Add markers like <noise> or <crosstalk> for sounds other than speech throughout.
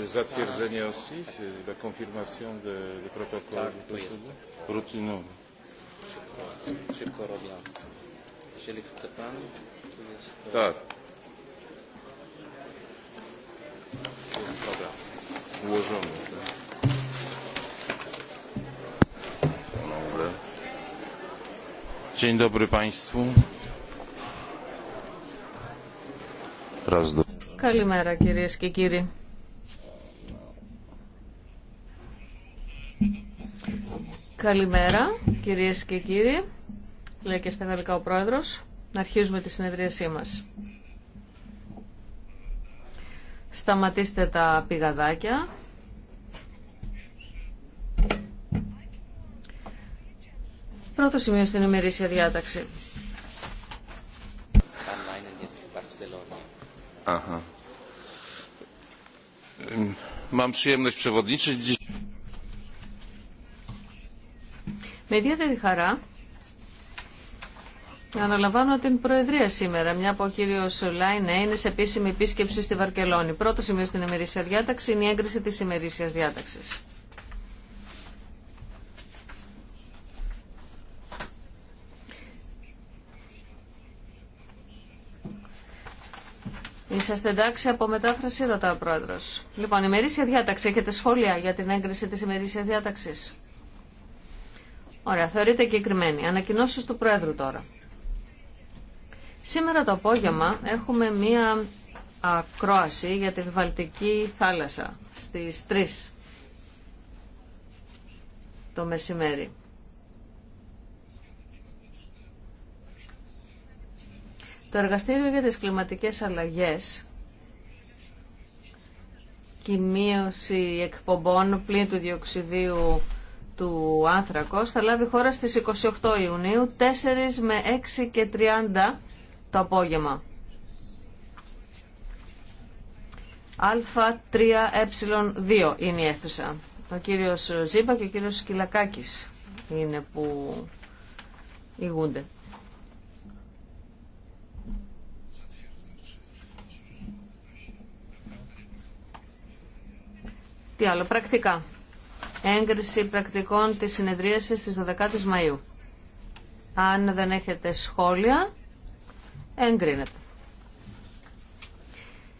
zatwierdzenie aussi, la confirmation du protocolu rutynowy. Szybko robiąc. Jeżeli chce Pan, jest... Tak. Dobra. Ułożony. Dobra. Dzień dobry Państwu. Raz do... Kalimera, kierieski, kiri. Καλημέρα, κυρίες και κύριοι. Λέει και στα γαλλικά ο πρόεδρος. Να αρχίζουμε τη συνεδρίασή μας. Σταματήστε τα πηγαδάκια. Πρώτο σημείο στην ημερήσια διάταξη. Αχα. Με ιδιαίτερη χαρά Αναλαμβάνω την Προεδρία σήμερα, μια από ο κύριο Λάινε είναι σε επίσημη επίσκεψη στη Βαρκελόνη. Πρώτο σημείο στην ημερήσια διάταξη είναι η έγκριση τη ημερήσια διάταξη. Είσαστε εντάξει από μετάφραση, ρωτά ο πρόεδρο. Λοιπόν, ημερήσια διάταξη. Έχετε σχόλια για την έγκριση τη ημερήσια διάταξη. Ωραία, θεωρείται εγκεκριμένη. Ανακοινώσει του Πρόεδρου τώρα. Σήμερα το απόγευμα έχουμε μία ακρόαση για τη Βαλτική θάλασσα στις 3 το μεσημέρι. Το εργαστήριο για τις κλιματικές αλλαγές και η μείωση εκπομπών πλήν του διοξιδίου του άνθρακος θα λάβει χώρα στις 28 Ιουνίου 4 με 6 και 30 το απόγευμα. Α3Ε2 είναι η αίθουσα. Ο κύριος Ζήμπα και ο κύριος Σκυλακάκης είναι που ηγούνται. Τι άλλο, πρακτικά έγκριση πρακτικών της συνεδρίασης της 12ης Μαΐου. Αν δεν έχετε σχόλια, εγκρίνεται.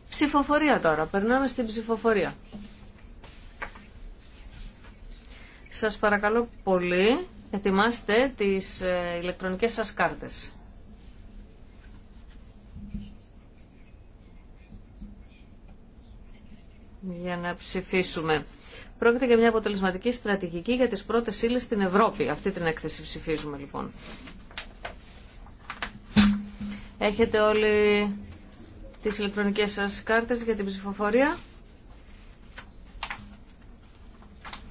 Ψηφοφορία τώρα. Περνάμε στην ψηφοφορία. Σας παρακαλώ πολύ, ετοιμάστε τις ε, ηλεκτρονικές σας κάρτες. Για να ψηφίσουμε. Πρόκειται για μια αποτελεσματική στρατηγική για τις πρώτες ύλες στην Ευρώπη. Αυτή την έκθεση ψηφίζουμε λοιπόν. Έχετε όλοι τις ηλεκτρονικές σας κάρτες για την ψηφοφορία.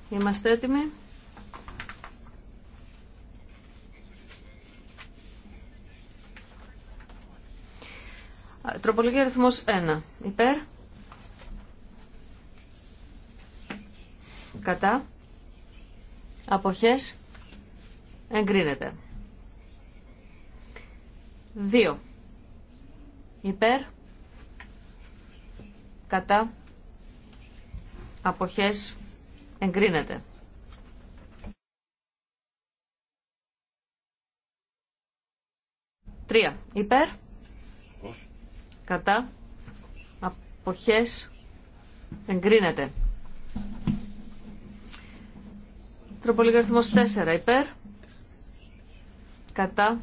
Είμαστε έτοιμοι. Τροπολογία αριθμός 1. Υπέρ. κατά, αποχές, εγκρίνεται. 2. Υπέρ, κατά, αποχές, εγκρίνεται. Τρία. Υπέρ. Κατά. Αποχές. Εγκρίνεται. Τροπολογία 4 υπέρ. Κατά.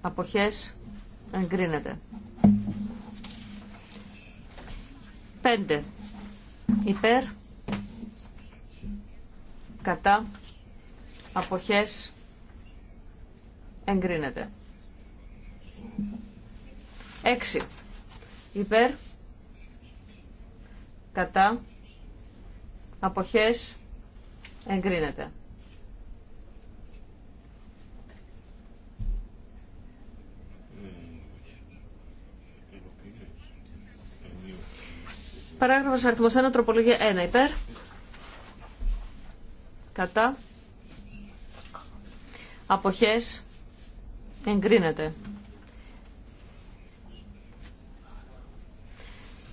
Αποχέ. Εγκρίνεται. 5 υπέρ. Κατά. αποχέ. Εγκρίνεται. 6 υπέρ. Κατά. Αποχές Εγκρίνεται. Παράγραφος αριθμός 1, τροπολογία 1, υπέρ. Κατά. Αποχές. Εγκρίνεται.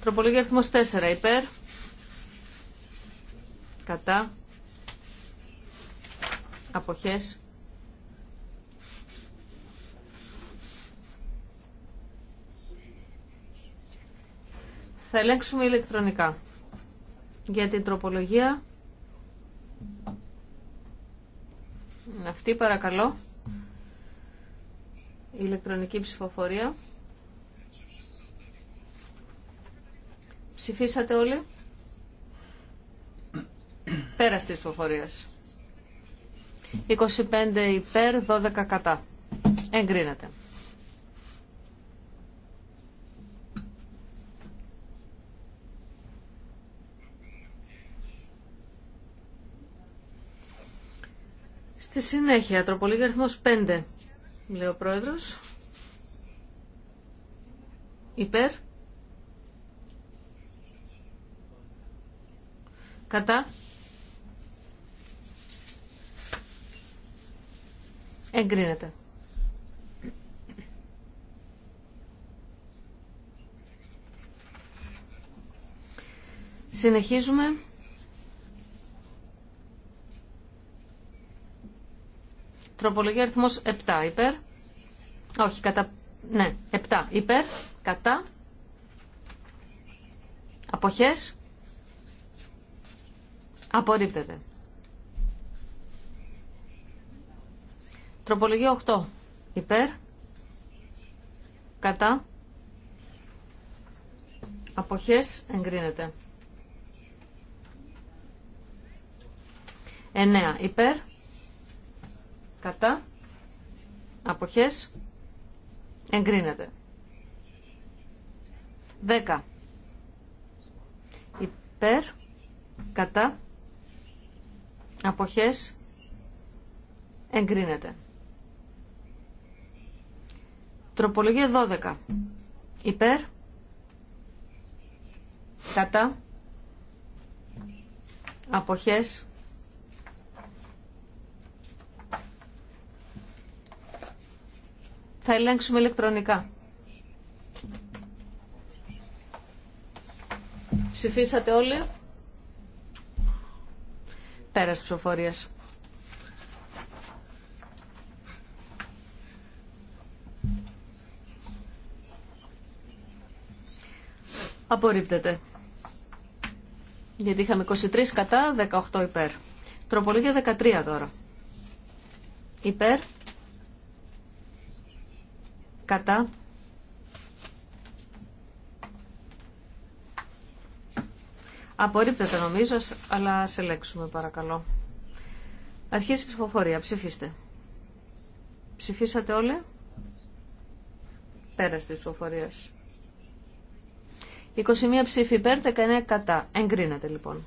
Τροπολογία αριθμός 4, υπέρ. Κατά αποχές θα ελέγξουμε ηλεκτρονικά για την τροπολογία αυτή παρακαλώ ηλεκτρονική ψηφοφορία ψηφίσατε όλοι πέρα της ψηφοφορίας 25 υπέρ, 12 κατά. Εγκρίνεται. Στη συνέχεια, τροπολίγη αριθμός 5, λέει ο πρόεδρος. Υπέρ. Κατά. Εγκρίνεται. Συνεχίζουμε. Τροπολογία αριθμός 7 υπέρ. Όχι, κατά... Ναι, 7 υπέρ, κατά. Αποχές. Απορρίπτεται. Τροπολογία 8. Υπέρ. Κατά. Αποχές εγκρίνεται. 9. Υπέρ. Κατά. Αποχές εγκρίνεται. 10. Υπέρ. Κατά. Αποχές εγκρίνεται. Τροπολογία 12. Υπέρ. Κατά. Αποχές. Θα ελέγξουμε ηλεκτρονικά. Ψηφίσατε όλοι. Πέρας προφορίες. Απορρίπτεται. Γιατί είχαμε 23 κατά, 18 υπέρ. Τροπολογία 13 τώρα. Υπέρ. Κατά. Απορρίπτεται νομίζω, αλλά σε λέξουμε παρακαλώ. Αρχίζει η ψηφοφορία. Ψηφίστε. Ψηφίσατε όλοι. Πέραστη τη ψηφοφορίας. 21 ψήφοι υπέρ, 19 κατά. Εγκρίνεται λοιπόν.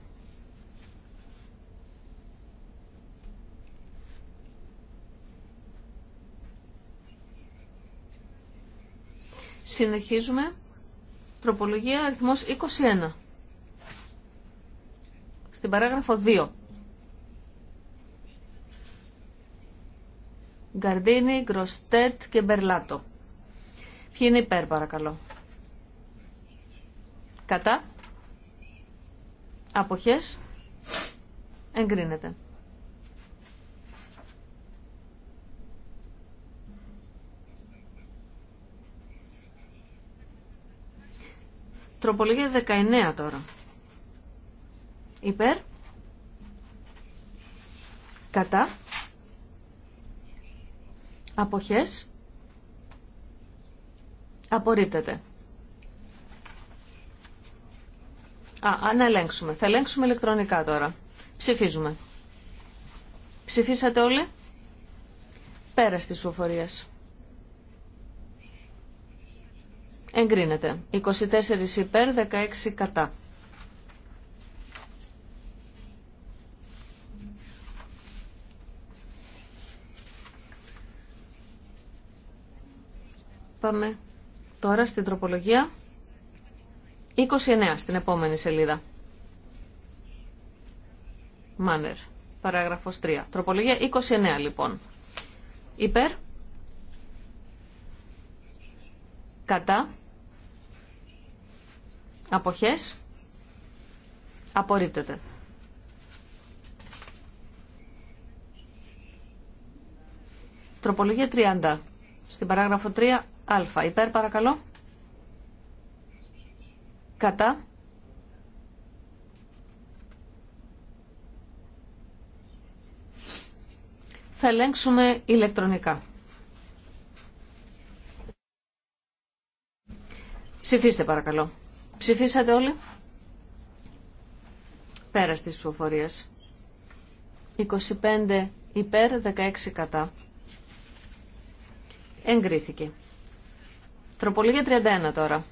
Συνεχίζουμε. Τροπολογία αριθμός 21. Στην παράγραφο 2. Γκαρντίνη, Γκροστέτ και Μπερλάτο. Ποιοι είναι υπέρ παρακαλώ. Κατά. Αποχές. Εγκρίνεται. Τροπολογία 19 τώρα. Υπέρ. Κατά. Αποχές. Απορρίπτεται. Α, να ελέγξουμε. Θα ελέγξουμε ηλεκτρονικά τώρα. Ψηφίζουμε. Ψηφίσατε όλοι. Πέρα της ψηφοφορίας. Εγκρίνεται. 24 υπέρ, 16 κατά. Πάμε τώρα στην τροπολογία. 29 στην επόμενη σελίδα. Μάνερ. Παράγραφος 3. Τροπολογία 29 λοιπόν. Υπέρ. Κατά. Αποχές. Απορρίπτεται. Τροπολογία 30. Στην παράγραφο 3. Α. Υπέρ παρακαλώ. Κατά. Θα ελέγξουμε ηλεκτρονικά. Ψηφίστε παρακαλώ. Ψηφίσατε όλοι. Πέρα τη ψηφοφορίες. 25 υπέρ, 16 κατά. Εγκρίθηκε. Τροπολογία 31 τώρα.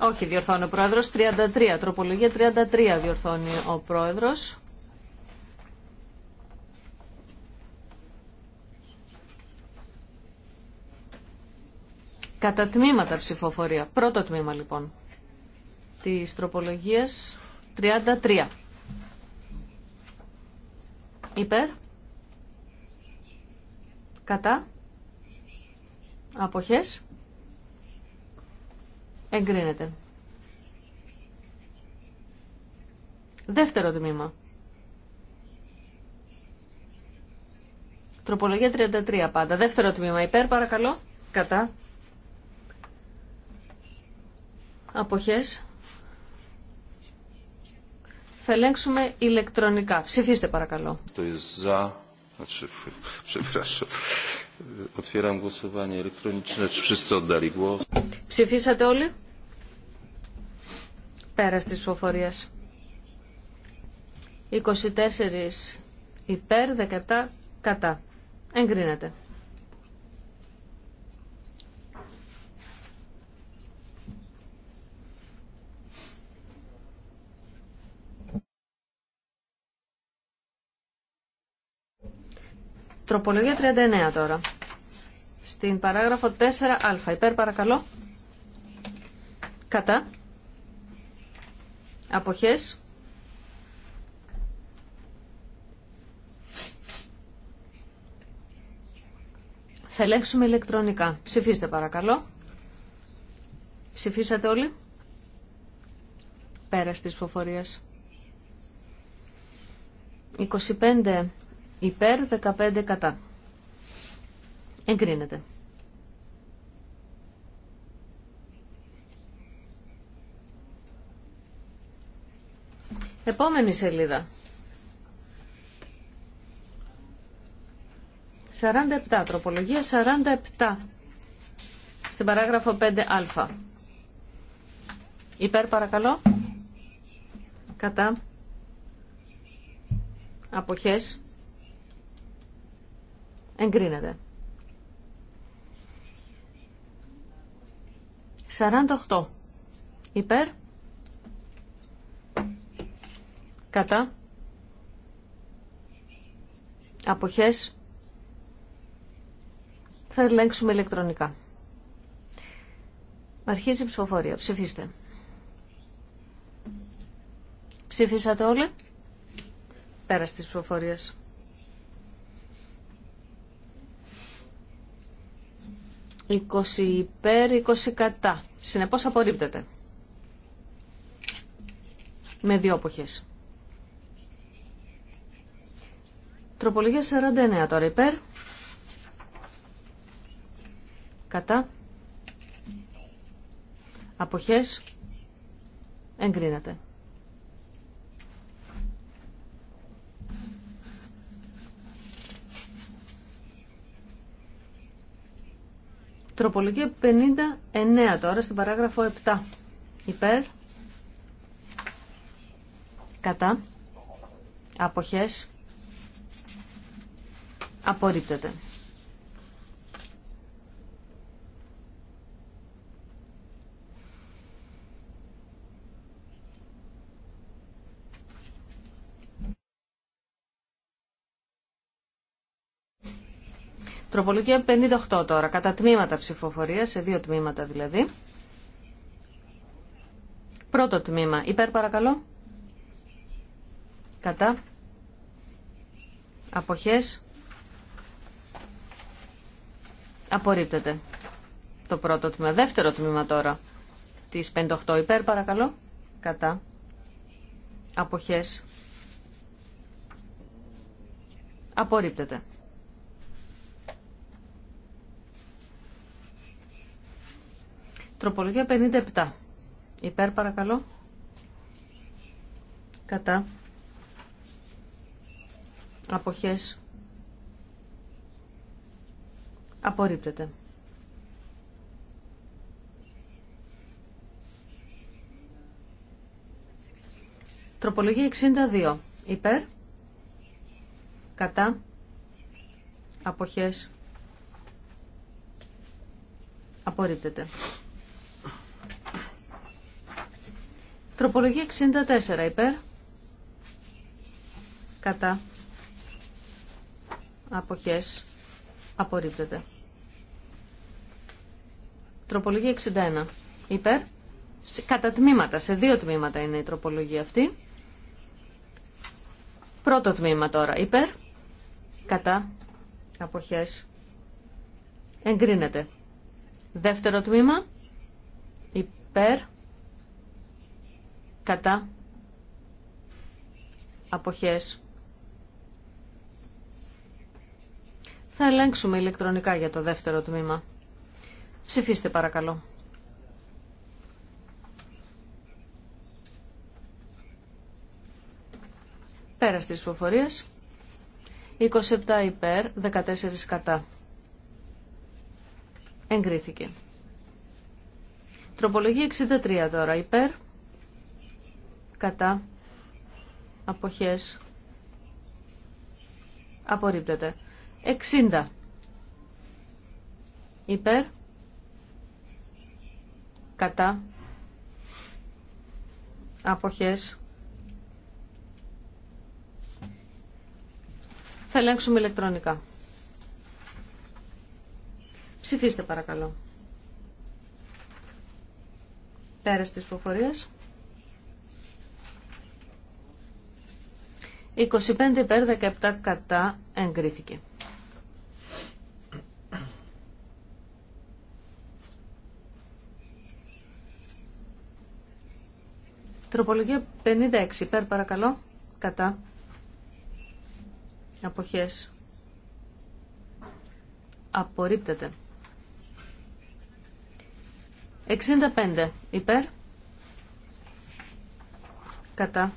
Όχι, διορθώνει ο πρόεδρος. 33. Τροπολογία 33 διορθώνει ο πρόεδρος. Κατά τμήματα ψηφοφορία. Πρώτο τμήμα λοιπόν της τροπολογίας 33. Υπέρ. Κατά. Αποχές. Εγκρίνεται. Δεύτερο τμήμα. Τροπολογία 33 πάντα. Δεύτερο τμήμα υπέρ παρακαλώ. Κατά. Αποχές. Θα ελέγξουμε ηλεκτρονικά. Ψηφίστε παρακαλώ. Το Ψηφίσατε όλοι. Πέρας της ψηφοφορίας. 24 υπέρ, 17 κατά. Εγκρίνεται. Τροπολογία 39 τώρα. Στην παράγραφο 4α. Υπέρ παρακαλώ. Κατά. Αποχές. Θα ελέγξουμε ηλεκτρονικά. Ψηφίστε παρακαλώ. Ψηφίσατε όλοι. Πέρα της ψηφοφορίας. 25 υπέρ, 15 κατά. Εγκρίνεται. Επόμενη σελίδα. 47, τροπολογία 47, στην παράγραφο 5α. Υπέρ παρακαλώ. Κατά. Αποχές. Εγκρίνεται. 48. Υπέρ. κατά αποχές θα ελέγξουμε ηλεκτρονικά. Αρχίζει η ψηφοφορία. Ψηφίστε. Ψήφισατε όλοι. Πέρα της ψηφοφορίας. «20 υπέρ, 20 κατά». Συνεπώς απορρίπτεται. Με δύο αποχές. Τροπολογία 49 τώρα υπέρ. Κατά. Αποχές. Εγκρίνεται. Τροπολογία 59 τώρα στην παράγραφο 7. Υπέρ. Κατά. Αποχές. Απορρίπτεται. Τροπολογία 58 τώρα, κατά τμήματα ψηφοφορία, σε δύο τμήματα δηλαδή. Πρώτο τμήμα, υπέρ παρακαλώ. Κατά. Αποχές. Απορρίπτεται. Το πρώτο τμήμα. Δεύτερο τμήμα τώρα. τη 58 υπέρ παρακαλώ. Κατά. Αποχέ. Απορρίπτεται. Τροπολογία 57. Υπέρ παρακαλώ. Κατά. Αποχές. Απορρίπτεται. Τροπολογία 62. Υπέρ. Κατά. Αποχές. Απορρίπτεται. Τροπολογία 64. Υπέρ. Κατά. Αποχές. Απορρίπτεται. Τροπολογία 61. Υπέρ. Κατά τμήματα. Σε δύο τμήματα είναι η τροπολογία αυτή. Πρώτο τμήμα τώρα. Υπέρ. Κατά. Αποχές. Εγκρίνεται. Δεύτερο τμήμα. Υπέρ. Κατά. Αποχές. Θα ελέγξουμε ηλεκτρονικά για το δεύτερο τμήμα. Ψηφίστε παρακαλώ. Πέρα στις ψηφοφορίες. 27 υπέρ, 14 κατά. Εγκρίθηκε. Τροπολογία 63 τώρα. Υπέρ, κατά, αποχές, απορρίπτεται. 60. Υπέρ, κατά αποχές θα ελέγξουμε ηλεκτρονικά. Ψηφίστε παρακαλώ. Πέρας της προφορίας. 25 υπέρ 17 κατά εγκρίθηκε. Τροπολογία 56 υπέρ παρακαλώ. Κατά. Αποχές. Απορρίπτεται. 65 υπέρ. Κατά.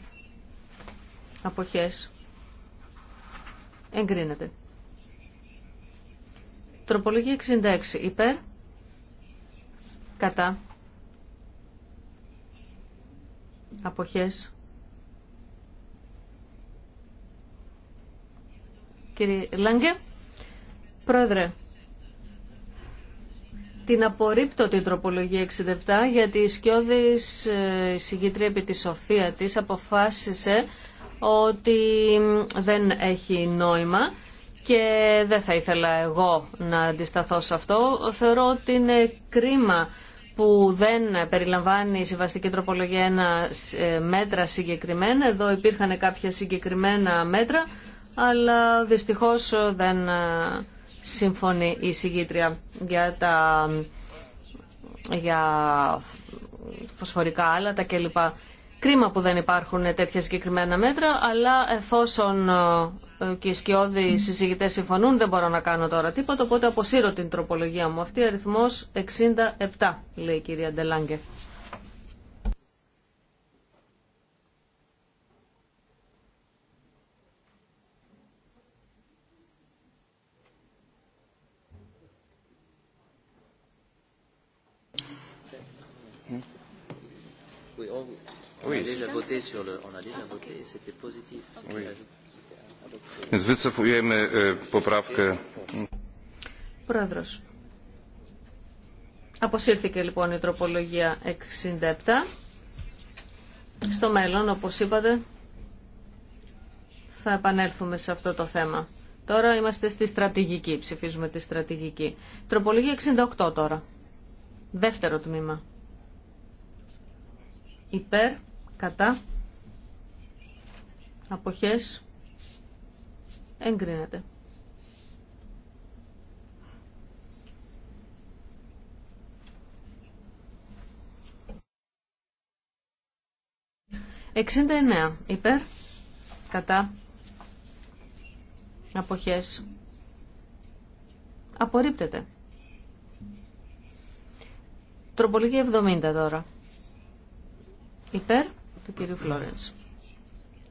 Αποχές. Εγκρίνεται. Τροπολογία 66 υπέρ. Κατά. αποχές. Κύριε Λάγκε, Πρόεδρε, την απορρίπτω την τροπολογία 67 γιατί η Σκιώδης ε, συγκήτρια επί τη σοφία της αποφάσισε ότι δεν έχει νόημα και δεν θα ήθελα εγώ να αντισταθώ σε αυτό. Θεωρώ ότι είναι κρίμα που δεν περιλαμβάνει η συμβαστική τροπολογία ένα ε, μέτρα συγκεκριμένα. Εδώ υπήρχαν κάποια συγκεκριμένα μέτρα, αλλά δυστυχώς δεν ε, συμφωνεί η συγκήτρια για τα για φωσφορικά άλατα κλπ. Κρίμα που δεν υπάρχουν τέτοια συγκεκριμένα μέτρα, αλλά εφόσον ε, και οι σκιώδη συζητητέ συμφωνούν, δεν μπορώ να κάνω τώρα τίποτα, οπότε αποσύρω την τροπολογία μου. Αυτή αριθμό 67, λέει η κυρία Ντελάγκε. Więc wycofujemy poprawkę. Αποσύρθηκε λοιπόν η τροπολογία 67. Στο μέλλον, όπως είπατε, θα επανέλθουμε σε αυτό το θέμα. Τώρα είμαστε στη στρατηγική, ψηφίζουμε τη στρατηγική. Τροπολογία 68 τώρα. Δεύτερο τμήμα. Υπέρ, κατά, αποχές, Εγκρίνεται. Εξήντα εννέα. Υπέρ. Κατά. Αποχές. Απορρίπτεται. Τροπολογία 70 τώρα. Υπέρ του κυρίου Φλόρενς.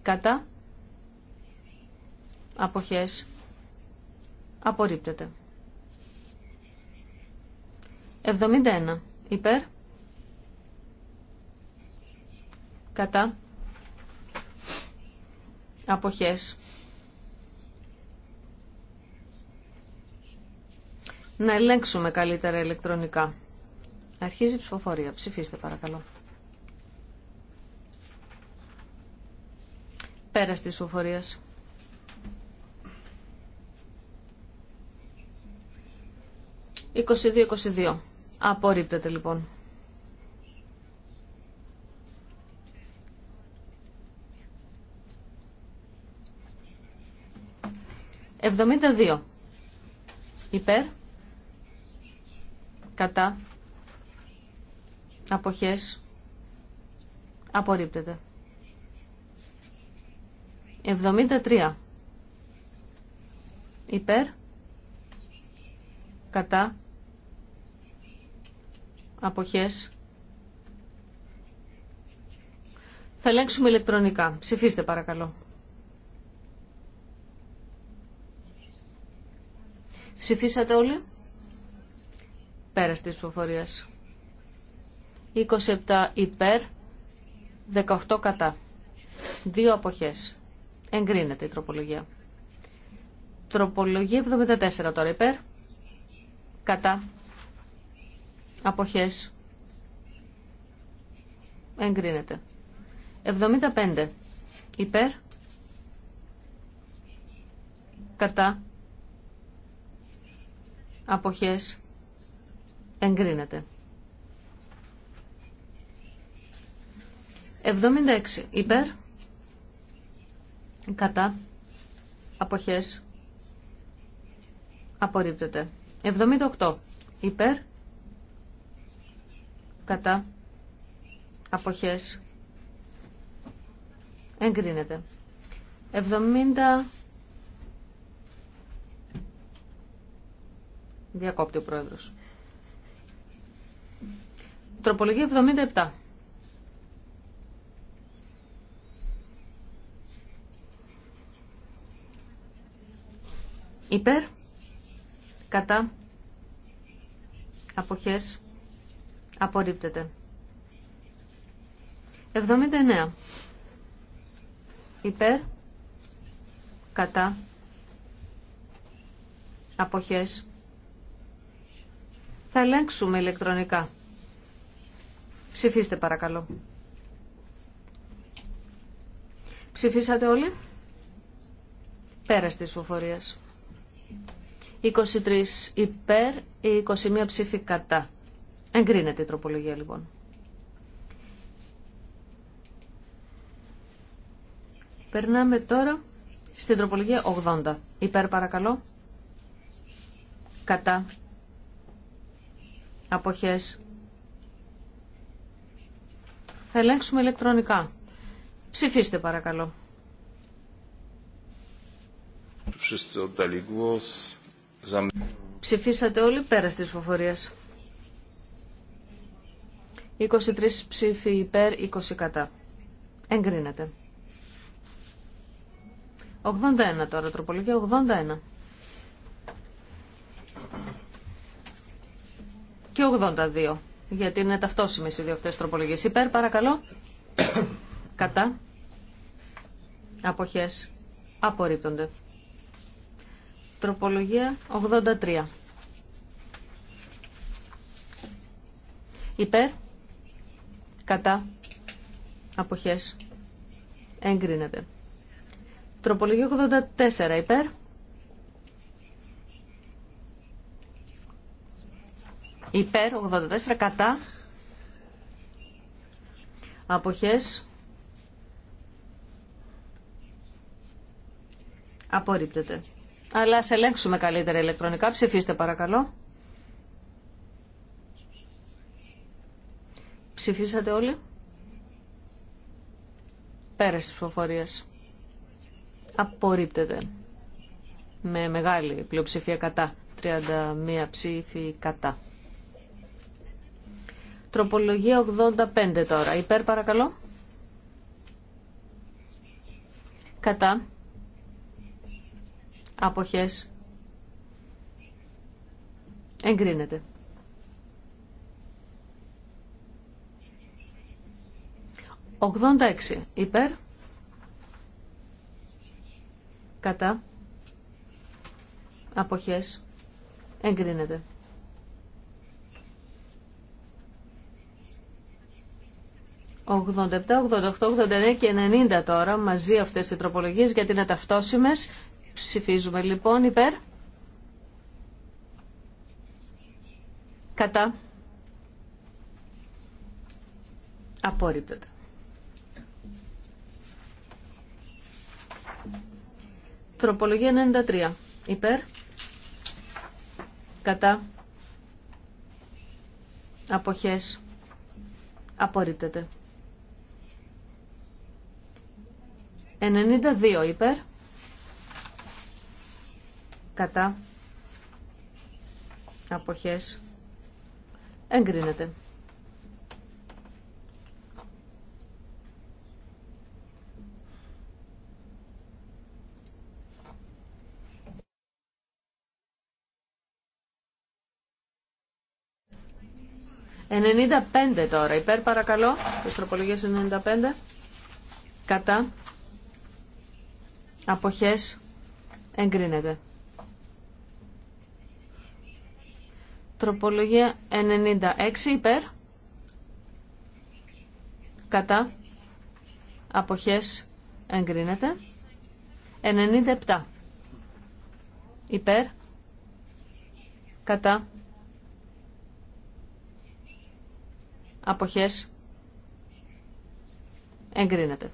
Κατά αποχές απορρίπτεται. 71 υπέρ κατά αποχές να ελέγξουμε καλύτερα ηλεκτρονικά. Αρχίζει η ψηφοφορία. Ψηφίστε παρακαλώ. Πέρας της ψηφοφορίας. 22-22. Απορρίπτεται λοιπόν. Εβδομήντα δύο. Υπέρ. Κατά. Αποχές. Απορρίπτεται. Εβδομήντα τρία. Υπέρ κατά αποχές θα ελέγξουμε ηλεκτρονικά. Ψηφίστε παρακαλώ. Ψηφίσατε όλοι. Πέρα της ψηφοφορίας. 27 υπέρ, 18 κατά. Δύο αποχές. Εγκρίνεται η τροπολογία. Τροπολογία 74 τώρα υπέρ κατά αποχές εγκρίνεται. 75 υπέρ κατά αποχές εγκρίνεται. 76 υπέρ κατά αποχές απορρίπτεται. 78 υπέρ κατά αποχές εγκρίνεται. 70 διακόπτει ο πρόεδρος. Τροπολογία 77. Υπέρ κατά αποχές απορρίπτεται. 79. Υπέρ κατά αποχές θα ελέγξουμε ηλεκτρονικά. Ψηφίστε παρακαλώ. Ψηφίσατε όλοι. Πέρας της φοφορίας. 23 υπέρ, 21 ψηφι κατά. Εγκρίνεται η τροπολογία λοιπόν. Περνάμε τώρα στην τροπολογία 80. Υπέρ παρακαλώ. Κατά. Αποχές. Θα ελέγξουμε ηλεκτρονικά. Ψηφίστε παρακαλώ. Wszyscy oddali głos. Ψηφίσατε όλοι πέρα στις ψηφοφορίες. 23 ψήφοι υπέρ, 20 κατά. Εγκρίνεται. 81 τώρα, τροπολογία 81. Και 82, γιατί είναι ταυτόσιμες οι δύο αυτές τροπολογίες. Υπέρ, παρακαλώ. κατά. Αποχές. Απορρίπτονται. Τροπολογία 83. Υπέρ, κατά, αποχές, εγκρίνεται. Τροπολογία 84 υπέρ. Υπέρ 84 κατά. Αποχές. Απορρίπτεται. Αλλά ας ελέγξουμε καλύτερα ηλεκτρονικά. Ψηφίστε παρακαλώ. Ψηφίσατε όλοι. Πέρασε της ψηφοφορίας. Απορρίπτεται. Με μεγάλη πλειοψηφία κατά. 31 ψήφοι κατά. Τροπολογία 85 τώρα. Υπέρ παρακαλώ. Κατά αποχές εγκρίνεται. 86 υπέρ κατά αποχές εγκρίνεται. 87, 88, 89 και 90 τώρα μαζί αυτές οι τροπολογίες γιατί είναι ταυτόσιμες Ψηφίζουμε λοιπόν υπέρ. Κατά. Απορρίπτεται. Τροπολογία 93. Υπέρ. Κατά. Αποχές. Απορρίπτεται. 92 υπέρ κατά αποχές εγκρίνεται. Ενενήντα πέντε τώρα. Υπέρ παρακαλώ. Τις τροπολογίες 95. Κατά. Αποχές εγκρίνεται. Τροπολογία 96 υπέρ. Κατά. Αποχές εγκρίνεται. 97 υπέρ. Κατά. Αποχές εγκρίνεται.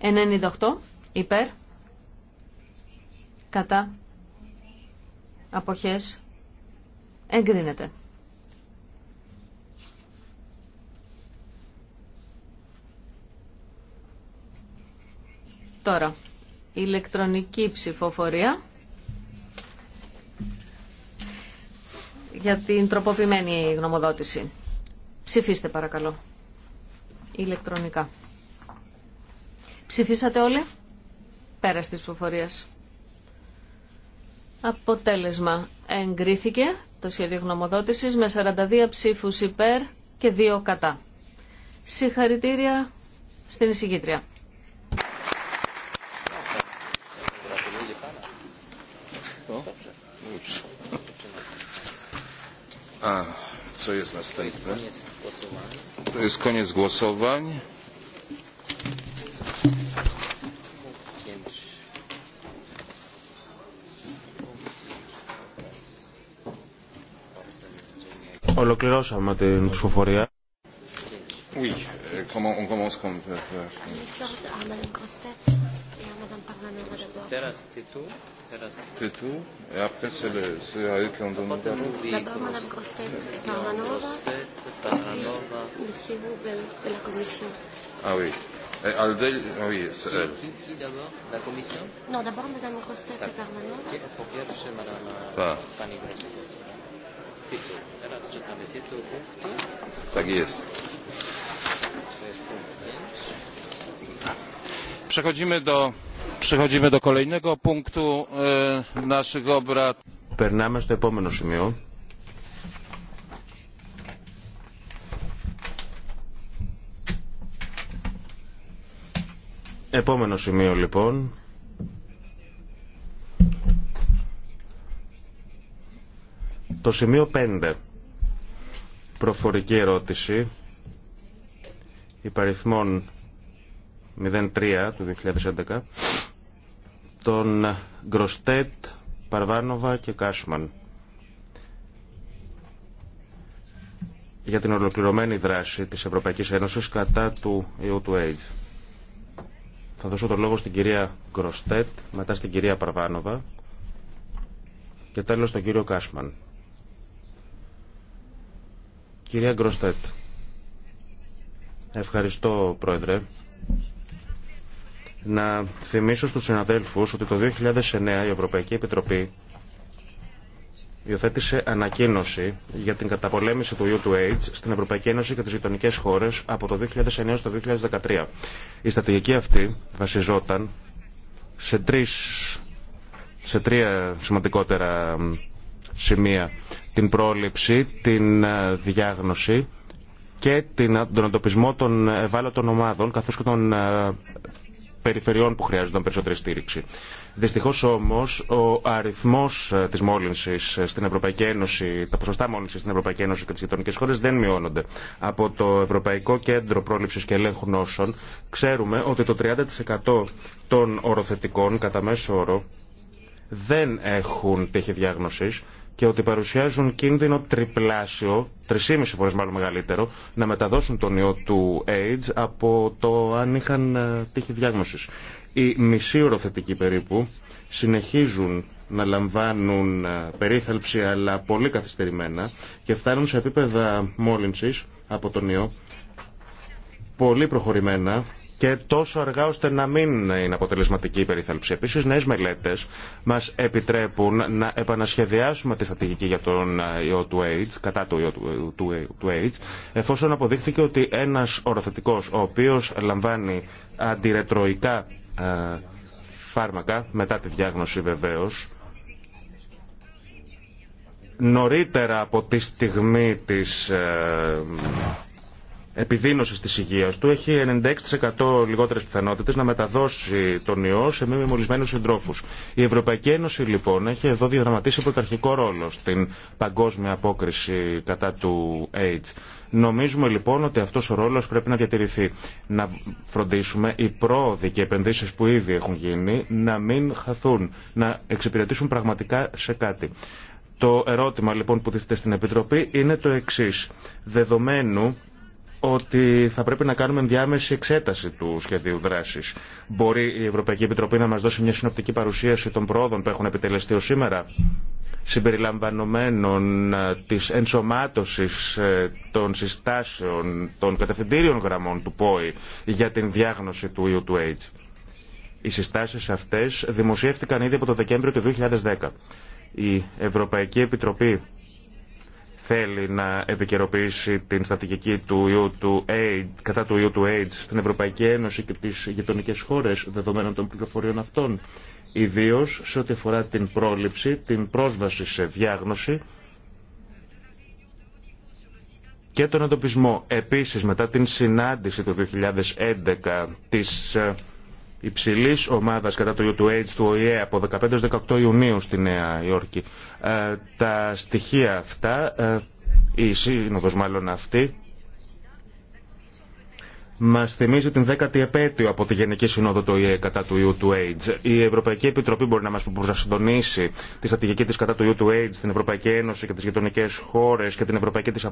98 υπέρ. Κατά αποχές εγκρίνεται. Τώρα, ηλεκτρονική ψηφοφορία για την τροποποιημένη γνωμοδότηση. Ψηφίστε παρακαλώ. Ηλεκτρονικά. Ψηφίσατε όλοι. Πέρα της ψηφοφορίας. Αποτέλεσμα. Εγκρίθηκε το σχέδιο γνωμοδότησης με 42 ψήφους υπέρ και 2 κατά. Συγχαρητήρια στην εισηγήτρια. Ολοκληρώσαμε την ψηφοφορία. Oui, comment on commence comme peut Teraz Tetou, teraz Tetou, et après c'est le c'est à eux qu'on donne la parole. D'abord Madame Grostet et Parvanova. Grostet, Parvanova. Monsieur Houbel de la Commission. Ah oui. Et Aldel, oui, c'est elle. Qui, qui d'abord La Commission Non, d'abord Madame Grostet et Parvanova. Pour qui je suis Madame Fanny Grostet Titel. Teraz czytamy tytuł Tak jest. punkt Przechodzimy do, przechodzimy do kolejnego punktu naszych obrad. Pername στο επόμενο σημείο. Επόμενο σημείο lipon. Το σημείο 5. Προφορική ερώτηση υπαριθμών 03 του 2011 των Γκροστέτ, Παρβάνοβα και Κάσμαν για την ολοκληρωμένη δράση της Ευρωπαϊκής Ένωσης κατά του eu του AIDS. Θα δώσω τον λόγο στην κυρία Γκροστέτ, μετά στην κυρία Παρβάνοβα και τέλος τον κύριο Κάσμαν. Κυρία Γκροστέτ. Ευχαριστώ, Πρόεδρε. Να θυμίσω στους συναδέλφους ότι το 2009 η Ευρωπαϊκή Επιτροπή υιοθέτησε ανακοίνωση για την καταπολέμηση του ιού του AIDS στην Ευρωπαϊκή Ένωση και τις γειτονικέ χώρες από το 2009 στο 2013. Η στρατηγική αυτή βασιζόταν σε, τρεις, σε τρία σημαντικότερα σημεία την πρόληψη, την ε, διάγνωση και ε, τον αντοπισμό των ευάλωτων ομάδων καθώς και των ε, περιφερειών που χρειάζονταν περισσότερη στήριξη. Δυστυχώ όμω, ο αριθμό τη μόλυνση στην Ευρωπαϊκή Ένωση, τα ποσοστά μόλυνση στην Ευρωπαϊκή Ένωση και τι γειτονικέ χώρε δεν μειώνονται. Από το Ευρωπαϊκό Κέντρο Πρόληψη και Ελέγχου Νόσων ξέρουμε ότι το 30% των οροθετικών κατά μέσο όρο δεν έχουν τύχη διάγνωση και ότι παρουσιάζουν κίνδυνο τριπλάσιο, τρισήμιση φορές μάλλον μεγαλύτερο, να μεταδώσουν τον ιό του AIDS από το αν είχαν ε, τύχη διάγνωσης. Οι μισή οροθετικοί περίπου συνεχίζουν να λαμβάνουν ε, περίθαλψη αλλά πολύ καθυστερημένα και φτάνουν σε επίπεδα μόλυνσης από τον ιό πολύ προχωρημένα και τόσο αργά ώστε να μην είναι αποτελεσματική η περίθαλψη. Επίση, νέε μελέτε μα επιτρέπουν να επανασχεδιάσουμε τη στρατηγική για τον ε, ιό του AIDS, κατά του ιό ε, ε, του AIDS, εφόσον αποδείχθηκε ότι ένα οροθετικό, ο οποίο λαμβάνει αντιρετροϊκά φάρμακα, μετά τη διάγνωση βεβαίω, νωρίτερα από τη στιγμή της επιδείνωση τη Υγεία του έχει 96% λιγότερε πιθανότητε να μεταδώσει τον ιό σε μη μεμολισμένους συντρόφου. Η Ευρωπαϊκή Ένωση λοιπόν έχει εδώ διαδραματίσει πρωταρχικό ρόλο στην παγκόσμια απόκριση κατά του AIDS. Νομίζουμε λοιπόν ότι αυτό ο ρόλο πρέπει να διατηρηθεί. Να φροντίσουμε οι πρόοδοι και οι επενδύσεις που ήδη έχουν γίνει να μην χαθούν, να εξυπηρετήσουν πραγματικά σε κάτι. Το ερώτημα λοιπόν που τίθεται στην Επιτροπή είναι το εξή Δεδομένου ότι θα πρέπει να κάνουμε διάμεση εξέταση του σχεδίου δράση. Μπορεί η Ευρωπαϊκή Επιτροπή να μα δώσει μια συνοπτική παρουσίαση των προόδων που έχουν επιτελεστεί ω σήμερα, συμπεριλαμβανομένων ε, τη ενσωμάτωση ε, των συστάσεων των κατευθυντήριων γραμμών του ΠΟΗ για την διάγνωση του ιού του AIDS. Οι συστάσει αυτέ δημοσιεύτηκαν ήδη από το Δεκέμβριο του 2010. Η Ευρωπαϊκή Επιτροπή θέλει να επικαιροποιήσει την στρατηγική του ιού του AIDS, κατά του ιού του AIDS στην Ευρωπαϊκή Ένωση και τις γειτονικέ χώρες δεδομένων των πληροφοριών αυτών, ιδίω σε ό,τι αφορά την πρόληψη, την πρόσβαση σε διάγνωση και τον εντοπισμό. Επίσης, μετά την συνάντηση του 2011 της ε, υψηλή ομάδα κατά το 2 AIDS του ΟΗΕ από 15-18 Ιουνίου στη Νέα Υόρκη. Ε, τα στοιχεία αυτά, ε, η σύνοδος μάλλον αυτή, Μα θυμίζει την 10η επέτειο από τη Γενική Συνόδο του ΙΕ κατά του u του AIDS. Η Ευρωπαϊκή Επιτροπή μπορεί να μα προσασυντονίσει τη στρατηγική τη κατά του u του AIDS, στην Ευρωπαϊκή Ένωση και τι γειτονικέ χώρε και την ευρωπαϊκή τη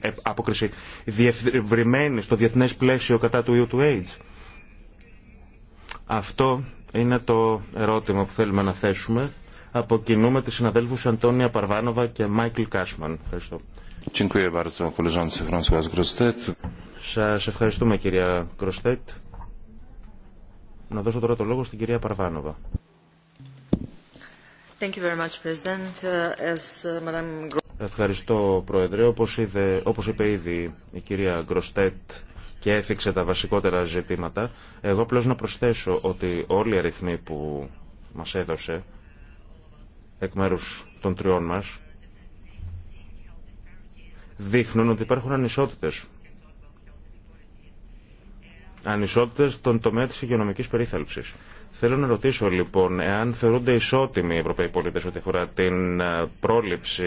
ε, απόκριση διευρυμένη στο διεθνέ πλαίσιο κατά του U του AIDS. Αυτό είναι το ερώτημα που θέλουμε να θέσουμε. Αποκινούμε τις συναδέλφους Αντώνια Παρβάνοβα και Μάικλ Κάσμαν. Ευχαριστώ. Σας ευχαριστούμε κυρία Κροστέτ. Να δώσω τώρα το λόγο στην κυρία Παρβάνοβα. Thank you very much, President. Uh, as, uh, Ευχαριστώ, Πρόεδρε. Όπως, όπως είπε ήδη η κυρία Γκροστέτ, και έθιξε τα βασικότερα ζητήματα. Εγώ απλώ να προσθέσω ότι όλοι οι αριθμοί που μας έδωσε εκ μέρου των τριών μας δείχνουν ότι υπάρχουν ανισότητες. Ανισότητες στον τομέα της υγειονομικής περίθαλψης. Θέλω να ρωτήσω λοιπόν, εάν θεωρούνται ισότιμοι οι Ευρωπαίοι πολίτε ό,τι αφορά την ε, πρόληψη,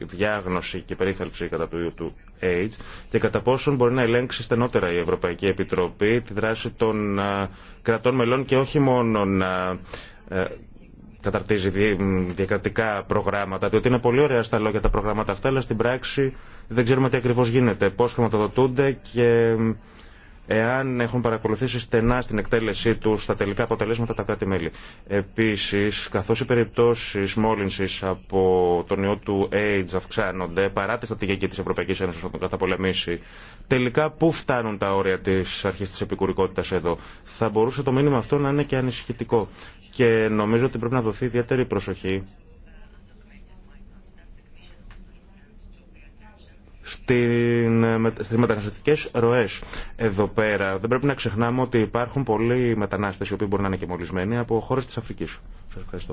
διάγνωση και περίθαλψη κατά του ιού του AIDS και κατά πόσον μπορεί να ελέγξει στενότερα η Ευρωπαϊκή Επιτροπή τη δράση των ε, κρατών μελών και όχι μόνο να ε, καταρτίζει διακρατικά προγράμματα, διότι είναι πολύ ωραία στα λόγια τα προγράμματα αυτά, αλλά στην πράξη δεν ξέρουμε τι ακριβώ γίνεται, πώ χρηματοδοτούνται και εάν έχουν παρακολουθήσει στενά στην εκτέλεσή του τα τελικά αποτελέσματα τα κράτη-μέλη. Επίση, καθώ οι περιπτώσει μόλυνση από τον ιό του AIDS αυξάνονται, παρά τη στρατηγική τη Ευρωπαϊκή Ένωση να τον καταπολεμήσει, τελικά πού φτάνουν τα όρια τη αρχή τη επικουρικότητα εδώ. Θα μπορούσε το μήνυμα αυτό να είναι και ανησυχητικό. Και νομίζω ότι πρέπει να δοθεί ιδιαίτερη προσοχή Ε, στις μεταναστευτικές ροές. Εδώ πέρα δεν πρέπει να ξεχνάμε ότι υπάρχουν πολλοί μετανάστες οι οποίοι μπορεί να είναι και μολυσμένοι από χώρες της Αφρικής. Σας ευχαριστώ.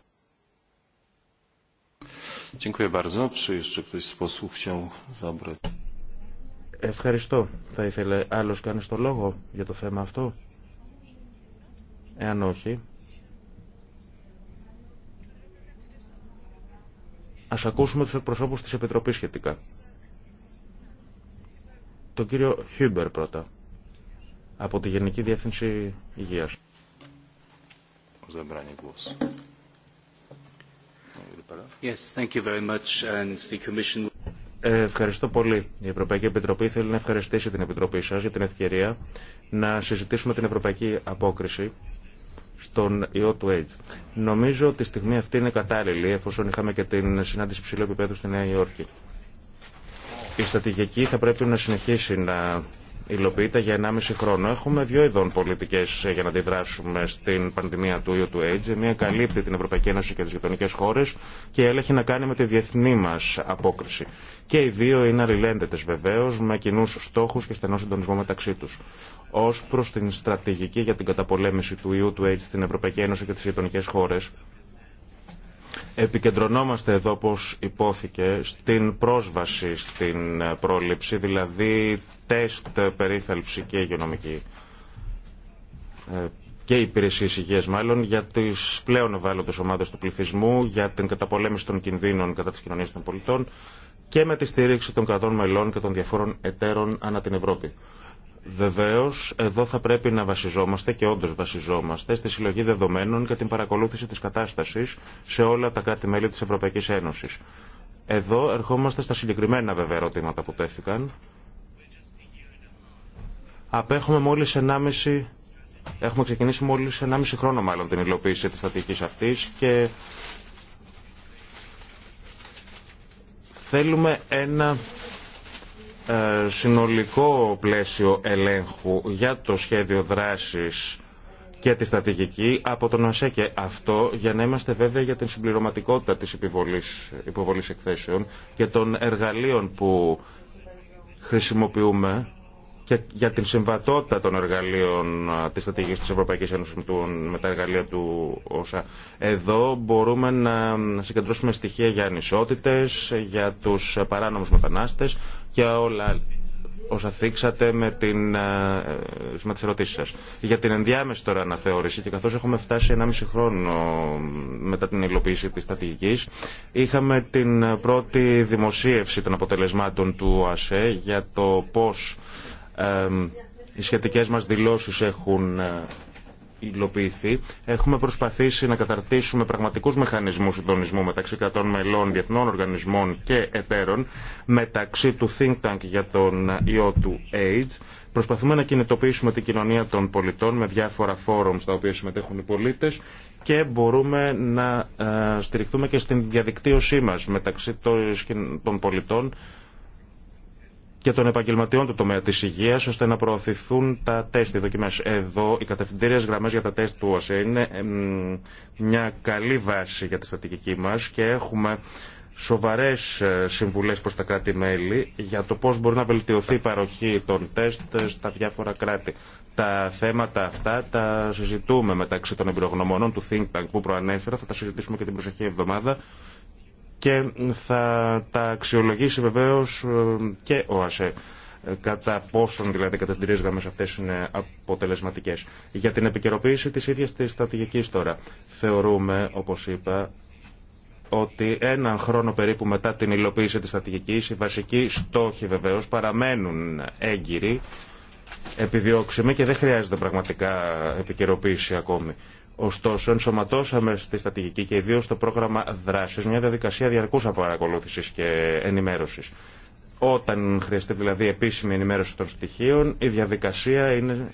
Ευχαριστώ. Θα ήθελε άλλος κάνει το λόγο για το θέμα αυτό. Εάν όχι, ας ακούσουμε τους εκπροσώπους της Επιτροπής σχετικά. Το κύριο Χιούμπερ πρώτα, από τη Γενική Διεύθυνση Υγείας. Yes, thank ε, Ευχαριστώ πολύ. Η Ευρωπαϊκή Επιτροπή θέλει να ευχαριστήσει την Επιτροπή σας για την ευκαιρία να συζητήσουμε την ευρωπαϊκή απόκριση στον ιό του AIDS. Νομίζω ότι η στιγμή αυτή είναι κατάλληλη, εφόσον είχαμε και την συνάντηση ψηλού επίπεδου στη Νέα Υόρκη. Η στρατηγική θα πρέπει να συνεχίσει να υλοποιείται για 1,5 χρόνο. Έχουμε δύο ειδών πολιτικέ για να αντιδράσουμε στην πανδημία του ιού του AIDS. Η μία καλύπτει την Ευρωπαϊκή Ένωση και τι γειτονικέ χώρε και η άλλη έχει να κάνει με τη διεθνή μα απόκριση. Και οι δύο είναι αλληλένδετε βεβαίω με κοινού στόχου και στενό συντονισμό μεταξύ του. Ω προ την στρατηγική για την καταπολέμηση του ιού του AIDS στην Ευρωπαϊκή Ένωση και τι γειτονικέ χώρε, Επικεντρωνόμαστε εδώ, όπως υπόθηκε, στην πρόσβαση στην ε, πρόληψη, δηλαδή τεστ, ε, περίθαλψη και υγειονομική ε, και υπηρεσίε υγεία μάλλον για τι πλέον ευάλωτε ομάδε του πληθυσμού, για την καταπολέμηση των κινδύνων κατά τη κοινωνία των πολιτών και με τη στήριξη των κρατών μελών και των διαφόρων εταίρων ανά την Ευρώπη. Βεβαίω, εδώ θα πρέπει να βασιζόμαστε και όντω βασιζόμαστε στη συλλογή δεδομένων και την παρακολούθηση τη κατάσταση σε όλα τα κράτη-μέλη τη Ευρωπαϊκή Ένωση. Εδώ ερχόμαστε στα συγκεκριμένα βέβαια ερωτήματα που τέθηκαν. Απέχουμε μόλις 1,5, έχουμε ξεκινήσει μόλις 1,5 χρόνο μάλλον την υλοποίηση της στατικής αυτής και θέλουμε ένα ε, συνολικό πλαίσιο ελέγχου για το σχέδιο δράσης και τη στρατηγική από τον ΑΣΕΚΕ. αυτό για να είμαστε βέβαιοι για την συμπληρωματικότητα της υποβολή υποβολής εκθέσεων και των εργαλείων που χρησιμοποιούμε και για την συμβατότητα των εργαλείων της στρατηγικής της Ευρωπαϊκής Ένωσης με τα εργαλεία του ΩΣΑ. Εδώ μπορούμε να συγκεντρώσουμε στοιχεία για ανισότητες, για τους παράνομους μετανάστες και όλα όσα θίξατε με, την, ε, με τις ερωτήσεις σας. Για την ενδιάμεση τώρα αναθεώρηση και καθώς έχουμε φτάσει 1,5 χρόνο μετά την υλοποίηση της στρατηγικής, είχαμε την πρώτη δημοσίευση των αποτελεσμάτων του ΟΑΣΕ για το πώς οι σχετικές μας δηλώσεις έχουν ε, υλοποιηθεί. Έχουμε προσπαθήσει να καταρτήσουμε πραγματικούς μηχανισμούς συντονισμού μεταξύ κρατών μελών, διεθνών οργανισμών και εταίρων, μεταξύ του Think Tank για τον ιό του AIDS. Προσπαθούμε να κινητοποιήσουμε την κοινωνία των πολιτών με διάφορα φόρουμ στα οποία συμμετέχουν οι πολίτες και μπορούμε να ε, στηριχθούμε και στην διαδικτύωσή μας μεταξύ των πολιτών και των επαγγελματιών του τομέα τη υγεία, ώστε να προωθηθούν τα τεστ, οι δοκιμέ. Εδώ οι κατευθυντήριε γραμμέ για τα τεστ του ΟΣΕ είναι μια καλή βάση για τη στατικική μα και έχουμε σοβαρέ ε, συμβουλέ προ τα κράτη-μέλη για το πώ μπορεί να βελτιωθεί η παροχή των τεστ ε, στα διάφορα κράτη. Τα θέματα αυτά τα συζητούμε μεταξύ των εμπειρογνωμονών του Think Tank που προανέφερα, θα τα συζητήσουμε και την προσεχή εβδομάδα και θα τα αξιολογήσει βεβαίως ε, και ο ΑΣΕ ε, κατά πόσον δηλαδή γραμμές αυτές είναι αποτελεσματικές. Για την επικαιροποίηση της ίδιας της στρατηγικής τώρα. Θεωρούμε, όπως είπα, ότι έναν χρόνο περίπου μετά την υλοποίηση της στρατηγικής οι βασικοί στόχοι βεβαίως παραμένουν έγκυροι, επιδιώξιμοι και δεν χρειάζεται πραγματικά επικαιροποίηση ακόμη. Ωστόσο, ενσωματώσαμε στη στατηγική και ιδίω στο πρόγραμμα δράση μια διαδικασία διαρκού παρακολούθηση και ενημέρωση. Όταν χρειαστεί δηλαδή επίσημη ενημέρωση των στοιχείων, η διαδικασία είναι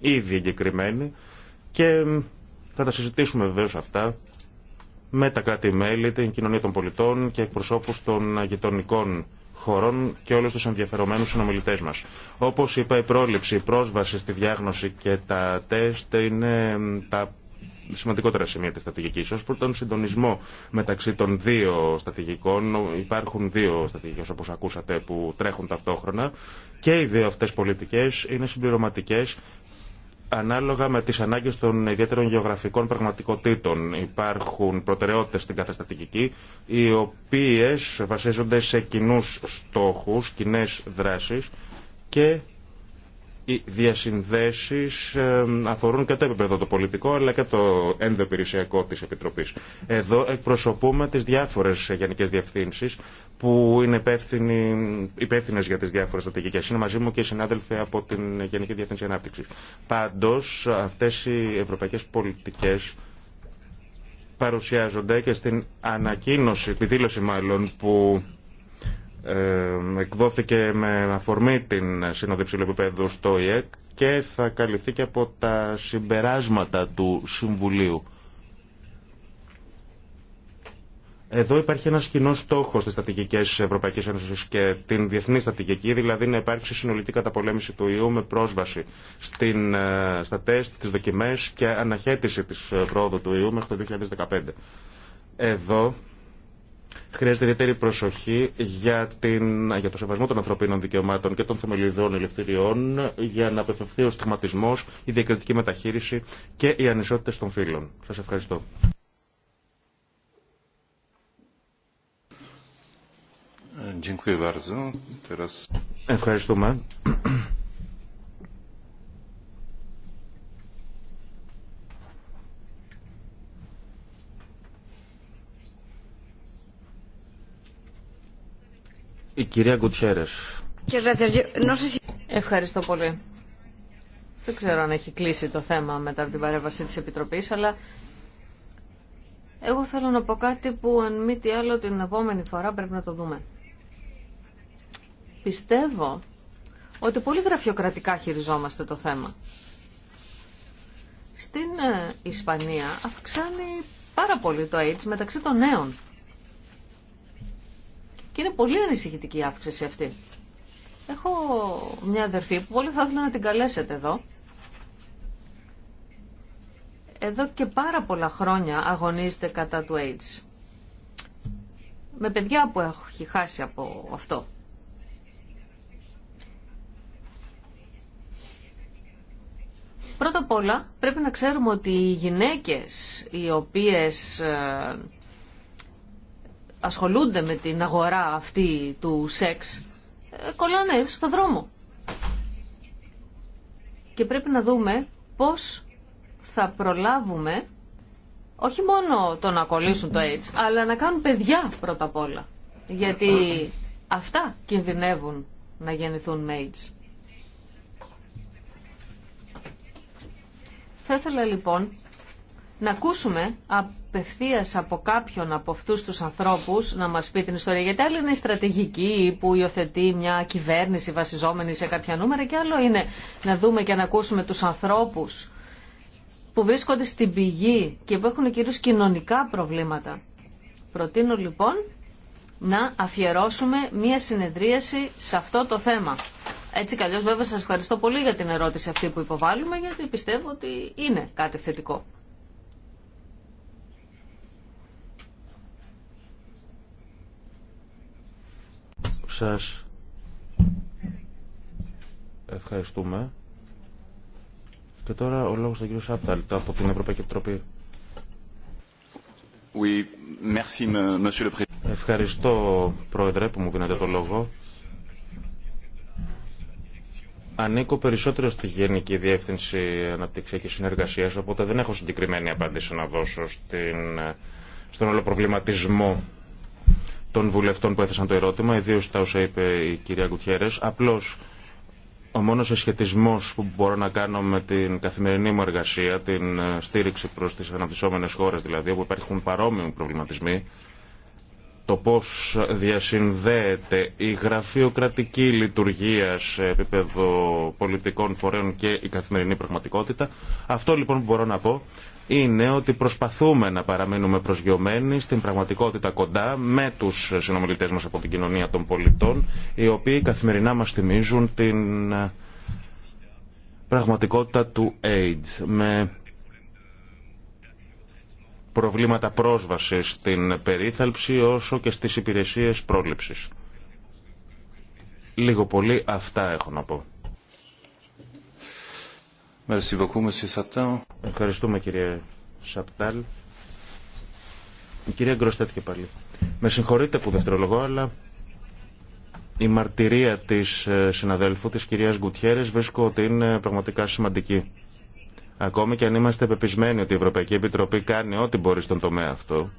ήδη εγκεκριμένη και θα τα συζητήσουμε βεβαίω αυτά με τα κράτη-μέλη, την κοινωνία των πολιτών και εκπροσώπους των γειτονικών χωρών και όλους τους ενδιαφερομένους συνομιλητέ μας. Όπως είπα, η πρόληψη, η πρόσβαση στη διάγνωση και τα τεστ είναι τα σημαντικότερα σημεία της στρατηγικής. ω προς τον συντονισμό μεταξύ των δύο στρατηγικών, υπάρχουν δύο στρατηγικές όπως ακούσατε που τρέχουν ταυτόχρονα και οι δύο αυτές πολιτικές είναι συμπληρωματικέ. Ανάλογα με τις ανάγκες των ιδιαίτερων γεωγραφικών πραγματικοτήτων υπάρχουν προτεραιότητες στην καταστατική οι οποίες βασίζονται σε κοινούς στόχους, κοινέ δράσεις και οι διασυνδέσεις ε, αφορούν και το επίπεδο το πολιτικό αλλά και το ενδοπηρεσιακό της Επιτροπής. Εδώ εκπροσωπούμε τις διάφορες γενικές διευθύνσεις που είναι υπεύθυνε για τις διάφορες στρατηγικές. Είναι μαζί μου και οι συνάδελφοι από την Γενική Διευθύνση Ανάπτυξης. Πάντως αυτές οι ευρωπαϊκές πολιτικές παρουσιάζονται και στην ανακοίνωση, τη δήλωση μάλλον που εκδόθηκε με αφορμή την Σύνοδο Υψηλού Επιπέδου στο ΙΕΚ και θα καλυφθεί και από τα συμπεράσματα του Συμβουλίου. Εδώ υπάρχει ένα κοινό στόχο στι στατικικέ Ευρωπαϊκή Ένωση και την διεθνή στατικική, δηλαδή να υπάρξει συνολική καταπολέμηση του ιού με πρόσβαση στην, ε, στα τεστ, τι δοκιμέ και αναχέτηση τη ε, πρόοδου του ιού μέχρι το 2015. Εδώ Χρειάζεται ιδιαίτερη προσοχή για, το σεβασμό των ανθρωπίνων δικαιωμάτων και των θεμελιωδών ελευθεριών για να απευθευθεί ο στιγματισμό, η διακριτική μεταχείριση και οι ανισότητε των φύλων. Σα ευχαριστώ. Ε, Ευχαριστούμε. Η κυρία Ευχαριστώ πολύ. Δεν ξέρω αν έχει κλείσει το θέμα μετά από την παρέμβαση της Επιτροπής, αλλά εγώ θέλω να πω κάτι που αν μη τι άλλο την επόμενη φορά πρέπει να το δούμε. Πιστεύω ότι πολύ γραφειοκρατικά χειριζόμαστε το θέμα. Στην ε, Ισπανία αυξάνει πάρα πολύ το AIDS μεταξύ των νέων. Και είναι πολύ ανησυχητική η αύξηση αυτή. Έχω μια αδερφή που πολύ θα ήθελα να την καλέσετε εδώ. Εδώ και πάρα πολλά χρόνια αγωνίζεται κατά του AIDS. Με παιδιά που έχει χάσει από αυτό. Πρώτα απ' όλα πρέπει να ξέρουμε ότι οι γυναίκες οι οποίες ε, ασχολούνται με την αγορά αυτή του σεξ ε, κολλάνε στο δρόμο. Και πρέπει να δούμε πώς θα προλάβουμε όχι μόνο το να κολλήσουν το AIDS, αλλά να κάνουν παιδιά πρώτα απ' όλα. Γιατί αυτά κινδυνεύουν να γεννηθούν με AIDS. Θα ήθελα λοιπόν να ακούσουμε απευθεία από κάποιον από αυτού του ανθρώπου να μα πει την ιστορία. Γιατί άλλο είναι η στρατηγική που υιοθετεί μια κυβέρνηση βασιζόμενη σε κάποια νούμερα και άλλο είναι να δούμε και να ακούσουμε του ανθρώπου που βρίσκονται στην πηγή και που έχουν κυρίω κοινωνικά προβλήματα. Προτείνω λοιπόν να αφιερώσουμε μία συνεδρίαση σε αυτό το θέμα. Έτσι καλώς βέβαια σας ευχαριστώ πολύ για την ερώτηση αυτή που υποβάλλουμε γιατί πιστεύω ότι είναι κάτι θετικό. Σας ευχαριστούμε. Και τώρα ο λόγος του κύριο Σάπταλτ από την Ευρωπαϊκή Επιτροπή. Oui, merci, le Ευχαριστώ, Πρόεδρε, που μου δίνετε το λόγο. Ανήκω περισσότερο στη Γενική Διεύθυνση Αναπτυξιακής Συνεργασίας, οπότε δεν έχω συγκεκριμένη απάντηση να δώσω στον όλο προβληματισμό των βουλευτών που έθεσαν το ερώτημα, ιδίω τα όσα είπε η κυρία Κουτιέρε. Απλώ ο μόνο συσχετισμό που μπορώ να κάνω με την καθημερινή μου εργασία, την ε, στήριξη προ τι αναπτυσσόμενε χώρε δηλαδή, όπου υπάρχουν παρόμοιοι προβληματισμοί, το πώ διασυνδέεται η γραφειοκρατική λειτουργία σε επίπεδο πολιτικών φορέων και η καθημερινή πραγματικότητα. Αυτό λοιπόν που μπορώ να πω είναι ότι προσπαθούμε να παραμείνουμε προσγειωμένοι στην πραγματικότητα κοντά με τους συνομιλητές μας από την κοινωνία των πολιτών, οι οποίοι καθημερινά μας θυμίζουν την ε, πραγματικότητα του AIDS με προβλήματα πρόσβασης στην περίθαλψη όσο και στις υπηρεσίες πρόληψης. Λίγο πολύ αυτά έχω να πω. Ευχαριστούμε κύριε Σαπτάλ. Η κυρία Γκροστέτ και πάλι. Με συγχωρείτε που δευτερολογώ, αλλά η μαρτυρία της ε, συναδέλφου, της κυρίας Γκουτιέρες, βρίσκω ότι είναι πραγματικά σημαντική. Ακόμη και αν είμαστε πεπισμένοι ότι η Ευρωπαϊκή Επιτροπή κάνει ό,τι μπορεί στον τομέα αυτό,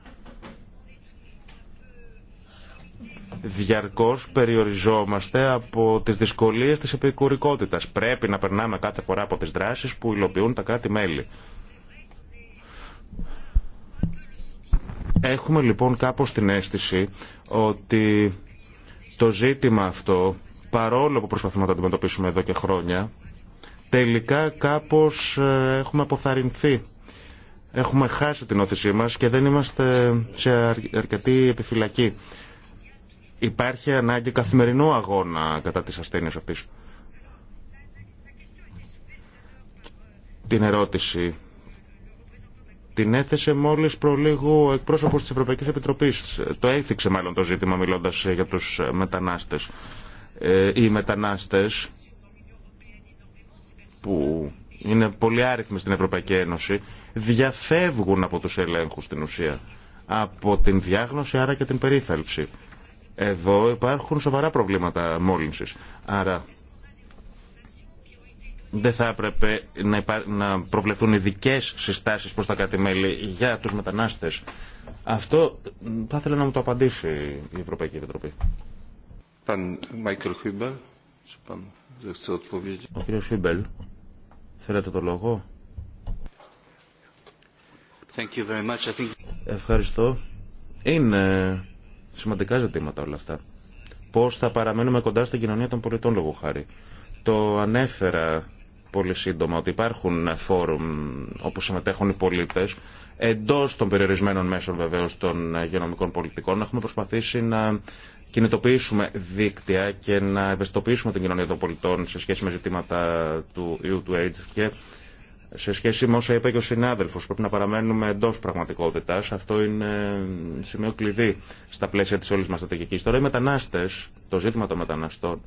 Διαρκώς περιοριζόμαστε από τις δυσκολίες της επικουρικότητας. Πρέπει να περνάμε κάθε φορά από τις δράσεις που υλοποιούν τα κράτη-μέλη. Έχουμε λοιπόν κάπως την αίσθηση ότι το ζήτημα αυτό, παρόλο που προσπαθούμε να το αντιμετωπίσουμε εδώ και χρόνια, τελικά κάπως ε, έχουμε αποθαρρυνθεί. Έχουμε χάσει την όθησή μας και δεν είμαστε σε αρκετή επιφυλακή. Υπάρχει ανάγκη καθημερινού αγώνα κατά της ασθένειας αυτής. Την ερώτηση την έθεσε μόλις προλίγου ο εκπρόσωπος της Ευρωπαϊκής Επιτροπής. Το έθιξε μάλλον το ζήτημα μιλώντας για τους μετανάστες. Ε, οι μετανάστες που είναι πολύ άριθμοι στην Ευρωπαϊκή Ένωση διαφεύγουν από τους ελέγχους στην ουσία. Από την διάγνωση άρα και την περίθαλψη. Εδώ υπάρχουν σοβαρά προβλήματα μόλυνσης. Άρα δεν θα έπρεπε να, να προβλεφθούν ειδικέ συστάσεις προς τα κατημέλη για τους μετανάστες. Αυτό θα ήθελα να μου το απαντήσει η Ευρωπαϊκή Επιτροπή. Ο κύριος Χίμπελ, θέλετε το λόγο. Ευχαριστώ. Είναι Σημαντικά ζητήματα όλα αυτά. Πώ θα παραμείνουμε κοντά στην κοινωνία των πολιτών, λόγω χάρη. Το ανέφερα πολύ σύντομα ότι υπάρχουν φόρουμ όπου συμμετέχουν οι πολίτε, εντό των περιορισμένων μέσων βεβαίω των υγειονομικών πολιτικών. Έχουμε προσπαθήσει να κινητοποιήσουμε δίκτυα και να ευαισθητοποιήσουμε την κοινωνία των πολιτών σε σχέση με ζητήματα του ιού του AIDS και σε σχέση με όσα είπε και ο συνάδελφος, πρέπει να παραμένουμε εντός πραγματικότητας. Αυτό είναι σημείο κλειδί στα πλαίσια της όλης μας στρατηγικής. Τώρα οι μετανάστες, το ζήτημα των μεταναστών,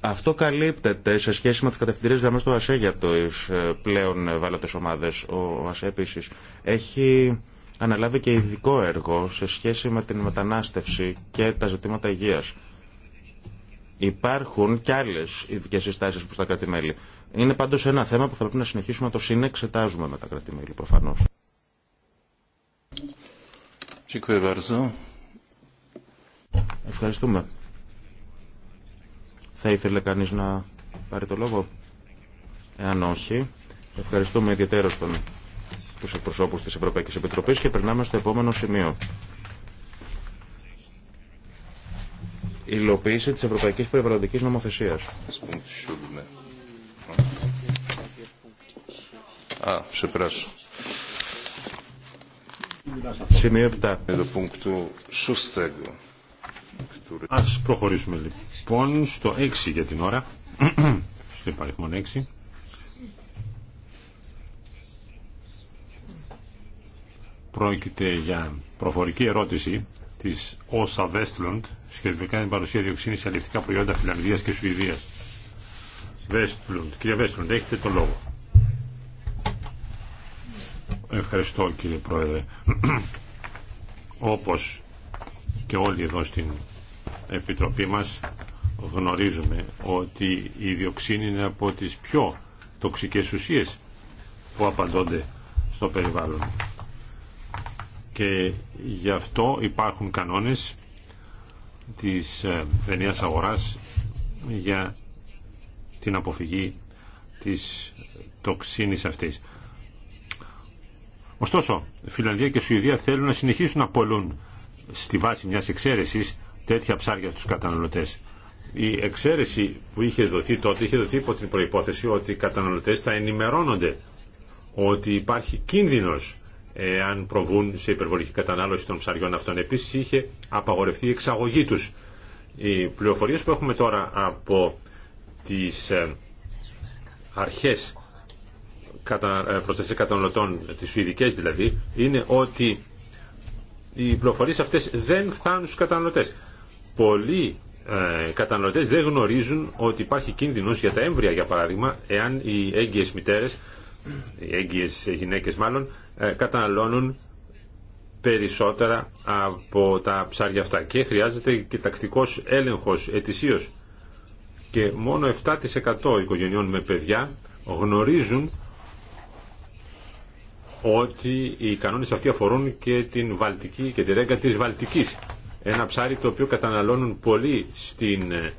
αυτό καλύπτεται σε σχέση με τι κατευθυντήριες γραμμέ του ΑΣΕ για τι ε, πλέον βάλατες ομάδε. Ο ΑΣΕ επίση έχει αναλάβει και ειδικό έργο σε σχέση με την μετανάστευση και τα ζητήματα υγεία. Υπάρχουν και άλλε ειδικέ συστάσει προ τα κρατη είναι πάντω ένα θέμα που θα πρέπει να συνεχίσουμε να το συνεξετάζουμε με τα κρατημέλη προφανώ. Ευχαριστούμε. Θα ήθελε κανείς να πάρει το λόγο. Εάν όχι, ευχαριστούμε ιδιαίτερα τον, τους εκπροσώπους της Ευρωπαϊκής Επιτροπής και περνάμε στο επόμενο σημείο. Η υλοποίηση της Ευρωπαϊκής Περιβαλλοντικής Νομοθεσίας. Α, przepraszam. Ας προχωρήσουμε λοιπόν στο 6 για την ώρα. στο υπαριθμό 6. Πρόκειται για προφορική ερώτηση της Όσα Βέστλοντ σχετικά με την παρουσία διοξίνης σε αλληλευτικά προϊόντα Φιλανδίας και Σουηδίας. Βέστλουντ. Κύριε Βέστλουντ, έχετε το λόγο. Ευχαριστώ κύριε Πρόεδρε. <clears throat> Όπως και όλοι εδώ στην Επιτροπή μας γνωρίζουμε ότι η διοξίνη είναι από τις πιο τοξικές ουσίες που απαντώνται στο περιβάλλον. Και γι' αυτό υπάρχουν κανόνες της βενίας ε, αγοράς για την αποφυγή της τοξίνης αυτής. Ωστόσο, Φιλανδία και Σουηδία θέλουν να συνεχίσουν να πολλούν στη βάση μιας εξαίρεσης τέτοια ψάρια στους καταναλωτές. Η εξαίρεση που είχε δοθεί τότε είχε δοθεί υπό την προϋπόθεση ότι οι καταναλωτές θα ενημερώνονται ότι υπάρχει κίνδυνος εάν προβούν σε υπερβολική κατανάλωση των ψαριών αυτών. Επίσης είχε απαγορευτεί η εξαγωγή τους. Οι πληροφορίες που έχουμε τώρα από τις ε, αρχές ε, προστασία καταναλωτών, τις σουηδικές δηλαδή, είναι ότι οι πληροφορίες αυτές δεν φτάνουν στους καταναλωτές. Πολλοί ε, καταναλωτές δεν γνωρίζουν ότι υπάρχει κίνδυνος για τα έμβρια, για παράδειγμα, εάν οι έγκυες μητέρες, οι έγκυες γυναίκες μάλλον, ε, καταναλώνουν περισσότερα από τα ψάρια αυτά και χρειάζεται και τακτικός έλεγχος ετησίως και μόνο 7% οικογενειών με παιδιά γνωρίζουν ότι οι κανόνες αυτοί αφορούν και την Βαλτική και τη ρέγκα της Βαλτικής. Ένα ψάρι το οποίο καταναλώνουν πολύ στην ε,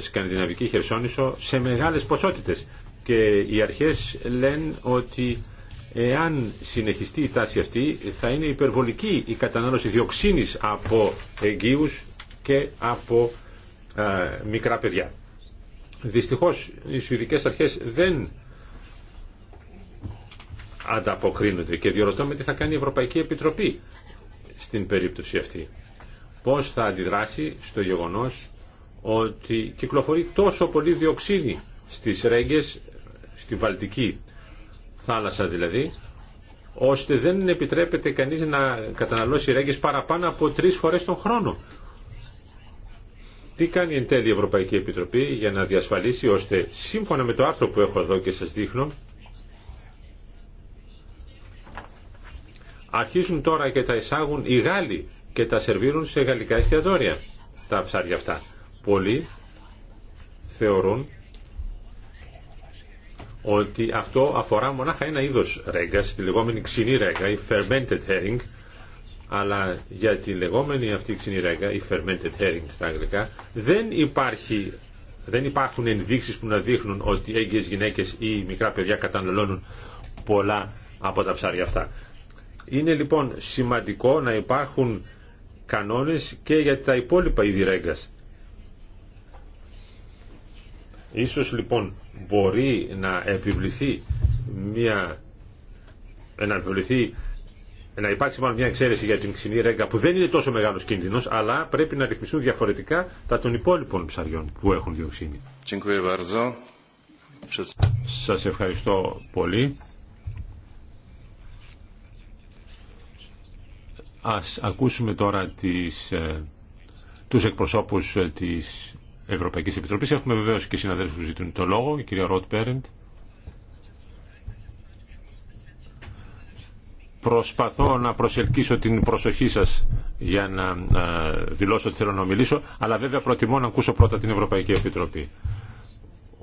Σκανδιναβική Χερσόνησο σε μεγάλες ποσότητες. Και οι αρχές λένε ότι εάν συνεχιστεί η τάση αυτή θα είναι υπερβολική η κατανάλωση διοξίνης από εγγύους και από ε, μικρά παιδιά. Δυστυχώς οι Σουηδικές Αρχές δεν ανταποκρίνονται και διορωτώ τι θα κάνει η Ευρωπαϊκή Επιτροπή στην περίπτωση αυτή. Πώς θα αντιδράσει στο γεγονός ότι κυκλοφορεί τόσο πολύ διοξίδι στις Ρέγγες, στη Βαλτική θάλασσα δηλαδή, ώστε δεν επιτρέπεται κανείς να καταναλώσει Ρέγγες παραπάνω από τρεις φορές τον χρόνο. Τι κάνει εν τέλει η Ευρωπαϊκή Επιτροπή για να διασφαλίσει ώστε σύμφωνα με το άρθρο που έχω εδώ και σας δείχνω αρχίζουν τώρα και τα εισάγουν οι Γάλλοι και τα σερβίρουν σε γαλλικά εστιατόρια τα ψάρια αυτά. Πολλοί θεωρούν ότι αυτό αφορά μονάχα ένα είδος ρέγκας, τη λεγόμενη ξινή ρέγκα η fermented herring, αλλά για τη λεγόμενη αυτή ρέγγα η fermented herring στα αγγλικά, δεν, υπάρχει, δεν υπάρχουν ενδείξεις που να δείχνουν ότι έγκυες γυναίκες ή μικρά παιδιά καταναλώνουν πολλά από τα ψάρια αυτά. Είναι λοιπόν σημαντικό να υπάρχουν κανόνες και για τα υπόλοιπα είδη ρέγκας. Ίσως λοιπόν μπορεί να επιβληθεί μια να επιβληθεί ε, να υπάρξει μάλλον μια εξαίρεση για την ξινή ρέγγα που δεν είναι τόσο μεγάλος κίνδυνος, αλλά πρέπει να ρυθμιστούν διαφορετικά τα των υπόλοιπων ψαριών που έχουν διοξίνη. Σα ευχαριστώ πολύ. Α ακούσουμε τώρα τις, ε, τους εκπροσώπους ε, της Ευρωπαϊκής Επιτροπής. Έχουμε βεβαίως και συναδέλφους που ζητούν το λόγο, η κυρία Ροτ Πέρεντ. προσπαθώ να προσελκύσω την προσοχή σας για να δηλώσω ότι θέλω να μιλήσω, αλλά βέβαια προτιμώ να ακούσω πρώτα την Ευρωπαϊκή Επιτροπή.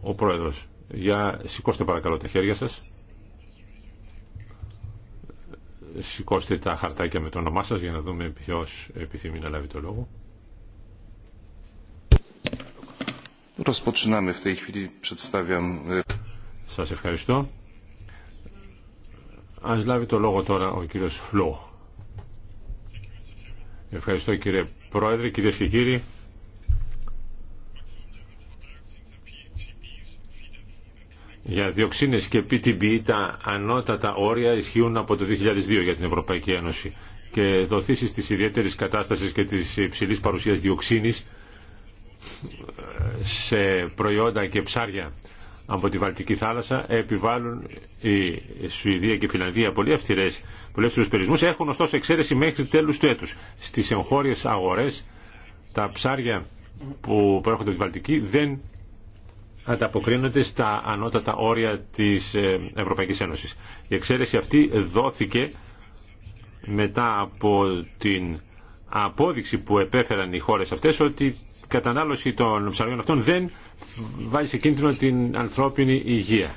Ο Πρόεδρος, για... σηκώστε παρακαλώ τα χέρια σας. Σηκώστε τα χαρτάκια με το όνομά σας για να δούμε ποιος επιθυμεί να λάβει το λόγο. Σα ευχαριστώ. Ας λάβει το λόγο τώρα ο κύριος Φλό. Ευχαριστώ κύριε Πρόεδρε, κυρίε και κύριοι. Για διοξίνες και PTB τα ανώτατα όρια ισχύουν από το 2002 για την Ευρωπαϊκή Ένωση και δοθήσεις της ιδιαίτερης κατάστασης και της υψηλής παρουσίας διοξίνης σε προϊόντα και ψάρια από τη Βαλτική θάλασσα επιβάλλουν η Σουηδία και η Φιλανδία πολύ αυστηρές πολύ αυστηρούς περισμούς έχουν ωστόσο εξαίρεση μέχρι τέλους του έτους στις εγχώριες αγορές τα ψάρια που προέρχονται από τη Βαλτική δεν ανταποκρίνονται στα ανώτατα όρια της ε, Ευρωπαϊκής Ένωσης η εξαίρεση αυτή δόθηκε μετά από την απόδειξη που επέφεραν οι χώρες αυτές ότι η κατανάλωση των ψαριών αυτών δεν βάζει σε κίνδυνο την ανθρώπινη υγεία.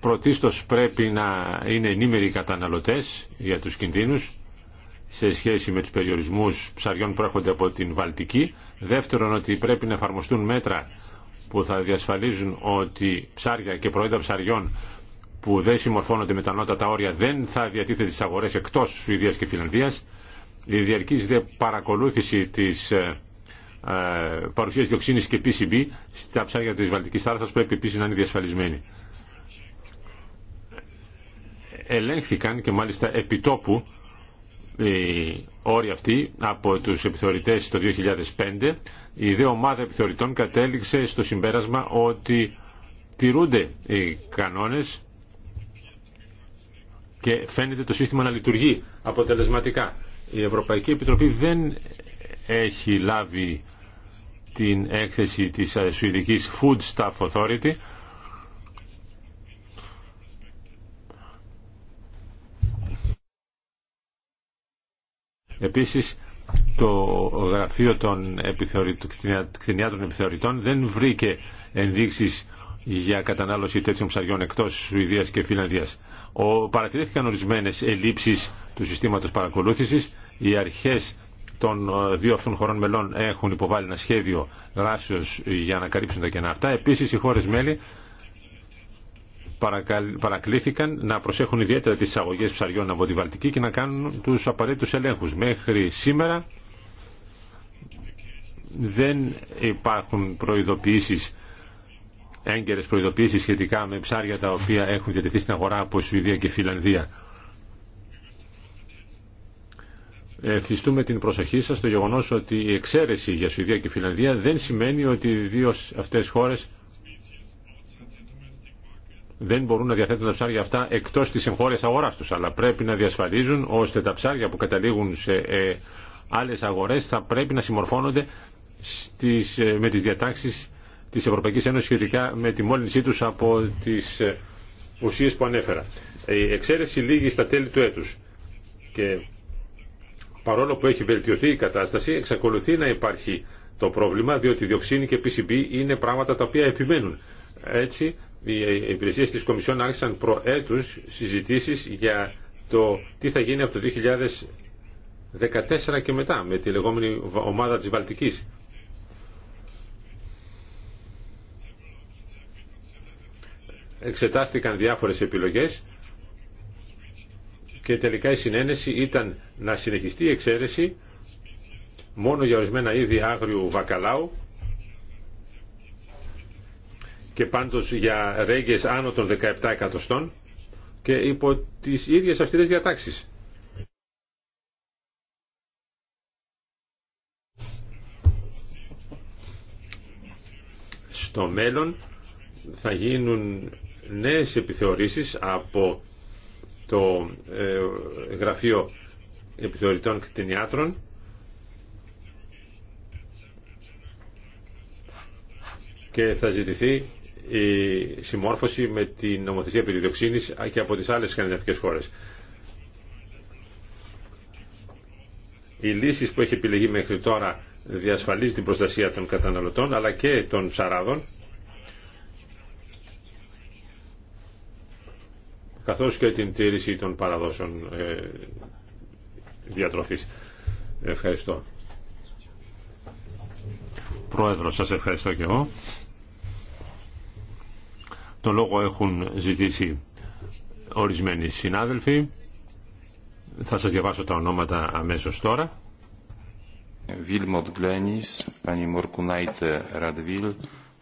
Πρωτίστως πρέπει να είναι ενήμεροι οι καταναλωτές για τους κινδύνους σε σχέση με τους περιορισμούς ψαριών που έρχονται από την Βαλτική. Δεύτερον, ότι πρέπει να εφαρμοστούν μέτρα που θα διασφαλίζουν ότι ψάρια και προϊόντα ψαριών που δεν συμμορφώνονται με τα ανώτατα όρια δεν θα διατίθεται στις αγορές εκτός Σουηδίας και Φιλανδίας. Η διαρκής παρακολούθηση της ε, ε, παρουσίας διοξίνη και PCB στα ψάρια της Βαλτικής θάλασσας πρέπει επίσης να είναι διασφαλισμένη. Ελέγχθηκαν και μάλιστα επιτόπου οι όροι αυτοί από τους επιθεωρητές το 2005. Η δε ομάδα επιθεωρητών κατέληξε στο συμπέρασμα ότι τηρούνται οι κανόνες και φαίνεται το σύστημα να λειτουργεί αποτελεσματικά. Η Ευρωπαϊκή Επιτροπή δεν έχει λάβει την έκθεση της ε, Σουηδικής Food Staff Authority Επίσης το γραφείο των κτηνιάτων επιθεωρητών δεν βρήκε ενδείξεις για κατανάλωση τέτοιων ψαριών εκτός Σουηδίας και Φιλανδίας. Ο, παρατηρήθηκαν ορισμένες ελλείψεις του συστήματος παρακολούθησης. Οι αρχές των ε, δύο αυτών χωρών μελών έχουν υποβάλει ένα σχέδιο δράσεω για να καλύψουν τα κενά αυτά. Επίση, οι χώρε μέλη παρακλήθηκαν να προσέχουν ιδιαίτερα τι εισαγωγέ ψαριών από τη Βαλτική και να κάνουν του απαραίτητους ελέγχου Μέχρι σήμερα δεν υπάρχουν προειδοποιήσει έγκαιρες προειδοποιήσεις σχετικά με ψάρια τα οποία έχουν διατεθεί στην αγορά από Σουηδία και Φιλανδία. ευχηστούμε την προσοχή σας στο γεγονός ότι η εξαίρεση για Σουηδία και Φιλανδία δεν σημαίνει ότι οι δύο αυτές χώρες δεν μπορούν να διαθέτουν τα ψάρια αυτά εκτός της εγχώριας αγοράς τους, αλλά πρέπει να διασφαλίζουν ώστε τα ψάρια που καταλήγουν σε ε, άλλες αγορές θα πρέπει να συμμορφώνονται στις, ε, με τις διατάξεις της Ευρωπαϊκής Ένωσης σχετικά με τη μόλυνσή τους από τις ε, ουσίες που ανέφερα. Η εξαίρεση λήγει στα τέλη του έτους και παρόλο που έχει βελτιωθεί η κατάσταση, εξακολουθεί να υπάρχει το πρόβλημα, διότι διοξίνη και PCB είναι πράγματα τα οποία επιμένουν. Έτσι, οι υπηρεσίε της Κομισιόν άρχισαν προέτου συζητήσεις για το τι θα γίνει από το 2014 και μετά με τη λεγόμενη ομάδα της Βαλτικής. Εξετάστηκαν διάφορες επιλογές και τελικά η συνένεση ήταν να συνεχιστεί η εξαίρεση μόνο για ορισμένα είδη άγριου βακαλάου και πάντως για ρέγγες άνω των 17 εκατοστών και υπό τις ίδιες αυστηρές διατάξεις. Στο μέλλον θα γίνουν νέες επιθεωρήσεις από το ε, Γραφείο Επιθεωρητών Κτηνιάτρων και θα ζητηθεί η συμμόρφωση με την νομοθεσία επιδιοξίνης και από τις άλλες σκανδιναφικές χώρες. Οι λύσεις που έχει επιλεγεί μέχρι τώρα διασφαλίζει την προστασία των καταναλωτών αλλά και των ψαράδων καθώς και την τήρηση των παραδόσεων ε, διατροφής. Ευχαριστώ. Πρόεδρο, σας ευχαριστώ και εγώ. Το λόγο έχουν ζητήσει ορισμένοι συνάδελφοι. Θα σας διαβάσω τα ονόματα αμέσως τώρα. Γκλένις, πανι Μορκουνάιτε Ραντβιλ,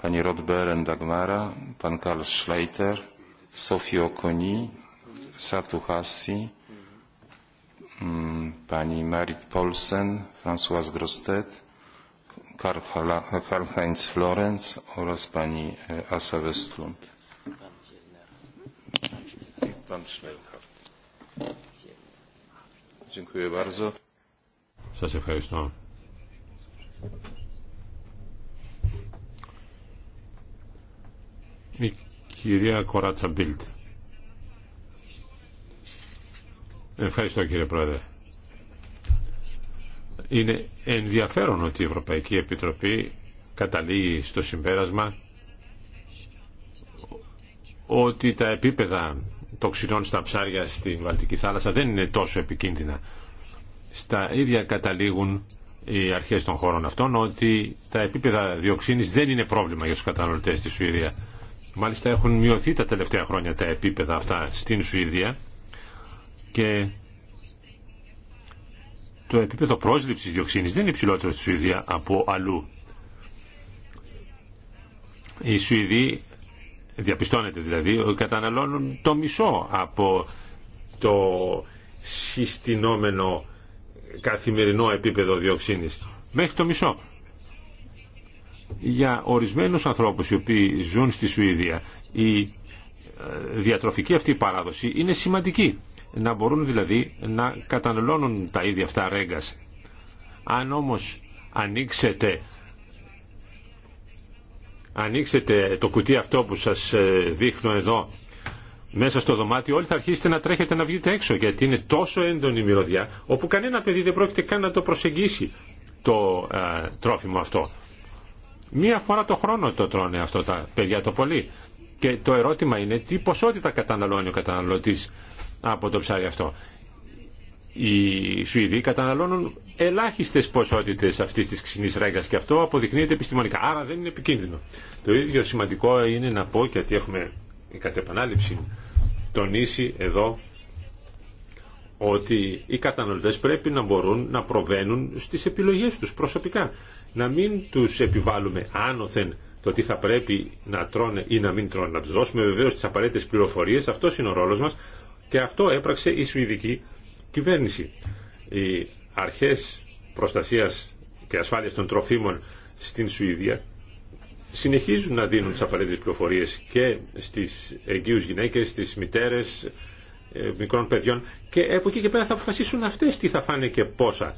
πανι Ροντ Μπέρεν Νταγμάρα, πανι Καλ Σλέιτερ, Sofii Okoni, Satu Hassi, pani Marit Polsen, François Grostet, Karl-Heinz Florenz oraz pani Asa Westlund. Pan Dziękuję bardzo. ευχαριστώ κυρία Κοράτσα Μπίλτ. Ευχαριστώ κύριε Πρόεδρε. Είναι ενδιαφέρον ότι η Ευρωπαϊκή Επιτροπή καταλήγει στο συμπέρασμα ότι τα επίπεδα τοξινών στα ψάρια στη Βαλτική θάλασσα δεν είναι τόσο επικίνδυνα. Στα ίδια καταλήγουν οι αρχές των χώρων αυτών ότι τα επίπεδα διοξίνης δεν είναι πρόβλημα για τους καταναλωτές στη Σουηδία. Μάλιστα έχουν μειωθεί τα τελευταία χρόνια τα επίπεδα αυτά στην Σουηδία και το επίπεδο πρόσληψης διοξίνης δεν είναι υψηλότερο στη Σουηδία από αλλού. Οι Σουηδοί, διαπιστώνεται δηλαδή, καταναλώνουν το μισό από το συστηνόμενο καθημερινό επίπεδο διοξίνης. Μέχρι το μισό για ορισμένους ανθρώπους οι οποίοι ζουν στη Σουηδία η ε, διατροφική αυτή παράδοση είναι σημαντική. Να μπορούν δηλαδή να καταναλώνουν τα ίδια αυτά ρέγκας. Αν όμως ανοίξετε, ανοίξετε το κουτί αυτό που σας ε, δείχνω εδώ μέσα στο δωμάτιο όλοι θα αρχίσετε να τρέχετε να βγείτε έξω γιατί είναι τόσο έντονη η μυρωδιά όπου κανένα παιδί δεν πρόκειται καν να το προσεγγίσει το ε, τρόφιμο αυτό. Μία φορά το χρόνο το τρώνε αυτό τα παιδιά το πολύ. Και το ερώτημα είναι τι ποσότητα καταναλώνει ο καταναλωτή από το ψάρι αυτό. Οι Σουηδοί καταναλώνουν ελάχιστες ποσότητες αυτής της ξινή ρέγγα και αυτό αποδεικνύεται επιστημονικά. Άρα δεν είναι επικίνδυνο. Το ίδιο σημαντικό είναι να πω και ότι έχουμε κατ' επανάληψη τονίσει εδώ ότι οι καταναλωτές πρέπει να μπορούν να προβαίνουν στις επιλογές τους προσωπικά. Να μην τους επιβάλλουμε άνωθεν το τι θα πρέπει να τρώνε ή να μην τρώνε. Να τους δώσουμε βεβαίως τις απαραίτητες πληροφορίες. Αυτό είναι ο ρόλος μας και αυτό έπραξε η Σουηδική κυβέρνηση. Οι αρχές προστασίας και ασφάλειας των τροφίμων στην Σουηδία συνεχίζουν να δίνουν τις απαραίτητες πληροφορίες και στις εγγύους γυναίκες, στις μητέρες, ε, μικρών παιδιών και από εκεί και πέρα θα αποφασίσουν αυτές τι θα φάνε και πόσα.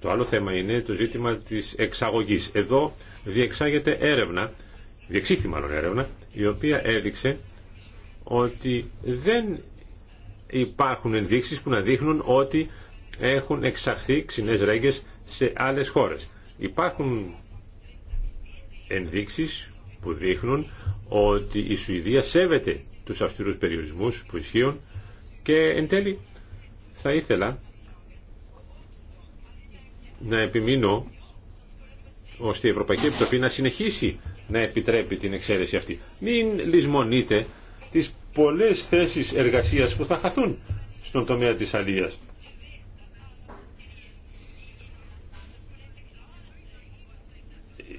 Το άλλο θέμα είναι το ζήτημα της εξαγωγής. Εδώ διεξάγεται έρευνα, διεξήχθη μάλλον έρευνα, η οποία έδειξε ότι δεν υπάρχουν ενδείξεις που να δείχνουν ότι έχουν εξαχθεί ξινές ρέγγες σε άλλες χώρες. Υπάρχουν ενδείξεις που δείχνουν ότι η Σουηδία σέβεται τους αυστηρούς περιορισμούς που ισχύουν και εν τέλει θα ήθελα να επιμείνω ώστε η Ευρωπαϊκή Επιτροπή να συνεχίσει να επιτρέπει την εξαίρεση αυτή. Μην λησμονείτε τις πολλές θέσεις εργασίας που θα χαθούν στον τομέα της αλίας.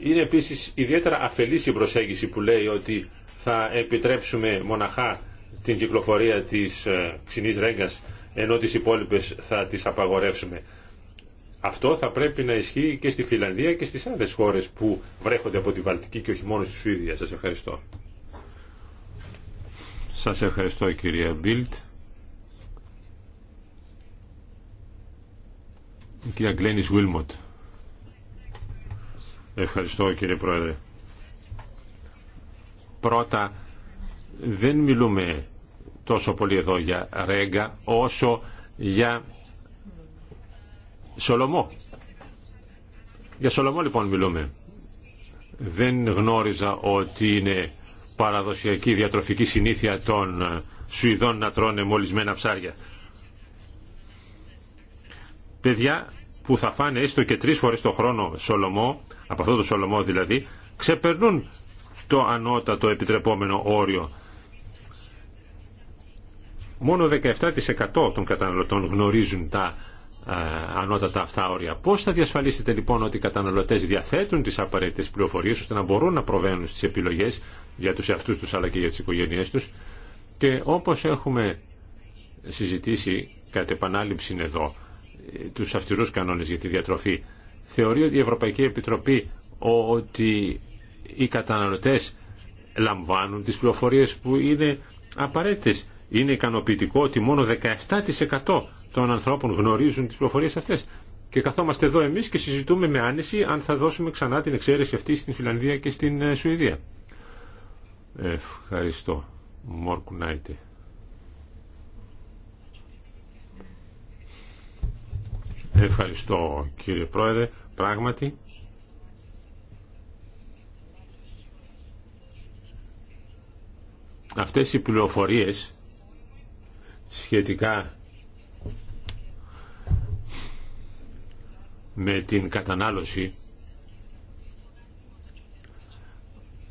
Είναι επίσης ιδιαίτερα αφελής η προσέγγιση που λέει ότι θα επιτρέψουμε μοναχά την κυκλοφορία της ε, ξινής ρέγγας ενώ τις υπόλοιπες θα τις απαγορεύσουμε. Αυτό θα πρέπει να ισχύει και στη Φιλανδία και στις άλλες χώρες που βρέχονται από τη Βαλτική και όχι μόνο στη Σουηδία. Σας ευχαριστώ. Σας ευχαριστώ κυρία Μπίλτ. κυρία Γκλένις Βίλμοντ. Ευχαριστώ κύριε Πρόεδρε. Πρώτα δεν μιλούμε τόσο πολύ εδώ για Ρέγκα όσο για Σολομό. Για Σολομό λοιπόν μιλούμε. Δεν γνώριζα ότι είναι παραδοσιακή διατροφική συνήθεια των Σουηδών να τρώνε μολυσμένα ψάρια. Παιδιά που θα φάνε έστω και τρεις φορές το χρόνο Σολομό, από αυτό το Σολομό δηλαδή, ξεπερνούν το ανώτατο επιτρεπόμενο όριο μόνο 17% των καταναλωτών γνωρίζουν τα ε, ανώτατα αυτά όρια. Πώ θα διασφαλίσετε λοιπόν ότι οι καταναλωτέ διαθέτουν τι απαραίτητε πληροφορίε, ώστε να μπορούν να προβαίνουν στι επιλογέ για του εαυτού του, αλλά και για τι οικογένειε του. και όπω έχουμε συζητήσει κατ' επανάληψη εδώ ε, του αυστηρού κανόνε για τη διατροφή θεωρεί ότι η Ευρωπαϊκή Επιτροπή ότι οι καταναλωτές λαμβάνουν τις πληροφορίες που είναι απαραίτητες είναι ικανοποιητικό ότι μόνο 17% των ανθρώπων γνωρίζουν τις πληροφορίες αυτές. Και καθόμαστε εδώ εμείς και συζητούμε με άνεση αν θα δώσουμε ξανά την εξαίρεση αυτή στην Φιλανδία και στην ε, Σουηδία. Ευχαριστώ. Μορκουνάιτε. Ευχαριστώ κύριε Πρόεδρε. Πράγματι. Αυτές οι πληροφορίες σχετικά με την κατανάλωση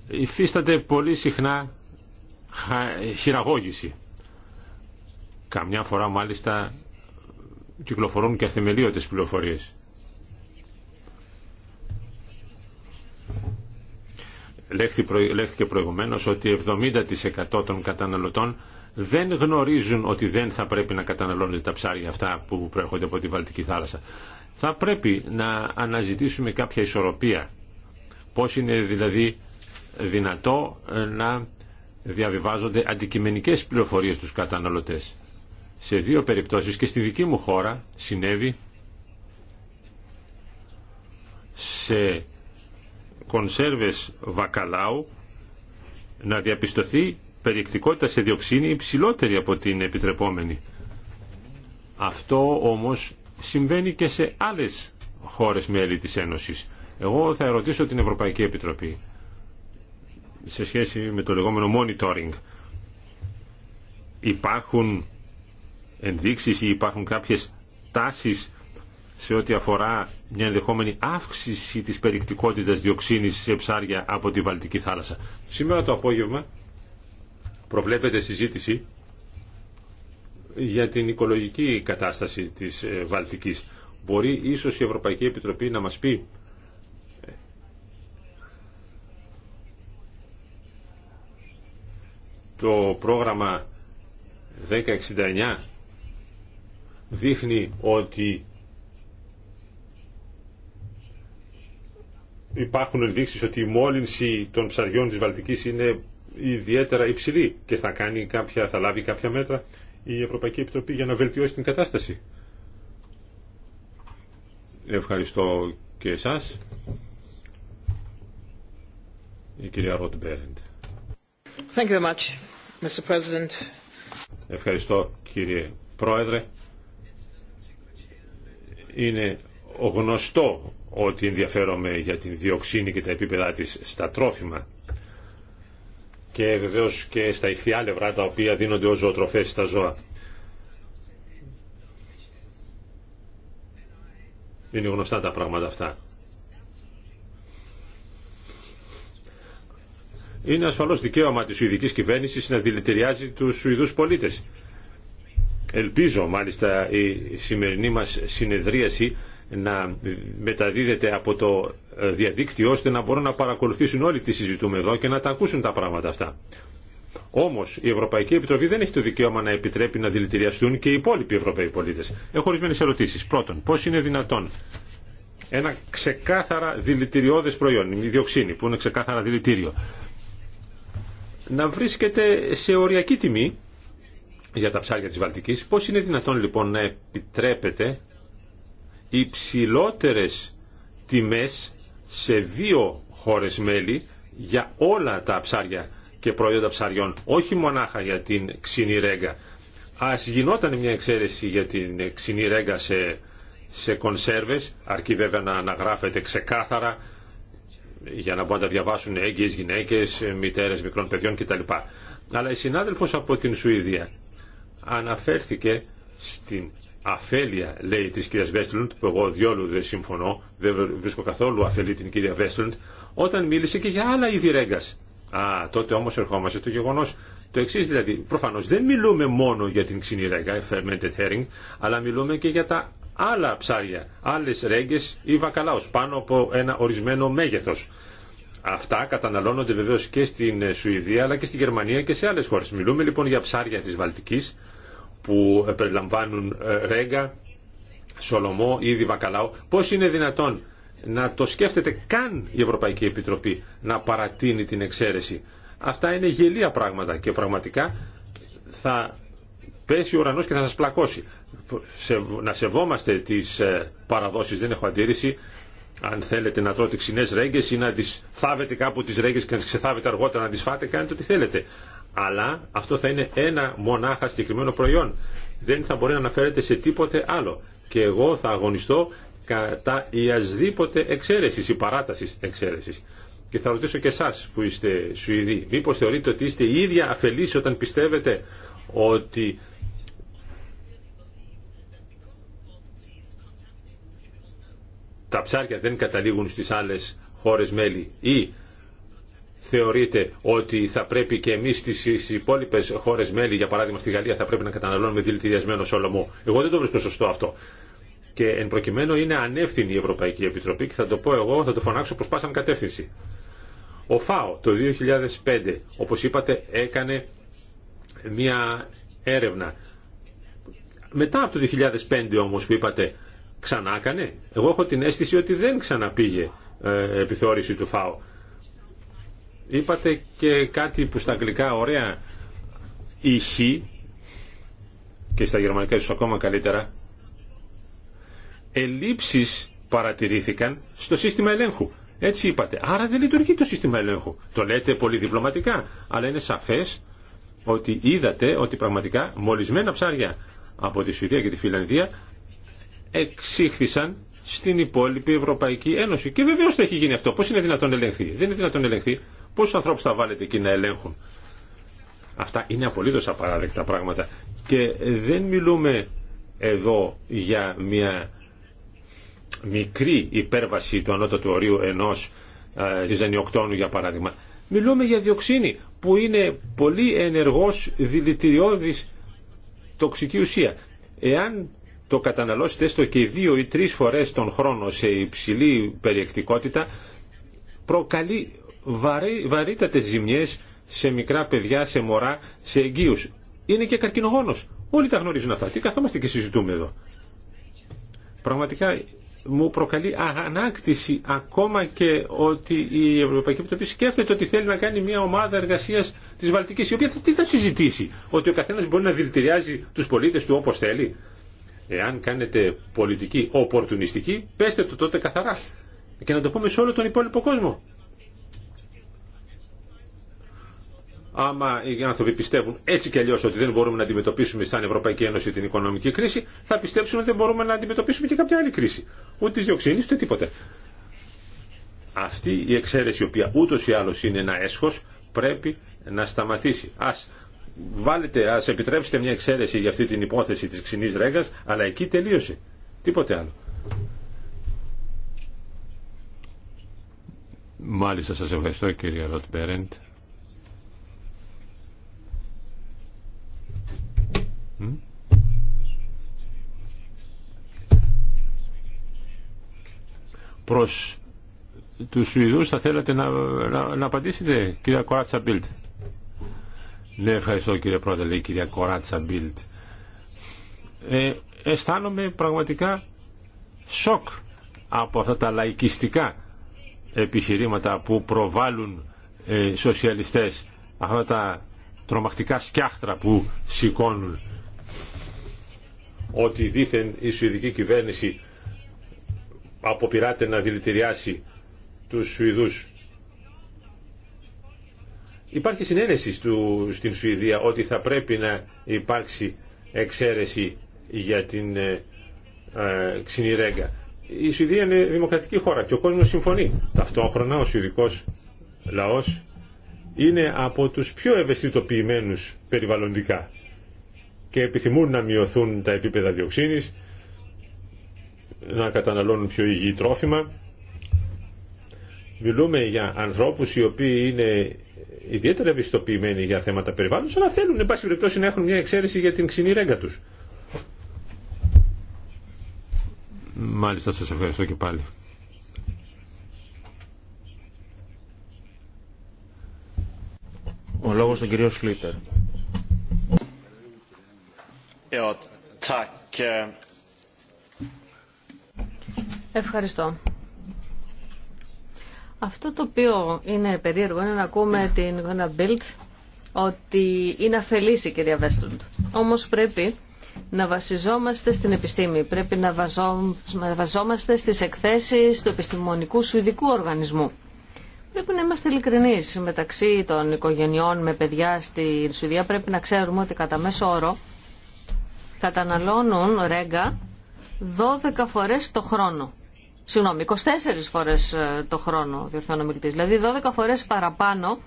υφίσταται πολύ συχνά χειραγώγηση. Καμιά φορά μάλιστα κυκλοφορούν και αθεμελίωτες πληροφορίες. Λέχθηκε προηγουμένως ότι 70% των καταναλωτών δεν γνωρίζουν ότι δεν θα πρέπει να καταναλώνεται τα ψάρια αυτά που προέρχονται από τη Βαλτική θάλασσα. Θα πρέπει να αναζητήσουμε κάποια ισορροπία. Πώς είναι δηλαδή δυνατό ε, να διαβιβάζονται αντικειμενικές πληροφορίες στους καταναλωτές. Σε δύο περιπτώσεις και στη δική μου χώρα συνέβη σε κονσέρβες βακαλάου να διαπιστωθεί περιεκτικότητα σε διοξίνη υψηλότερη από την επιτρεπόμενη. Αυτό όμως συμβαίνει και σε άλλες χώρες μέλη της Ένωσης. Εγώ θα ερωτήσω την Ευρωπαϊκή Επιτροπή σε σχέση με το λεγόμενο monitoring. Υπάρχουν ενδείξεις ή υπάρχουν κάποιες τάσεις σε ό,τι αφορά μια ενδεχόμενη αύξηση της περιεκτικότητας διοξίνης σε ψάρια από τη Βαλτική θάλασσα. Σήμερα το απόγευμα προβλέπεται συζήτηση για την οικολογική κατάσταση της ε, Βαλτικής. Μπορεί ίσως η Ευρωπαϊκή Επιτροπή να μας πει ε, το πρόγραμμα 1069 δείχνει ότι υπάρχουν ενδείξεις ότι η μόλυνση των ψαριών της Βαλτικής είναι ιδιαίτερα υψηλή και θα, κάνει κάποια, θα λάβει κάποια μέτρα η Ευρωπαϊκή Επιτροπή για να βελτιώσει την κατάσταση. Ευχαριστώ και εσάς. Η κυρία Ροτ Μπέρεντ. Ευχαριστώ κύριε Πρόεδρε. Είναι γνωστό ότι ενδιαφέρομαι για την διοξίνη και τα επίπεδα της στα τρόφιμα και βεβαίω και στα ηχθιάλευρα τα οποία δίνονται ω ζωοτροφέ στα ζώα. Είναι γνωστά τα πράγματα αυτά. Είναι ασφαλώς δικαίωμα τη Σουηδική κυβέρνηση να δηλητηριάζει του Σουηδού πολίτε. Ελπίζω μάλιστα η σημερινή μας συνεδρίαση να μεταδίδεται από το ε, διαδίκτυο ώστε να μπορούν να παρακολουθήσουν όλοι τι συζητούμε εδώ και να τα ακούσουν τα πράγματα αυτά. Όμω η Ευρωπαϊκή Επιτροπή δεν έχει το δικαίωμα να επιτρέπει να δηλητηριαστούν και οι υπόλοιποι Ευρωπαίοι πολίτε. Έχω ορισμένε ερωτήσει. Πρώτον, πώ είναι δυνατόν ένα ξεκάθαρα δηλητηριώδε προϊόν, η διοξίνη που είναι ξεκάθαρα δηλητήριο, να βρίσκεται σε οριακή τιμή για τα ψάρια τη Βαλτική, πώ είναι δυνατόν λοιπόν να επιτρέπεται υψηλότερες τιμές σε δύο χώρες μέλη για όλα τα ψάρια και προϊόντα ψαριών, όχι μονάχα για την ξινή ρέγγα. Ας γινόταν μια εξαίρεση για την ξινή ρέγγα σε, σε κονσέρβες, αρκεί βέβαια να αναγράφεται ξεκάθαρα για να μπορούν να τα διαβάσουν έγκυες γυναίκες, μητέρες μικρών παιδιών κτλ. Αλλά η συνάδελφος από την Σουηδία αναφέρθηκε στην αφέλεια, λέει της κυρίας Βέστλουντ, που εγώ διόλου δεν συμφωνώ, δεν βρίσκω καθόλου αφελή την κυρία Βέστλουντ, όταν μίλησε και για άλλα είδη ρέγκας. Α, τότε όμως ερχόμαστε το γεγονός το εξή δηλαδή, προφανώς δεν μιλούμε μόνο για την ξινή ρέγγα, ε, fermented herring, αλλά μιλούμε και για τα άλλα ψάρια, άλλες ρέγγες ή βακαλάους, πάνω από ένα ορισμένο μέγεθος. Αυτά καταναλώνονται βεβαίως και στην Σουηδία, αλλά και στη Γερμανία και σε άλλες χώρες. Μιλούμε λοιπόν για ψάρια της Βαλτικής, που ε, περιλαμβάνουν ε, Ρέγκα, σολομό, ήδη βακαλάου. Πώς είναι δυνατόν να το σκέφτεται καν η Ευρωπαϊκή Επιτροπή να παρατείνει την εξαίρεση. Αυτά είναι γελία πράγματα και πραγματικά θα πέσει ο ουρανός και θα σας πλακώσει. να σεβόμαστε τις ε, παραδόσεις, δεν έχω αντίρρηση. Αν θέλετε να τρώτε ξινές ρέγγες ή να τις θάβετε κάπου τις ρέγγες και να τις ξεθάβετε αργότερα να τις φάτε, κάνετε ό,τι θέλετε αλλά αυτό θα είναι ένα μονάχα συγκεκριμένο προϊόν. Δεν θα μπορεί να αναφέρεται σε τίποτε άλλο. Και εγώ θα αγωνιστώ κατά ιασδήποτε εξαίρεσης ή παράτασης εξαίρεσης. Και θα ρωτήσω και εσά που είστε Σουηδοί, μήπως θεωρείτε ότι είστε οι ίδια αφελείς όταν πιστεύετε ότι τα ψάρια δεν καταλήγουν στις άλλες χώρες μέλη ή θεωρείτε ότι θα πρέπει και εμεί στι υπόλοιπε χώρε μέλη, για παράδειγμα στη Γαλλία, θα πρέπει να καταναλώνουμε δηλητηριασμένο σολομό. Εγώ δεν το βρίσκω σωστό αυτό. Και εν προκειμένου είναι ανεύθυνη η Ευρωπαϊκή Επιτροπή και θα το πω εγώ, θα το φωνάξω προ πάσαν κατεύθυνση. Ο ΦΑΟ το 2005, όπω είπατε, έκανε μια έρευνα. Μετά από το 2005 όμω που είπατε, ξανά έκανε. Εγώ έχω την αίσθηση ότι δεν ξαναπήγε ε, επιθεώρηση του ΦΑΟ. Είπατε και κάτι που στα αγγλικά ωραία ηχεί και στα γερμανικά ίσως ακόμα καλύτερα ελλείψεις παρατηρήθηκαν στο σύστημα ελέγχου. Έτσι είπατε. Άρα δεν λειτουργεί το σύστημα ελέγχου. Το λέτε πολύ διπλωματικά, αλλά είναι σαφές ότι είδατε ότι πραγματικά μολυσμένα ψάρια από τη Σουηδία και τη Φιλανδία εξήχθησαν στην υπόλοιπη Ευρωπαϊκή Ένωση. Και βεβαίω το έχει γίνει αυτό. Πώ είναι δυνατόν ελεγχθεί. Δεν είναι δυνατόν ελεγχθεί. Πόσου ανθρώπου θα βάλετε εκεί να ελέγχουν. Αυτά είναι απολύτως απαράδεκτα πράγματα. Και δεν μιλούμε εδώ για μια μικρή υπέρβαση του ανώτατου ορίου ενός ζυζανιοκτώνου για παράδειγμα. Μιλούμε για διοξίνη που είναι πολύ ενεργός δηλητηριώδης τοξική ουσία. Εάν το καταναλώσετε έστω και δύο ή τρεις φορές τον χρόνο σε υψηλή περιεκτικότητα προκαλεί βαρύ, βαρύτατες ζημιές σε μικρά παιδιά, σε μωρά, σε εγγύους. Είναι και καρκινογόνος. Όλοι τα γνωρίζουν αυτά. Τι καθόμαστε και συζητούμε εδώ. Πραγματικά μου προκαλεί αγανάκτηση ακόμα και ότι η Ευρωπαϊκή Επιτροπή σκέφτεται ότι θέλει να κάνει μια ομάδα εργασίας τη Βαλτική, η οποία θα, τι θα συζητήσει, ότι ο καθένας μπορεί να δηλητηριάζει του πολίτε του όπως θέλει. Εάν κάνετε πολιτική οπορτουνιστική, πέστε το τότε καθαρά και να το πούμε σε όλο τον υπόλοιπο κόσμο. άμα οι άνθρωποι πιστεύουν έτσι κι αλλιώ ότι δεν μπορούμε να αντιμετωπίσουμε σαν Ευρωπαϊκή Ένωση την οικονομική κρίση, θα πιστέψουν ότι δεν μπορούμε να αντιμετωπίσουμε και κάποια άλλη κρίση. Ούτε τη διοξίνη, ούτε τίποτε. Αυτή η εξαίρεση, η οποία ούτω ή άλλω είναι ένα έσχο, πρέπει να σταματήσει. Α βάλετε, α επιτρέψετε μια εξαίρεση για αυτή την υπόθεση τη ξινή ρέγγα, αλλά εκεί τελείωσε. Τίποτε άλλο. Μάλιστα σας ευχαριστώ κύριε Ροτ Προς τους Σουηδούς θα θέλατε να, να, να απαντήσετε, κυρία Κοράτσα Μπίλτ. Ναι, ευχαριστώ κύριε Πρόεδρε, λέει κυρία Κοράτσα Μπίλτ. Ε, αισθάνομαι πραγματικά σοκ από αυτά τα λαϊκιστικά επιχειρήματα που προβάλλουν ε, σοσιαλιστές, αυτά τα τρομακτικά σκιάχτρα που σηκώνουν ότι δήθεν η Σουηδική κυβέρνηση αποπειράται να δηλητηριάσει τους Σουηδούς. Υπάρχει συνένεση του, στην Σουηδία ότι θα πρέπει να υπάρξει εξαίρεση για την ε, ε Η Σουηδία είναι δημοκρατική χώρα και ο κόσμος συμφωνεί. Ταυτόχρονα ο σουηδικός λαός είναι από τους πιο ευαισθητοποιημένους περιβαλλοντικά και επιθυμούν να μειωθούν τα επίπεδα διοξίνης, να καταναλώνουν πιο υγιή τρόφιμα. Μιλούμε για ανθρώπους οι οποίοι είναι ιδιαίτερα ευαισθητοποιημένοι για θέματα περιβάλλοντος, αλλά θέλουν, εν πάση περιπτώσει, να έχουν μια εξαίρεση για την ξινή ρέγγα τους. Μάλιστα, σας ευχαριστώ και πάλι. Ο λόγος του κυρίου Σλίτερ. Eh. Ευχαριστώ. Αυτό το οποίο είναι περίεργο είναι να ακούμε την Γόνα Μπίλτ ότι είναι αφελής η κυρία Βέστοντ. Όμως πρέπει να βασιζόμαστε στην επιστήμη. Πρέπει να βαζόμαστε στις εκθέσεις του επιστημονικού σουηδικού οργανισμού. Πρέπει να είμαστε ειλικρινεί μεταξύ των οικογενειών με παιδιά στη Σουηδία. Πρέπει να ξέρουμε ότι κατά μέσο όρο καταναλώνουν ρέγγα 12 φορές το χρόνο. Συγγνώμη, 24 φορές ε, το χρόνο, διορθώνω μιλητής. Δηλαδή 12 φορές παραπάνω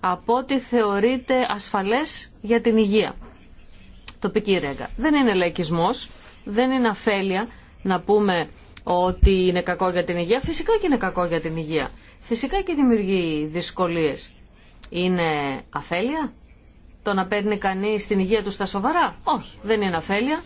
από ό,τι θεωρείται ασφαλές για την υγεία. Τοπική ρέγγα. Δεν είναι λαϊκισμός, δεν είναι αφέλεια να πούμε ότι είναι κακό για την υγεία. Φυσικά και είναι κακό για την υγεία. Φυσικά και δημιουργεί δυσκολίες. Είναι αφέλεια, το να παίρνει κανείς την υγεία του στα σοβαρά. Όχι, δεν είναι αφέλεια.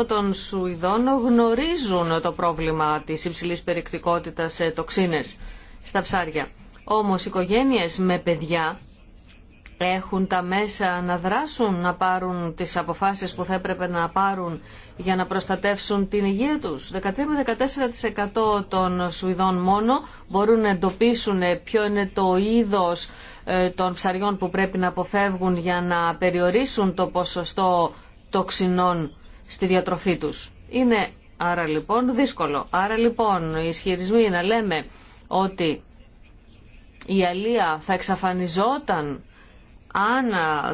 87% των Σουηδών γνωρίζουν το πρόβλημα της υψηλής περιεκτικότητας σε τοξίνες στα ψάρια. Όμως οικογένειες με παιδιά έχουν τα μέσα να δράσουν, να πάρουν τις αποφάσεις που θα έπρεπε να πάρουν για να προστατεύσουν την υγεία τους. 13-14% των Σουηδών μόνο μπορούν να εντοπίσουν ποιο είναι το είδος ε, των ψαριών που πρέπει να αποφεύγουν για να περιορίσουν το ποσοστό τοξινών στη διατροφή τους. Είναι άρα λοιπόν δύσκολο. Άρα λοιπόν οι ισχυρισμοί να λέμε ότι η αλία θα εξαφανιζόταν αν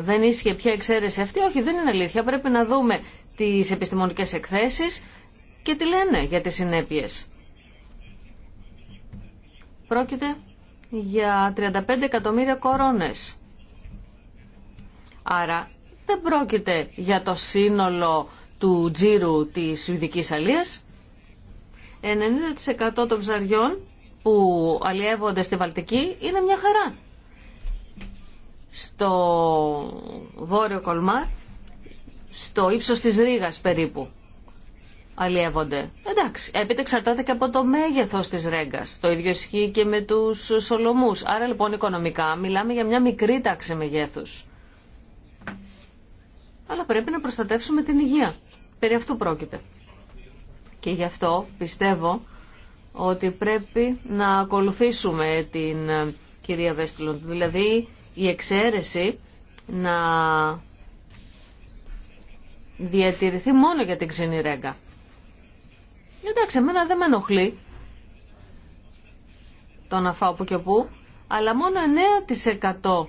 δεν ίσχυε πια εξαίρεση αυτή, όχι δεν είναι αλήθεια. Πρέπει να δούμε τις επιστημονικές εκθέσεις και τι λένε για τις συνέπειες. Πρόκειται για 35 εκατομμύρια κορώνες. Άρα δεν πρόκειται για το σύνολο του τζίρου της Σουηδική Αλίας. 90% των ψαριών που αλλιεύονται στη Βαλτική είναι μια χαρά στο βόρειο Κολμάρ, στο ύψος της Ρήγας περίπου αλλιεύονται. Εντάξει, έπειτα εξαρτάται και από το μέγεθος της Ρέγκας. Το ίδιο ισχύει και με τους Σολομούς. Άρα λοιπόν οικονομικά μιλάμε για μια μικρή τάξη μεγέθους. Αλλά πρέπει να προστατεύσουμε την υγεία. Περί αυτού πρόκειται. Και γι' αυτό πιστεύω ότι πρέπει να ακολουθήσουμε την ε, κυρία Βέστιλον. Δηλαδή η εξαίρεση να διατηρηθεί μόνο για την ξένη ρέγγα. Εντάξει, εμένα δεν με ενοχλεί το να φάω που και που, αλλά μόνο 9%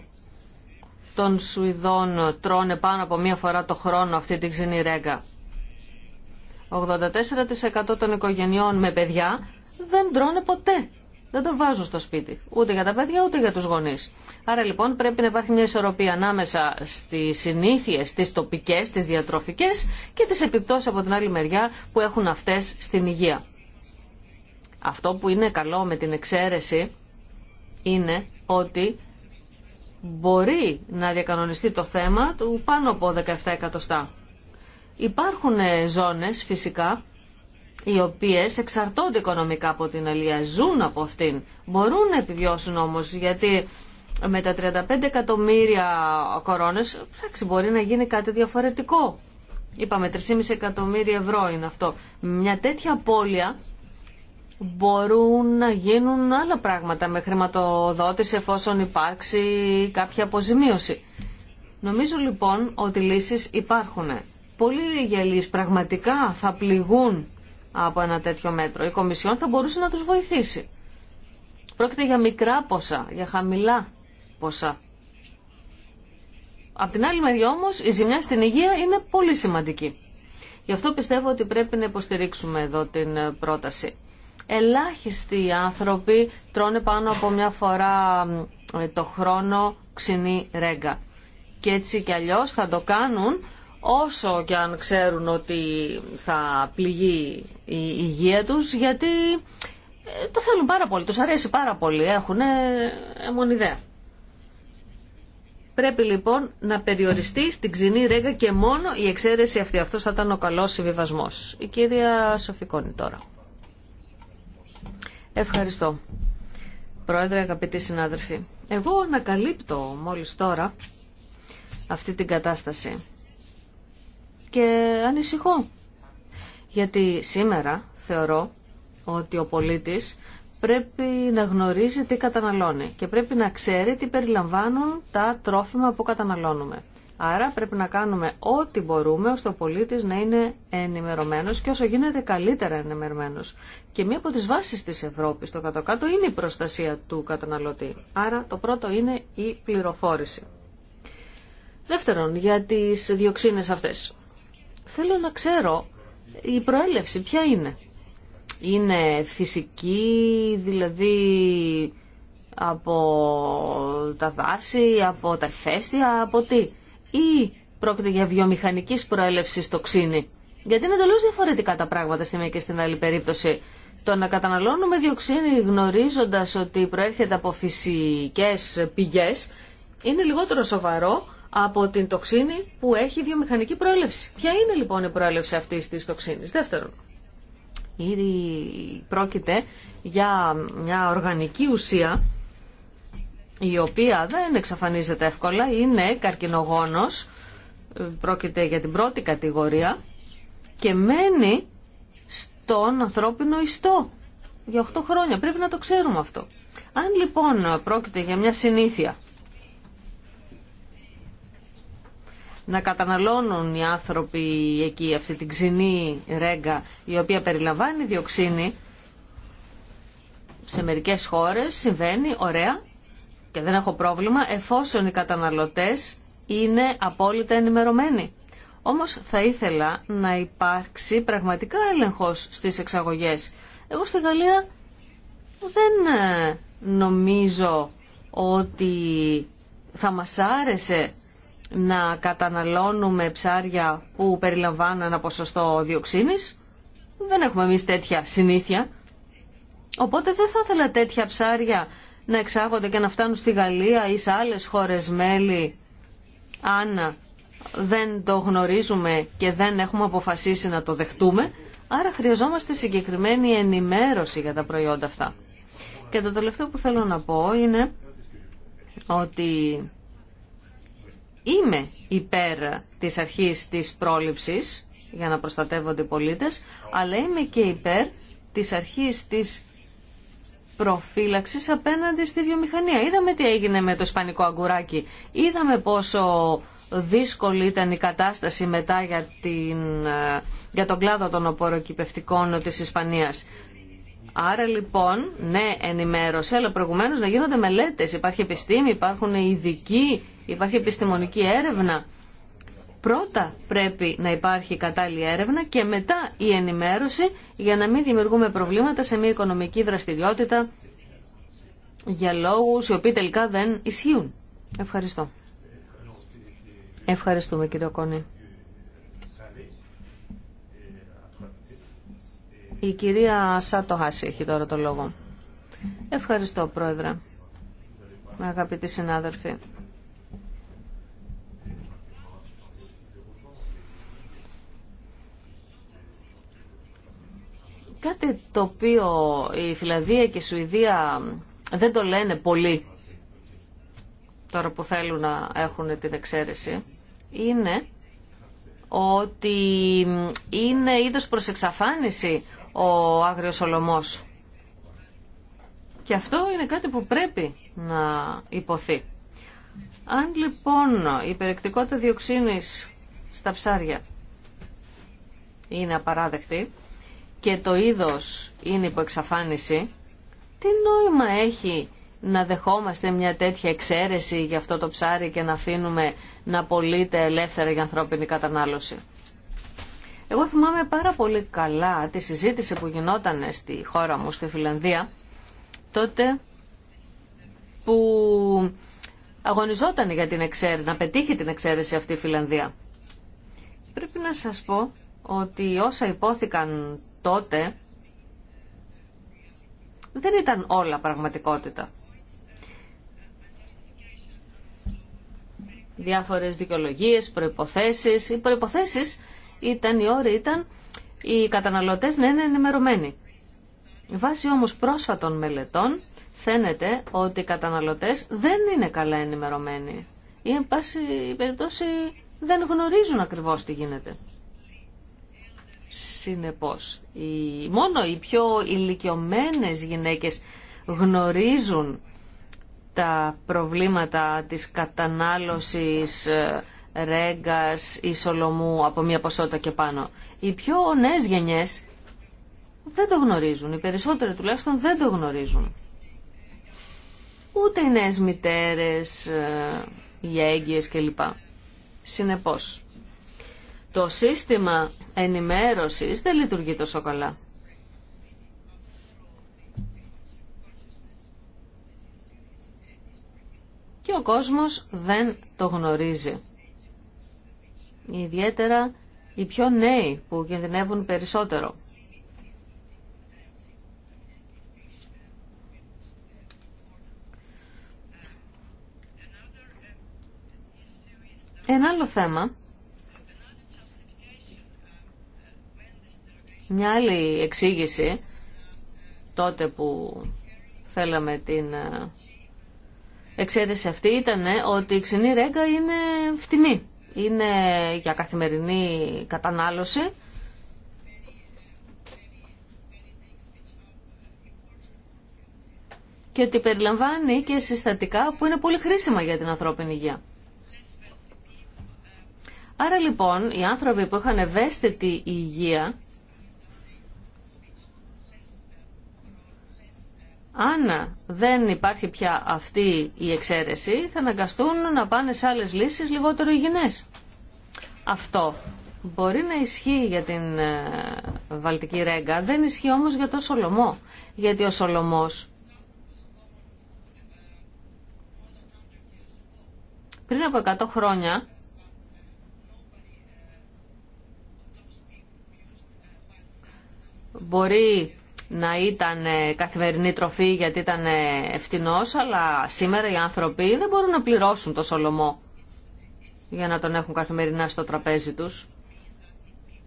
των Σουηδών τρώνε πάνω από μία φορά το χρόνο αυτή την ξένη ρέγγα. 84% των οικογενειών με παιδιά δεν τρώνε ποτέ δεν το βάζουν στο σπίτι. Ούτε για τα παιδιά, ούτε για τους γονείς. Άρα λοιπόν πρέπει να υπάρχει μια ισορροπία ανάμεσα στι συνήθειες, τις τοπικές, τις διατροφικές και τις επιπτώσεις από την άλλη μεριά που έχουν αυτές στην υγεία. Αυτό που είναι καλό με την εξαίρεση είναι ότι μπορεί να διακανονιστεί το θέμα του πάνω από 17 εκατοστά. Υπάρχουν ε, ζώνες φυσικά οι οποίες εξαρτώνται οικονομικά από την αλία, ζουν από αυτήν, μπορούν να επιβιώσουν όμως γιατί με τα 35 εκατομμύρια κορώνες μπορεί να γίνει κάτι διαφορετικό. Είπαμε 3,5 εκατομμύρια ευρώ είναι αυτό. Μια τέτοια απώλεια μπορούν να γίνουν άλλα πράγματα με χρηματοδότηση εφόσον υπάρξει κάποια αποζημίωση. Νομίζω λοιπόν ότι λύσεις υπάρχουν. Πολλοί γελείς πραγματικά θα πληγούν από ένα τέτοιο μέτρο. Η Κομισιόν θα μπορούσε να τους βοηθήσει. Πρόκειται για μικρά ποσά, για χαμηλά ποσά. Απ' την άλλη μεριά όμως η ζημιά στην υγεία είναι πολύ σημαντική. Γι' αυτό πιστεύω ότι πρέπει να υποστηρίξουμε εδώ την ε, πρόταση. Ελάχιστοι άνθρωποι τρώνε πάνω από μια φορά ε, το χρόνο ξινή ρέγγα. Και έτσι κι αλλιώς θα το κάνουν όσο και αν ξέρουν ότι θα πληγεί η υγεία τους, γιατί ε, το θέλουν πάρα πολύ, τους αρέσει πάρα πολύ, έχουν ε, μονιδέα. Πρέπει λοιπόν να περιοριστεί στην ξινή ρέγα και μόνο η εξαίρεση αυτή. Αυτός θα ήταν ο καλός συμβιβασμός. Η κυρία Σοφικόνη τώρα. Ευχαριστώ. Πρόεδρε, αγαπητοί συνάδελφοι. Εγώ ανακαλύπτω μόλις τώρα αυτή την κατάσταση και ανησυχώ. Γιατί σήμερα θεωρώ ότι ο πολίτης πρέπει να γνωρίζει τι καταναλώνει και πρέπει να ξέρει τι περιλαμβάνουν τα τρόφιμα που καταναλώνουμε. Άρα πρέπει να κάνουμε ό,τι μπορούμε ώστε ο πολίτης να είναι ενημερωμένος και όσο γίνεται καλύτερα ενημερωμένος. Και μία από τις βάσεις της Ευρώπης το κάτω-κάτω είναι η προστασία του καταναλωτή. Άρα το πρώτο είναι η πληροφόρηση. Δεύτερον, για τις διοξίνες αυτές. Θέλω να ξέρω η προέλευση ποια είναι. Είναι φυσική, δηλαδή από τα δάση, από τα ηφαίστεια, από τι. Ή πρόκειται για βιομηχανικής προέλευσης τοξίνη. Γιατί είναι εντελώ διαφορετικά τα πράγματα στη μία και στην άλλη περίπτωση. Το να καταναλώνουμε διοξίνη γνωρίζοντας ότι προέρχεται από φυσικές πηγές είναι λιγότερο σοβαρό από την τοξίνη που έχει βιομηχανική προέλευση. Ποια είναι λοιπόν η προέλευση αυτής της τοξίνης. Δεύτερον, ήδη πρόκειται για μια οργανική ουσία η οποία δεν εξαφανίζεται εύκολα, είναι καρκινογόνος, πρόκειται για την πρώτη κατηγορία και μένει στον ανθρώπινο ιστό για 8 χρόνια. Πρέπει να το ξέρουμε αυτό. Αν λοιπόν πρόκειται για μια συνήθεια να καταναλώνουν οι άνθρωποι εκεί αυτή την ξινή ρέγγα η οποία περιλαμβάνει διοξίνη σε μερικές χώρες συμβαίνει ωραία και δεν έχω πρόβλημα εφόσον οι καταναλωτές είναι απόλυτα ενημερωμένοι. Όμως θα ήθελα να υπάρξει πραγματικά έλεγχος στις εξαγωγές. Εγώ στη Γαλλία δεν ε, νομίζω ότι θα μας άρεσε να καταναλώνουμε ψάρια που περιλαμβάνουν ένα ποσοστό διοξίνης. Δεν έχουμε εμεί τέτοια συνήθεια. Οπότε δεν θα ήθελα τέτοια ψάρια να εξάγονται και να φτάνουν στη Γαλλία ή σε άλλες χώρες μέλη αν δεν το γνωρίζουμε και δεν έχουμε αποφασίσει να το δεχτούμε. Άρα χρειαζόμαστε συγκεκριμένη ενημέρωση για τα προϊόντα αυτά. Και το τελευταίο που θέλω να πω είναι ότι είμαι υπέρ της αρχής της πρόληψης για να προστατεύονται οι πολίτες, αλλά είμαι και υπέρ της αρχής της προφύλαξης απέναντι στη βιομηχανία. Είδαμε τι έγινε με το ισπανικό αγκουράκι. Είδαμε πόσο δύσκολη ήταν η κατάσταση μετά για, την, ε, για τον κλάδο των οποροκυπευτικών της Ισπανίας. Άρα λοιπόν, ναι, ενημέρωση, αλλά προηγουμένω να γίνονται μελέτες. Υπάρχει επιστήμη, υπάρχουν ειδικοί υπάρχει επιστημονική έρευνα. Πρώτα πρέπει να υπάρχει κατάλληλη έρευνα και μετά η ενημέρωση για να μην δημιουργούμε προβλήματα σε μια οικονομική δραστηριότητα για λόγους οι οποίοι τελικά δεν ισχύουν. Ευχαριστώ. Ευχαριστούμε κύριο Κόνη. Η κυρία Σάτο έχει τώρα το λόγο. Ευχαριστώ πρόεδρε, αγαπητοί συνάδελφοι. κάτι το οποίο η Φιλανδία και η Σουηδία δεν το λένε πολύ τώρα που θέλουν να έχουν την εξαίρεση είναι ότι είναι είδος προς εξαφάνιση ο άγριος ολομός. Και αυτό είναι κάτι που πρέπει να υποθεί. Αν λοιπόν η περιεκτικότητα διοξίνης στα ψάρια είναι απαράδεκτη, και το είδος είναι υπό εξαφάνιση, τι νόημα έχει να δεχόμαστε μια τέτοια εξαίρεση για αυτό το ψάρι και να αφήνουμε να πωλείται ελεύθερα για ανθρώπινη κατανάλωση. Εγώ θυμάμαι πάρα πολύ καλά τη συζήτηση που γινόταν στη χώρα μου, στη Φιλανδία, τότε που αγωνιζόταν για την εξέρεση, να πετύχει την εξαίρεση αυτή η Φιλανδία. Πρέπει να σας πω ότι όσα υπόθηκαν τότε δεν ήταν όλα πραγματικότητα. Διάφορες δικαιολογίες, προϋποθέσεις. Οι προϋποθέσεις ήταν, οι όροι ήταν οι καταναλωτές να είναι ενημερωμένοι. Βάσει όμως πρόσφατων μελετών φαίνεται ότι οι καταναλωτές δεν είναι καλά ενημερωμένοι ή εν πάση περιπτώσει δεν γνωρίζουν ακριβώς τι γίνεται. Συνεπώς, οι, μόνο οι πιο ηλικιωμένε γυναίκες γνωρίζουν τα προβλήματα της κατανάλωσης ε, ρέγκας ή σολομού από μία ποσότητα και πάνω. Οι πιο νέες γενιές δεν το γνωρίζουν, οι περισσότεροι τουλάχιστον δεν το γνωρίζουν. Ούτε οι νέες μητέρες, ε, οι έγκυες κλπ. Συνεπώς, το σύστημα ενημέρωσης δεν λειτουργεί τόσο καλά. Και ο κόσμος δεν το γνωρίζει. Ιδιαίτερα οι πιο νέοι που κινδυνεύουν περισσότερο. Ένα άλλο θέμα Μια άλλη εξήγηση, τότε που θέλαμε την ε, εξαίρεση αυτή, ήταν ε, ότι η ξενή ρέγγα είναι φτηνή. Είναι για καθημερινή κατανάλωση. και ότι περιλαμβάνει και συστατικά που είναι πολύ χρήσιμα για την ανθρώπινη υγεία. Άρα λοιπόν οι άνθρωποι που είχαν ευαίσθητη υγεία Αν δεν υπάρχει πια αυτή η εξαίρεση, θα αναγκαστούν να πάνε σε άλλες λύσεις λιγότερο υγιεινές. Αυτό μπορεί να ισχύει για την ε, Βαλτική Ρέγκα, δεν ισχύει όμως για το Σολομό. Γιατί ο Σολομός πριν από 100 χρόνια μπορεί να ήταν ε, καθημερινή τροφή γιατί ήταν ε, ευθυνός αλλά σήμερα οι άνθρωποι δεν μπορούν να πληρώσουν το Σολομό για να τον έχουν καθημερινά στο τραπέζι τους.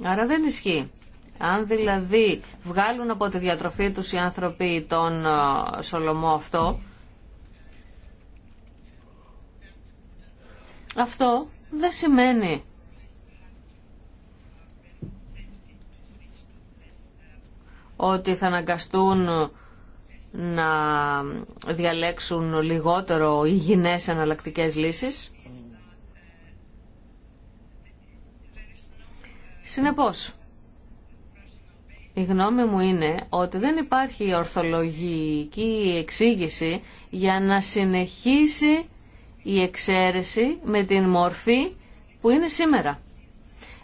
Άρα δεν ισχύει. Αν δηλαδή βγάλουν από τη διατροφή τους οι άνθρωποι τον ε, Σολομό αυτό, αυτό δεν σημαίνει ότι θα αναγκαστούν να διαλέξουν λιγότερο υγιεινές αναλλακτικές λύσεις. Συνεπώς, η γνώμη μου είναι ότι δεν υπάρχει ορθολογική εξήγηση για να συνεχίσει η εξαίρεση με την μορφή που είναι σήμερα.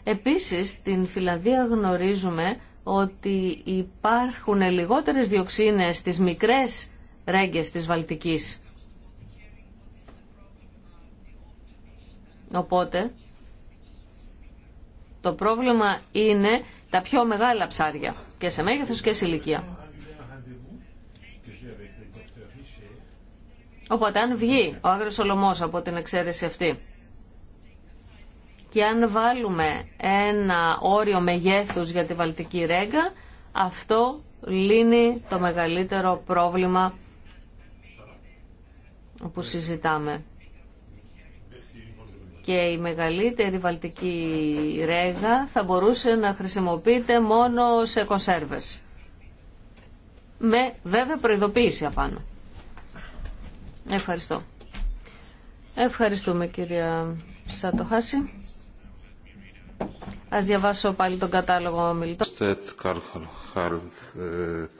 Επίσης, την Φιλανδία γνωρίζουμε ότι υπάρχουν λιγότερες διοξίνες στις μικρές ρέγγες της Βαλτικής. Οπότε, το πρόβλημα είναι τα πιο μεγάλα ψάρια και σε μέγεθος και σε ηλικία. Οπότε αν βγει ο Άγριος Σολομός από την εξαίρεση αυτή και αν βάλουμε ένα όριο μεγέθους για τη βαλτική ρέγγα, αυτό λύνει το μεγαλύτερο πρόβλημα που συζητάμε. Και η μεγαλύτερη βαλτική ρέγα θα μπορούσε να χρησιμοποιείται μόνο σε κονσέρβες. Με βέβαια προειδοποίηση απάνω. Ευχαριστώ. Ευχαριστούμε κυρία Σατοχάση. Ας διαβάσω πάλι τον κατάλογο ομιλητών. Καρλ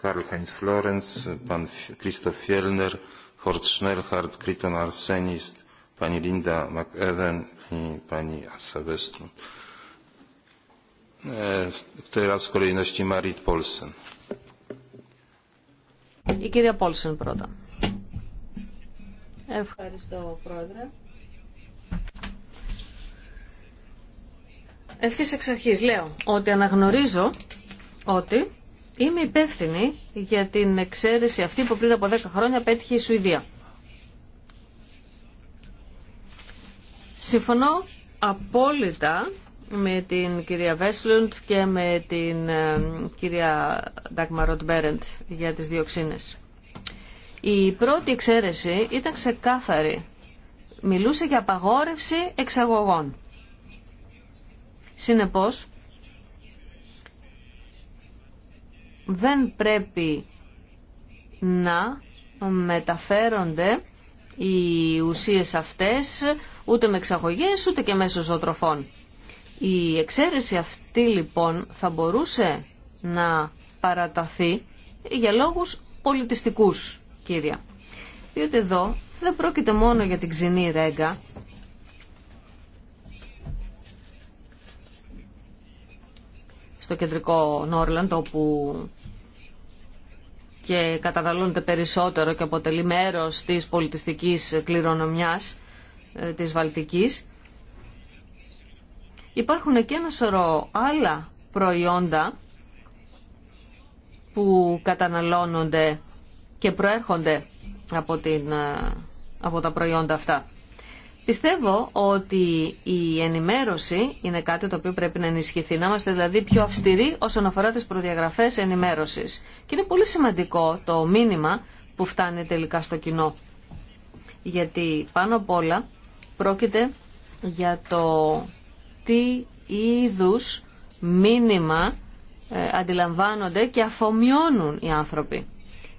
ε, Χάινς Φλόρενς, Παν Κρίστοφ Φιέλνερ, Χορτ Σνέλχαρτ, Κρίτον Αρσένιστ, Πάνι Λίντα Μακέδεν και Πάνι Ασαβέστρου. Ε, teraz w kolejności Marit Polsen. Η κυρία Πόλσεν πρώτα. Ευχαριστώ, Πρόεδρε. Ευθύ εξ αρχή λέω ότι αναγνωρίζω ότι είμαι υπεύθυνη για την εξαίρεση αυτή που πριν από 10 χρόνια πέτυχε η Σουηδία. Συμφωνώ απόλυτα με την κυρία Βέσλουντ και με την ε, κυρία Ροτ Μπέρεντ για τις διοξίνες. Η πρώτη εξαίρεση ήταν ξεκάθαρη. Μιλούσε για απαγόρευση εξαγωγών. Συνεπώς, δεν πρέπει να μεταφέρονται οι ουσίες αυτές ούτε με εξαγωγές ούτε και μέσω ζωοτροφών. Η εξαίρεση αυτή λοιπόν θα μπορούσε να παραταθεί για λόγους πολιτιστικούς κύρια. Διότι εδώ δεν πρόκειται μόνο για την ξινή ρέγγα στο κεντρικό Νόρλαντ όπου και καταναλώνεται περισσότερο και αποτελεί μέρος της πολιτιστικής κληρονομιάς ε, της Βαλτικής. Υπάρχουν και ένα σωρό άλλα προϊόντα που καταναλώνονται και προέρχονται από, την, ε, από τα προϊόντα αυτά. Πιστεύω ότι η ενημέρωση είναι κάτι το οποίο πρέπει να ενισχυθεί, να είμαστε δηλαδή πιο αυστηροί όσον αφορά τις προδιαγραφές ενημέρωσης. Και είναι πολύ σημαντικό το μήνυμα που φτάνει τελικά στο κοινό. Γιατί πάνω απ' όλα πρόκειται για το τι είδους μήνυμα ε, αντιλαμβάνονται και αφομοιώνουν οι άνθρωποι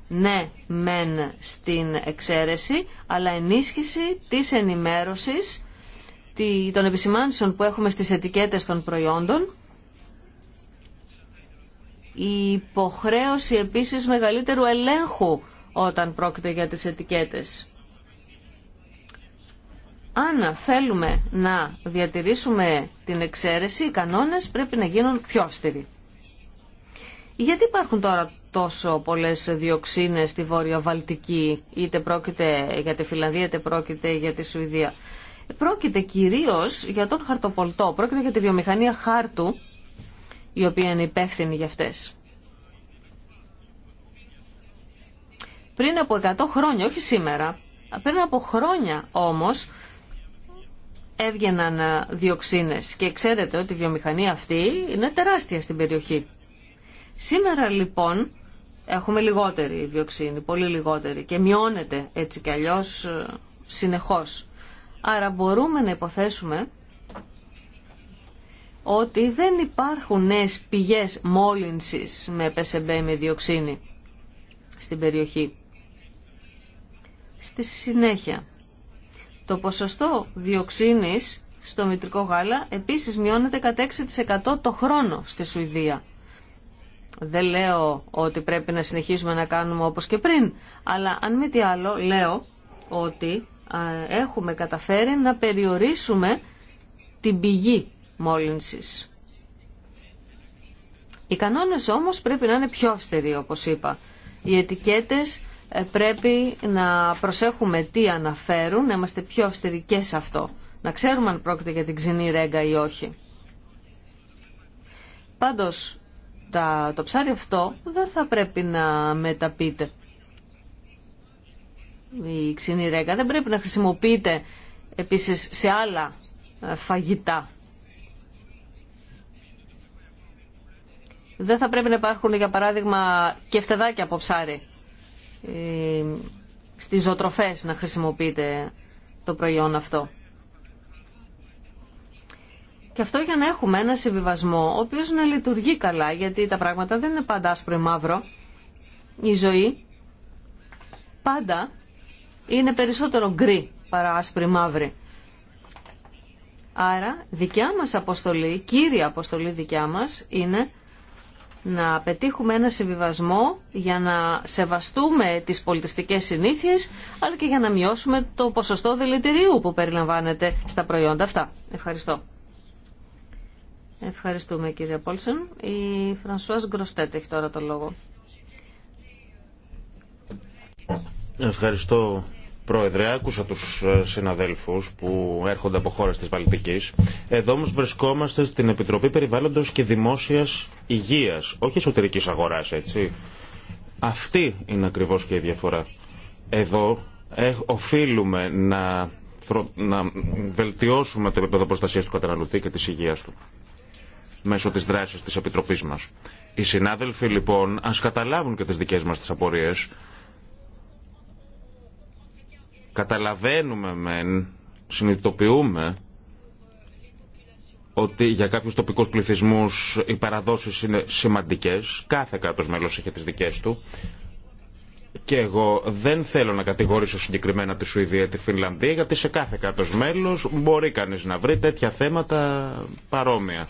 ναι μεν στην εξαίρεση, αλλά ενίσχυση της ενημέρωσης των επισημάνσεων που έχουμε στις ετικέτες των προϊόντων. Η υποχρέωση επίσης μεγαλύτερου ελέγχου όταν πρόκειται για τις ετικέτες. Αν θέλουμε να διατηρήσουμε την εξαίρεση, οι κανόνες πρέπει να γίνουν πιο αυστηροί. Γιατί υπάρχουν τώρα τόσο πολλέ διοξίνε στη Βόρεια Βαλτική, είτε πρόκειται για τη Φιλανδία, είτε πρόκειται για τη Σουηδία. Πρόκειται κυρίως για τον χαρτοπολτό, πρόκειται για τη βιομηχανία χάρτου, η οποία είναι υπεύθυνη για αυτέ. Πριν από 100 χρόνια, όχι σήμερα, πριν από χρόνια όμως, έβγαιναν διοξίνες και ξέρετε ότι η βιομηχανία αυτή είναι τεράστια στην περιοχή. Σήμερα λοιπόν έχουμε λιγότερη διοξίνη, πολύ λιγότερη και μειώνεται έτσι κι αλλιώς ε, συνεχώς. Άρα μπορούμε να υποθέσουμε ότι δεν υπάρχουν νέες πηγές μόλυνσης με PSB με διοξίνη στην περιοχή. Στη συνέχεια, το ποσοστό διοξίνης στο μητρικό γάλα επίσης μειώνεται κατά 6% το χρόνο στη Σουηδία. Δεν λέω ότι πρέπει να συνεχίσουμε να κάνουμε όπως και πριν, αλλά αν μη τι άλλο λέω ότι έχουμε καταφέρει να περιορίσουμε την πηγή μόλυνσης. Οι κανόνες όμως πρέπει να είναι πιο αυστηροί όπως είπα. Οι ετικέτες ε, πρέπει να προσέχουμε τι αναφέρουν, να είμαστε πιο αυστηροί και σε αυτό. Να ξέρουμε αν πρόκειται για την ξινή ρέγγα ή όχι. Πάντως τα, το ψάρι αυτό δεν θα πρέπει να μεταπείτε. Η ξινή ρέγα δεν πρέπει να χρησιμοποιείτε επίσης σε άλλα ε, φαγητά. Δεν θα πρέπει να υπάρχουν για παράδειγμα κεφτεδάκια από ψάρι ε, στις ζωτροφές να χρησιμοποιείται το προϊόν αυτό. Και αυτό για να έχουμε ένα συμβιβασμό, ο οποίο να λειτουργεί καλά, γιατί τα πράγματα δεν είναι πάντα άσπρο ή μαύρο. Η ζωή πάντα είναι περισσότερο γκρι παρά άσπρη μαύρη. Άρα δικιά μας αποστολή, κύρια αποστολή δικιά μας είναι να πετύχουμε ένα συμβιβασμό για να σεβαστούμε τις πολιτιστικές συνήθειες αλλά και για να μειώσουμε το ποσοστό δηλητηρίου που περιλαμβάνεται στα προϊόντα αυτά. Ευχαριστώ. Ευχαριστούμε κύριε Πόλσεν. Η Φρανσουάς Γκροστέτ έχει τώρα το λόγο. Ευχαριστώ Πρόεδρε, άκουσα τους ε, συναδέλφους που έρχονται από χώρες της Βαλτικής. Εδώ όμως βρισκόμαστε στην Επιτροπή Περιβάλλοντος και Δημόσιας Υγείας, όχι εσωτερικής αγοράς, έτσι. Αυτή είναι ακριβώς και η διαφορά. Εδώ ε, οφείλουμε να, να βελτιώσουμε το επίπεδο προστασίας του καταναλωτή και της υγείας του μέσω της δράσης της Επιτροπής μας. Οι συνάδελφοι λοιπόν ας καταλάβουν και τις δικές μας τις απορίες. Καταλαβαίνουμε μεν, συνειδητοποιούμε ότι για κάποιους τοπικούς πληθυσμούς οι παραδόσεις είναι σημαντικές. Κάθε κράτος μέλος έχει τις δικές του. Και εγώ δεν θέλω να κατηγορήσω συγκεκριμένα τη Σουηδία ή τη Φινλανδία, γιατί σε κάθε κράτος μέλος μπορεί κανείς να βρει τέτοια θέματα παρόμοια.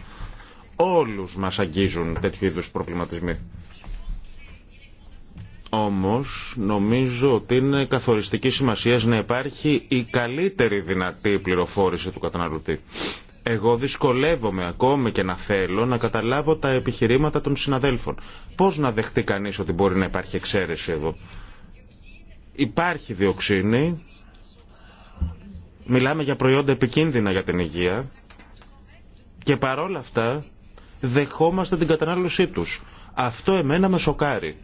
Όλους μας αγγίζουν τέτοιου είδους προβληματισμοί. Όμως νομίζω ότι είναι καθοριστική σημασία να υπάρχει η καλύτερη δυνατή πληροφόρηση του καταναλωτή. Εγώ δυσκολεύομαι ακόμη και να θέλω να καταλάβω τα επιχειρήματα των συναδέλφων. Πώς να δεχτεί κανείς ότι μπορεί να υπάρχει εξαίρεση εδώ. Υπάρχει διοξίνη, μιλάμε για προϊόντα επικίνδυνα για την υγεία και παρόλα αυτά δεχόμαστε την κατανάλωσή τους. Αυτό εμένα με σοκάρει.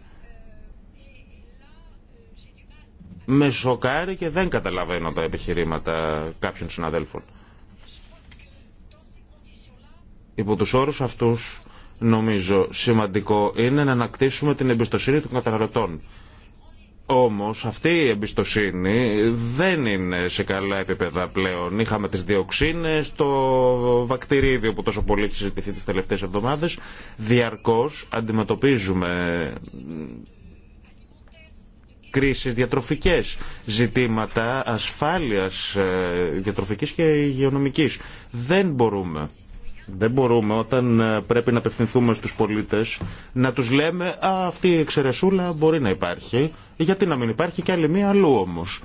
Με σοκάρει και δεν καταλαβαίνω τα επιχειρήματα κάποιων συναδέλφων. Υπό τους όρους αυτούς, νομίζω, σημαντικό είναι να ανακτήσουμε την εμπιστοσύνη των καταναλωτών. Όμως αυτή η εμπιστοσύνη δεν είναι σε καλά επίπεδα πλέον. Είχαμε τις διοξίνες, το βακτηρίδιο που τόσο πολύ έχει συζητηθεί τις τελευταίες εβδομάδες. Διαρκώς αντιμετωπίζουμε κρίσεις διατροφικές, ζητήματα ασφάλειας ε, διατροφικής και υγειονομικής. Δεν μπορούμε δεν μπορούμε όταν ε, πρέπει να απευθυνθούμε στους πολίτες να τους λέμε «Α, αυτή η εξαιρεσούλα μπορεί να υπάρχει, γιατί να μην υπάρχει και άλλη μία αλλού όμως».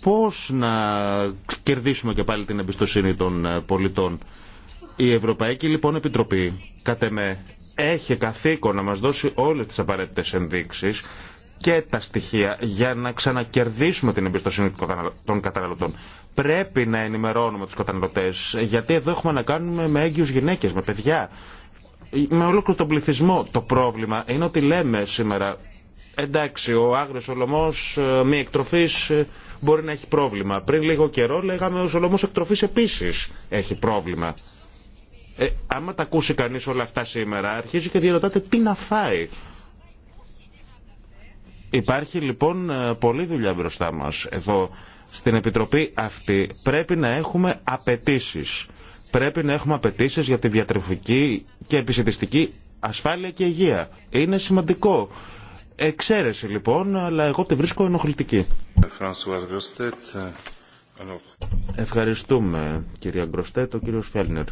Πώς να κερδίσουμε και πάλι την εμπιστοσύνη των ε, πολιτών. Η Ευρωπαϊκή λοιπόν Επιτροπή, κατά με, έχει καθήκον να μας δώσει όλες τις απαραίτητες ενδείξεις και τα στοιχεία για να ξανακερδίσουμε την εμπιστοσύνη των καταναλωτών. Πρέπει να ενημερώνουμε τους καταναλωτές, γιατί εδώ έχουμε να κάνουμε με έγκυους γυναίκες, με παιδιά, με ολόκληρο τον πληθυσμό. Το πρόβλημα είναι ότι λέμε σήμερα, εντάξει, ο άγριος ολομός ε, μη εκτροφής ε, μπορεί να έχει πρόβλημα. Πριν λίγο καιρό λέγαμε ο ολομός εκτροφής επίσης έχει πρόβλημα. Ε, άμα τα ακούσει κανείς όλα αυτά σήμερα, αρχίζει και διαρωτάται τι να φάει. Υπάρχει λοιπόν ε, πολλή δουλειά μπροστά μας εδώ. Στην Επιτροπή αυτή πρέπει να έχουμε απαιτήσει. Πρέπει να έχουμε απαιτήσει για τη διατροφική και επισητιστική ασφάλεια και υγεία. Είναι σημαντικό. Εξαίρεση λοιπόν, αλλά εγώ τη βρίσκω ενοχλητική. Ευχαριστούμε κυρία Γκροστέτ, ο κύριος Φέλνερ.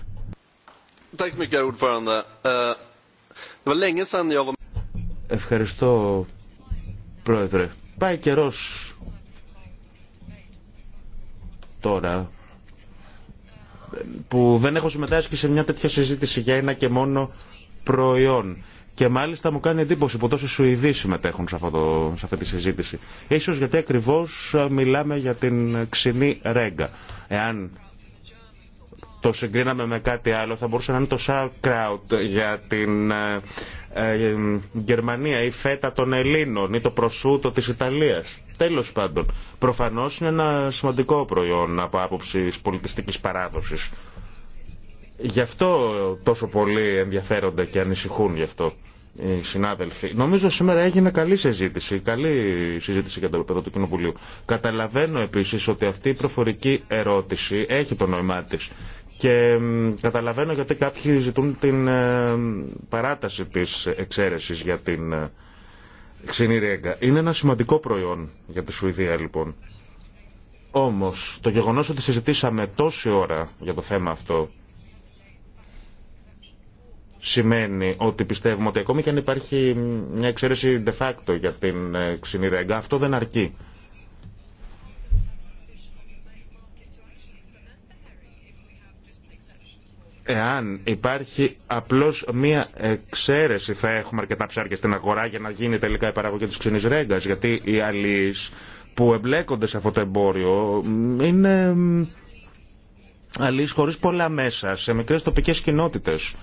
Ευχαριστώ Πρόεδρε, πάει καιρός τώρα που δεν έχω συμμετάσχει σε μια τέτοια συζήτηση για ένα και μόνο προϊόν. Και μάλιστα μου κάνει εντύπωση που τόσοι Σουηδοί συμμετέχουν σε, αυτό σε αυτή τη συζήτηση. Ίσως γιατί ακριβώς μιλάμε για την ξινή ρέγγα. Εάν το συγκρίναμε με κάτι άλλο θα μπορούσε να είναι το Σαρκράουτ για την ε, ε, ε, Γερμανία, η φέτα των Ελλήνων ή το προσούτο της Ιταλίας. Τέλος πάντων, προφανώς είναι ένα σημαντικό προϊόν από άποψη πολιτιστικής παράδοσης. Γι' αυτό τόσο πολλοί ενδιαφέρονται και ανησυχούν γι' αυτό οι συνάδελφοι. Νομίζω σήμερα έγινε καλή συζήτηση, καλή συζήτηση για το επίπεδο του Κοινοβουλίου. Καταλαβαίνω επίσης ότι αυτή η προφορική ερώτηση έχει το νόημά τη και καταλαβαίνω γιατί κάποιοι ζητούν την ε, παράταση της εξαίρεσης για την ε, ξινή Είναι ένα σημαντικό προϊόν για τη Σουηδία λοιπόν. Όμως το γεγονός ότι συζητήσαμε τόση ώρα για το θέμα αυτό σημαίνει ότι πιστεύουμε ότι ακόμη και αν υπάρχει μια εξαίρεση de facto για την ε, ξινή ρέγγα, αυτό δεν αρκεί. Εάν υπάρχει απλώς μία εξαίρεση θα έχουμε αρκετά ψάρια στην αγορά για να γίνει τελικά η παραγωγή της ξενής ρέγκας γιατί οι αλλοίς που εμπλέκονται σε αυτό το εμπόριο είναι αλλοίς χωρίς πολλά μέσα σε μικρές τοπικές κοινότητες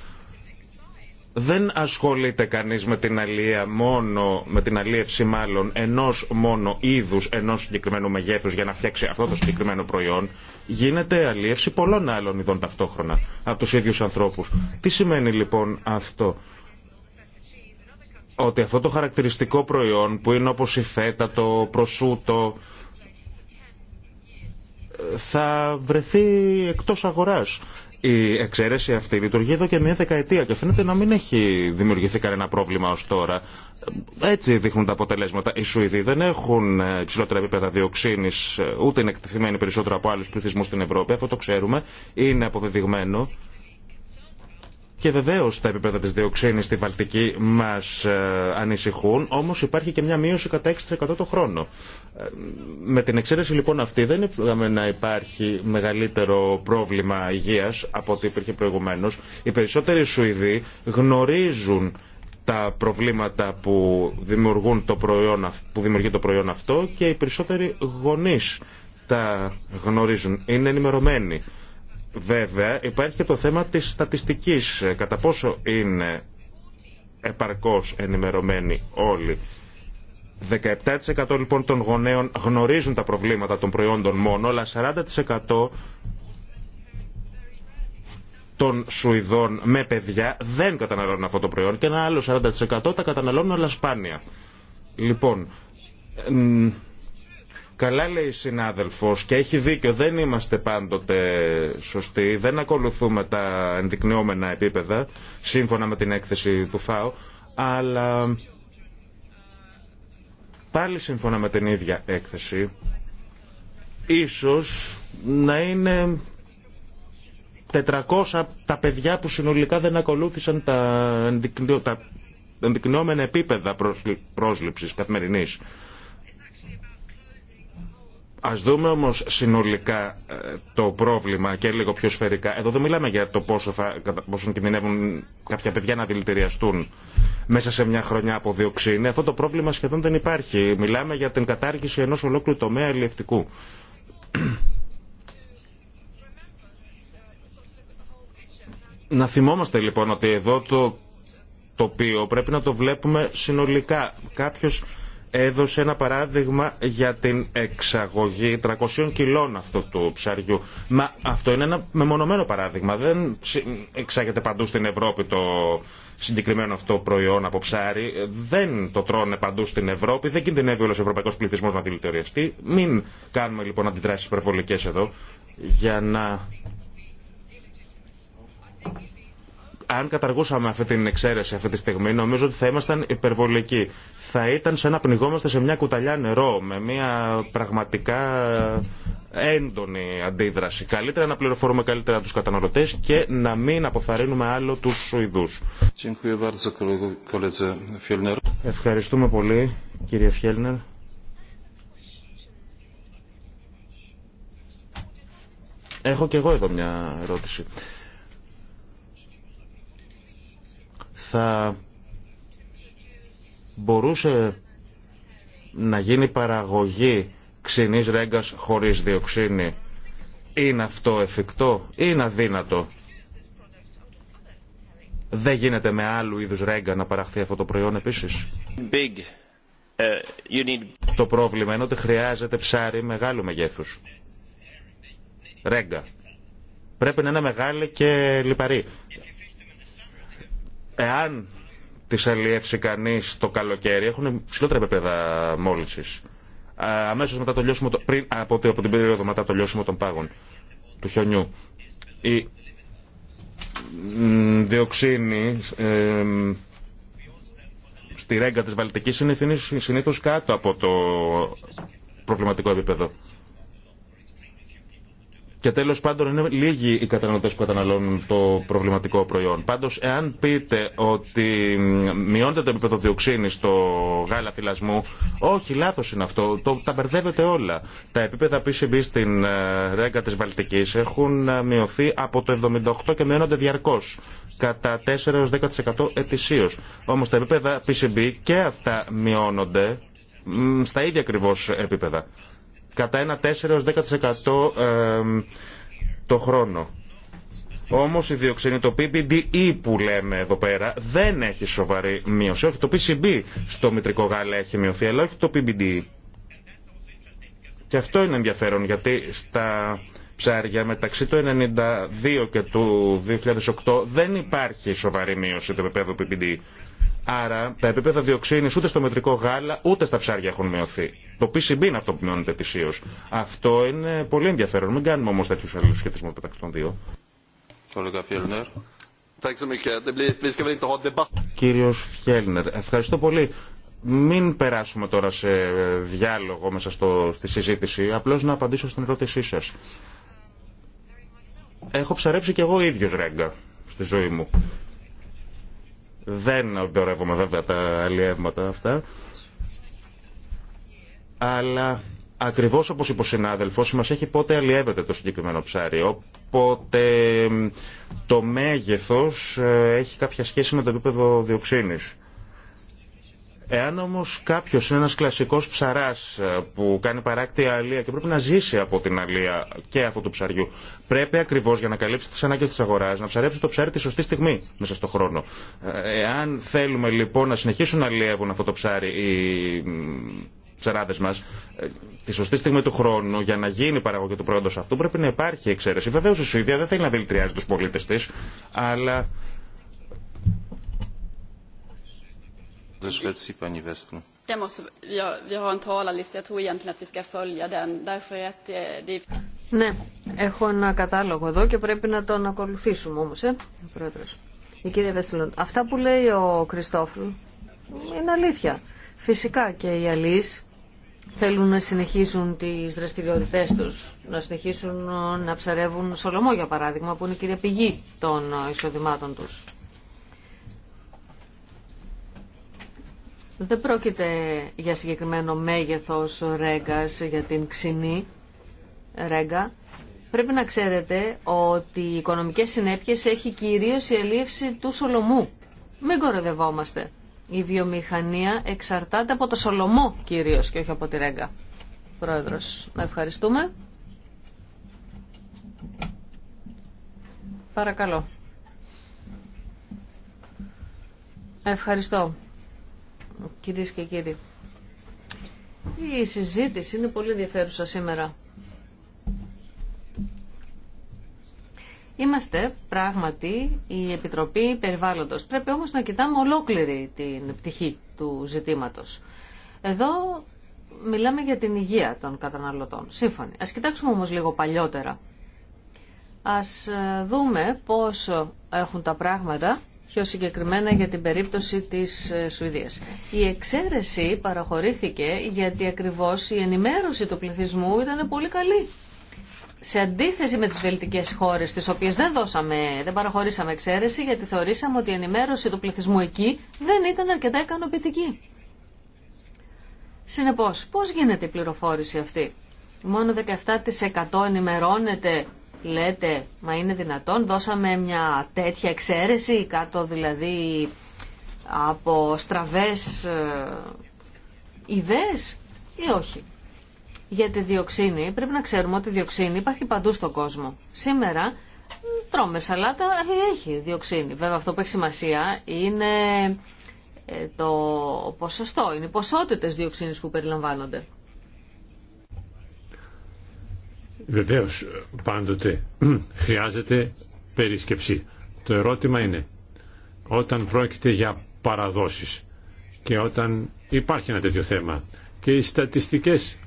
δεν ασχολείται κανείς με την αλία μόνο, με την αλίευση μάλλον ενός μόνο είδους, ενός συγκεκριμένου μεγέθους για να φτιάξει αυτό το συγκεκριμένο προϊόν, γίνεται αλίευση πολλών άλλων ειδών ταυτόχρονα από τους ίδιους ανθρώπους. Τι σημαίνει λοιπόν αυτό ότι αυτό το χαρακτηριστικό προϊόν που είναι όπως η φέτα, το προσούτο θα βρεθεί εκτός αγοράς. Η εξαίρεση αυτή λειτουργεί εδώ και μια δεκαετία και φαίνεται να μην έχει δημιουργηθεί κανένα πρόβλημα ως τώρα. Έτσι δείχνουν τα αποτελέσματα. Οι Σουηδοί δεν έχουν υψηλότερα επίπεδα διοξίνη, ε, ούτε είναι εκτεθειμένοι περισσότερο από άλλου πληθυσμού στην Ευρώπη. Αυτό το ξέρουμε. Είναι αποδεδειγμένο. Και βεβαίω τα επίπεδα τη διοξίνη στη Βαλτική μα ε, ανησυχούν, όμω υπάρχει και μια μείωση κατά 6% το χρόνο. Ε, με την εξαίρεση λοιπόν αυτή δεν είδαμε να υπάρχει μεγαλύτερο πρόβλημα υγεία από ό,τι υπήρχε προηγουμένω. Οι περισσότεροι Σουηδοί γνωρίζουν τα προβλήματα που, δημιουργούν το προϊόν, που δημιουργεί το προϊόν αυτό και οι περισσότεροι γονείς τα γνωρίζουν, είναι ενημερωμένοι. Βέβαια, υπάρχει και το θέμα της στατιστικής, ε, κατά πόσο είναι επαρκώς ενημερωμένοι όλοι. 17% λοιπόν των γονέων γνωρίζουν τα προβλήματα των προϊόντων μόνο, αλλά 40% των Σουηδών με παιδιά δεν καταναλώνουν αυτό το προϊόν και ένα άλλο 40% τα καταναλώνουν αλλά σπάνια. Λοιπόν, Καλά λέει η συνάδελφος και έχει δίκιο, δεν είμαστε πάντοτε σωστοί, δεν ακολουθούμε τα ενδεικνυόμενα επίπεδα, σύμφωνα με την έκθεση του ΦΑΟ, αλλά πάλι σύμφωνα με την ίδια έκθεση, ίσως να είναι 400 τα παιδιά που συνολικά δεν ακολούθησαν τα ενδεικνυόμενα επίπεδα πρόσληψης καθημερινής. Ας δούμε όμως συνολικά ε, το πρόβλημα και λίγο πιο σφαιρικά. Εδώ δεν μιλάμε για το πόσο θα, πόσο κινδυνεύουν κάποια παιδιά να δηλητηριαστούν μέσα σε μια χρονιά από διοξίνη. Αυτό το πρόβλημα σχεδόν δεν υπάρχει. Μιλάμε για την κατάργηση ενός ολόκληρου τομέα ελευτικού. Να θυμόμαστε λοιπόν ότι εδώ το τοπίο πρέπει να το βλέπουμε συνολικά. Κάποιος έδωσε ένα παράδειγμα για την εξαγωγή 300 κιλών αυτού του ψαριού. Μα αυτό είναι ένα μεμονωμένο παράδειγμα. Δεν εξάγεται παντού στην Ευρώπη το συγκεκριμένο αυτό προϊόν από ψάρι. Δεν το τρώνε παντού στην Ευρώπη. Δεν κινδυνεύει όλο ο ευρωπαϊκό πληθυσμό να δηλητηριαστεί. Μην κάνουμε λοιπόν αντιδράσει υπερβολικέ εδώ για να αν καταργούσαμε αυτή την εξαίρεση αυτή τη στιγμή, νομίζω ότι θα ήμασταν υπερβολικοί. Θα ήταν σαν να πνιγόμαστε σε μια κουταλιά νερό, με μια πραγματικά έντονη αντίδραση. Καλύτερα να πληροφορούμε καλύτερα τους καταναλωτές και να μην αποθαρρύνουμε άλλο τους Σουηδούς. Ευχαριστούμε πολύ, κύριε Φιέλνερ. Έχω και εγώ εδώ μια ερώτηση. θα μπορούσε να γίνει παραγωγή ξινής ρέγκας χωρίς διοξίνη. Είναι αυτό εφικτό ή είναι αδύνατο. Δεν γίνεται με άλλου είδους ρέγκα να παραχθεί αυτό το προϊόν επίσης. Uh, το πρόβλημα είναι ότι χρειάζεται ψάρι μεγάλου μεγέθους. Ρέγκα. Πρέπει να είναι μεγάλη και λιπαρή εάν τις αλλιεύσει κανείς το καλοκαίρι, έχουν ψηλότερα επίπεδα μόλυνσης. Αμέσως μετά το λιώσιμο, πριν από, από την περίοδο μετά το λιώσιμο των πάγων του χιονιού. Η διοξίνη ε, στη ρέγγα της Βαλτικής είναι συνήθως κάτω από το προβληματικό επίπεδο. Και τέλο πάντων είναι λίγοι οι καταναλωτέ που καταναλώνουν το προβληματικό προϊόν. Πάντω, εάν πείτε ότι μειώνεται το επίπεδο διοξίνη στο γάλα θυλασμού, όχι, λάθο είναι αυτό. Το, τα μπερδεύετε όλα. Τα επίπεδα PCB στην ε, ρέγκα τη Βαλτική έχουν ε, μειωθεί από το 78 και μειώνονται διαρκώ. Κατά 4-10% ετησίω. Όμω τα επίπεδα PCB και αυτά μειώνονται στα ίδια ακριβώ επίπεδα κατά ένα 4-10% το χρόνο. Όμω η διοξίνη, το PPDE που λέμε εδώ πέρα, δεν έχει σοβαρή μείωση. Όχι το PCB στο μητρικό γάλα έχει μειωθεί, αλλά όχι το PPDE. Και αυτό είναι ενδιαφέρον, γιατί στα ψάρια μεταξύ του 1992 και του 2008 δεν υπάρχει σοβαρή μείωση του επίπεδου PPDE. Άρα τα επίπεδα διοξίνη ούτε στο μετρικό γάλα ούτε στα ψάρια έχουν μειωθεί. Το PCB είναι αυτό που μειώνεται ετησίω. Αυτό είναι πολύ ενδιαφέρον. Μην κάνουμε όμω τέτοιου αλληλού σχετισμού μεταξύ των δύο. Κύριο Φιέλνερ, ευχαριστώ πολύ. Μην περάσουμε τώρα σε διάλογο μέσα στο, στη συζήτηση. Απλώ να απαντήσω στην ερώτησή σα. Έχω ψαρέψει κι εγώ ίδιο ρέγγα στη ζωή μου. Δεν αγορεύομαι βέβαια τα αλλιεύματα αυτά. Αλλά ακριβώ όπω είπε ο συνάδελφο, μα έχει πότε αλλιεύεται το συγκεκριμένο ψάρι. Οπότε το μέγεθο ε, έχει κάποια σχέση με το επίπεδο διοξίνη. Εάν όμω κάποιο είναι ένα κλασικό ψαρά ε, που κάνει παράκτη αλεία και πρέπει να ζήσει από την αλεία και αυτού του ψαριού, πρέπει ακριβώ για να καλύψει τι ανάγκε τη αγορά να ψαρέψει το ψάρι τη σωστή στιγμή μέσα στον χρόνο. Ε, εάν θέλουμε λοιπόν να συνεχίσουν να αλλιεύουν αυτό το ψάρι οι ψαράδε μα ε, τη σωστή στιγμή του χρόνου για να γίνει παραγωγή του προϊόντο αυτού πρέπει να υπάρχει εξαίρεση. Βεβαίω η Σουηδία δεν θέλει να δηλητηριάζει του πολίτε τη, αλλά Δεν måste, Ναι, έχω ένα κατάλογο εδώ και πρέπει να τον ακολουθήσουμε όμως, ε, ο Η κυρία Βέστηλον, αυτά που λέει ο Κριστόφλ είναι αλήθεια. Φυσικά και οι αλείς θέλουν να συνεχίσουν τις δραστηριότητές τους, να συνεχίσουν να ψαρεύουν σολομό για παράδειγμα που είναι η κυρία πηγή των εισοδημάτων τους. Δεν πρόκειται για συγκεκριμένο μέγεθος ρέγκας για την ξινή ρέγκα. Πρέπει να ξέρετε ότι οι οικονομικές συνέπειες έχει κυρίως η ελίευση του Σολομού. Μην κοροδευόμαστε. Η βιομηχανία εξαρτάται από το Σολομό κυρίως και όχι από τη ρέγκα. Πρόεδρος, να ευχαριστούμε. Παρακαλώ. Ευχαριστώ κυρίες και κύριοι. Η συζήτηση είναι πολύ ενδιαφέρουσα σήμερα. Είμαστε πράγματι η Επιτροπή Περιβάλλοντος. Πρέπει όμως να κοιτάμε ολόκληρη την πτυχή του ζητήματος. Εδώ μιλάμε για την υγεία των καταναλωτών. Σύμφωνη. Ας κοιτάξουμε όμως λίγο παλιότερα. Ας ε, δούμε πώς έχουν τα πράγματα πιο συγκεκριμένα για την περίπτωση της ε, Σουηδίας. Η εξαίρεση παραχωρήθηκε γιατί ακριβώς η ενημέρωση του πληθυσμού ήταν πολύ καλή. Σε αντίθεση με τις βελτικές χώρες, τις οποίες δεν, δώσαμε, δεν παραχωρήσαμε εξαίρεση, γιατί θεωρήσαμε ότι η ενημέρωση του πληθυσμού εκεί δεν ήταν αρκετά ικανοποιητική. Συνεπώς, πώς γίνεται η πληροφόρηση αυτή. Μόνο 17% ενημερώνεται Λέτε, μα είναι δυνατόν, δώσαμε μια τέτοια εξαίρεση, κάτω δηλαδή από στραβές ε, ιδέες ή όχι. Για τη διοξίνη, πρέπει να ξέρουμε ότι η διοξίνη υπάρχει παντού στον κόσμο. Σήμερα τρώμε σαλάτα, ε, έχει διοξίνη. Βέβαια αυτό που έχει σημασία είναι ε, το ποσοστό, είναι οι ποσότητες διοξίνης που περιλαμβάνονται. Βεβαίως πάντοτε <clears throat> χρειάζεται περισκεψή. Το ερώτημα είναι όταν πρόκειται για παραδόσεις και όταν υπάρχει ένα τέτοιο θέμα και οι στατιστικές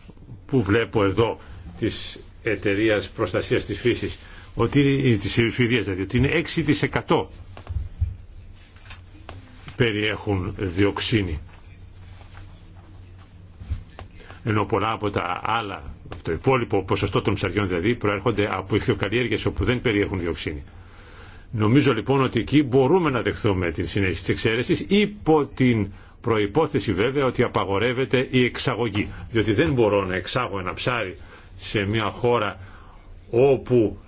που βλέπω εδώ της εταιρεία Προστασίας της Φύσης ότι είναι, της δηλαδή, ότι είναι 6% περιέχουν διοξίνη. Ενώ πολλά από τα άλλα το υπόλοιπο ποσοστό των ψαριών δηλαδή προέρχονται από ηχθιοκαλλιέργειε όπου δεν περιέχουν διοξίνη. Νομίζω λοιπόν ότι εκεί μπορούμε να δεχθούμε την συνέχιση της εξαίρεσης υπό την προϋπόθεση βέβαια ότι απαγορεύεται η εξαγωγή. Διότι δεν μπορώ να εξάγω ένα ψάρι σε μια χώρα όπου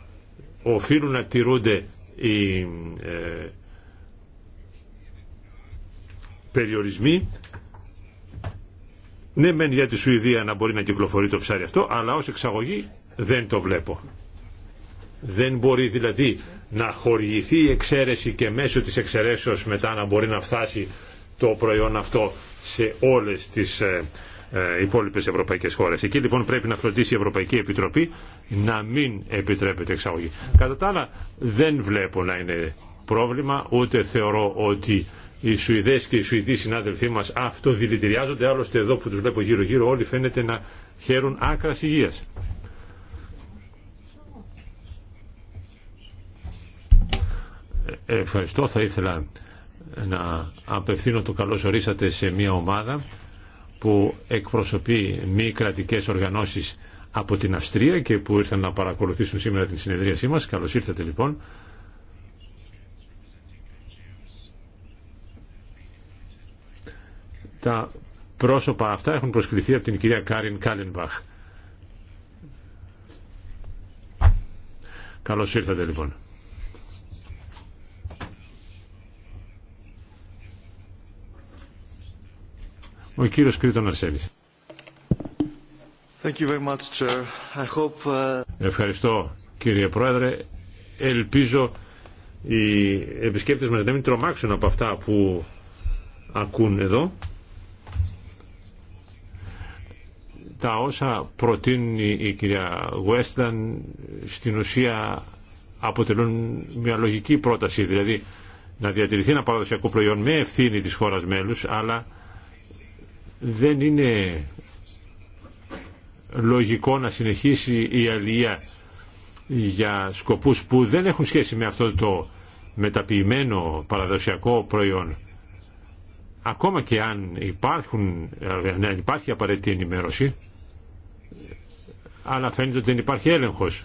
οφείλουν να τηρούνται οι ε, περιορισμοί ναι, μεν για τη Σουηδία να μπορεί να κυκλοφορεί το ψάρι αυτό, αλλά ως εξαγωγή δεν το βλέπω. Δεν μπορεί δηλαδή να χορηγηθεί η εξαίρεση και μέσω της εξαιρέσεως μετά να μπορεί να φτάσει το προϊόν αυτό σε όλες τις ε, ε, υπόλοιπες ευρωπαϊκές χώρες. Εκεί λοιπόν πρέπει να φροντίσει η Ευρωπαϊκή Επιτροπή να μην επιτρέπεται εξαγωγή. Κατά τα άλλα δεν βλέπω να είναι πρόβλημα, ούτε θεωρώ ότι οι Σουηδέ και οι Σουηδοί συνάδελφοί μα αυτοδηλητηριάζονται, άλλωστε εδώ που τους βλέπω γύρω γύρω όλοι φαίνεται να χαίρουν άκρα υγεία. Ε, ευχαριστώ, θα ήθελα να απευθύνω το καλό ορίσατε σε μια ομάδα που εκπροσωπεί μη κρατικέ οργανώσεις από την Αυστρία και που ήρθαν να παρακολουθήσουν σήμερα την συνεδρίασή μα. Καλώ ήρθατε λοιπόν. Τα πρόσωπα αυτά έχουν προσκληθεί από την κυρία Κάριν Κάλενμπαχ. Καλώς ήρθατε λοιπόν. Ο κύριος Κρήτον Αρσέλης. Uh, Ευχαριστώ κύριε Πρόεδρε. Ελπίζω οι επισκέπτες μας να μην τρομάξουν από αυτά που ακούν εδώ. τα όσα προτείνει η κυρία Γουέσταν στην ουσία αποτελούν μια λογική πρόταση, δηλαδή να διατηρηθεί ένα παραδοσιακό προϊόν με ευθύνη της χώρας μέλους, αλλά δεν είναι λογικό να συνεχίσει η αλληλεία για σκοπούς που δεν έχουν σχέση με αυτό το μεταποιημένο παραδοσιακό προϊόν. Ακόμα και αν, υπάρχουν, αν υπάρχει απαραίτητη ενημέρωση, αλλά φαίνεται ότι δεν υπάρχει έλεγχος.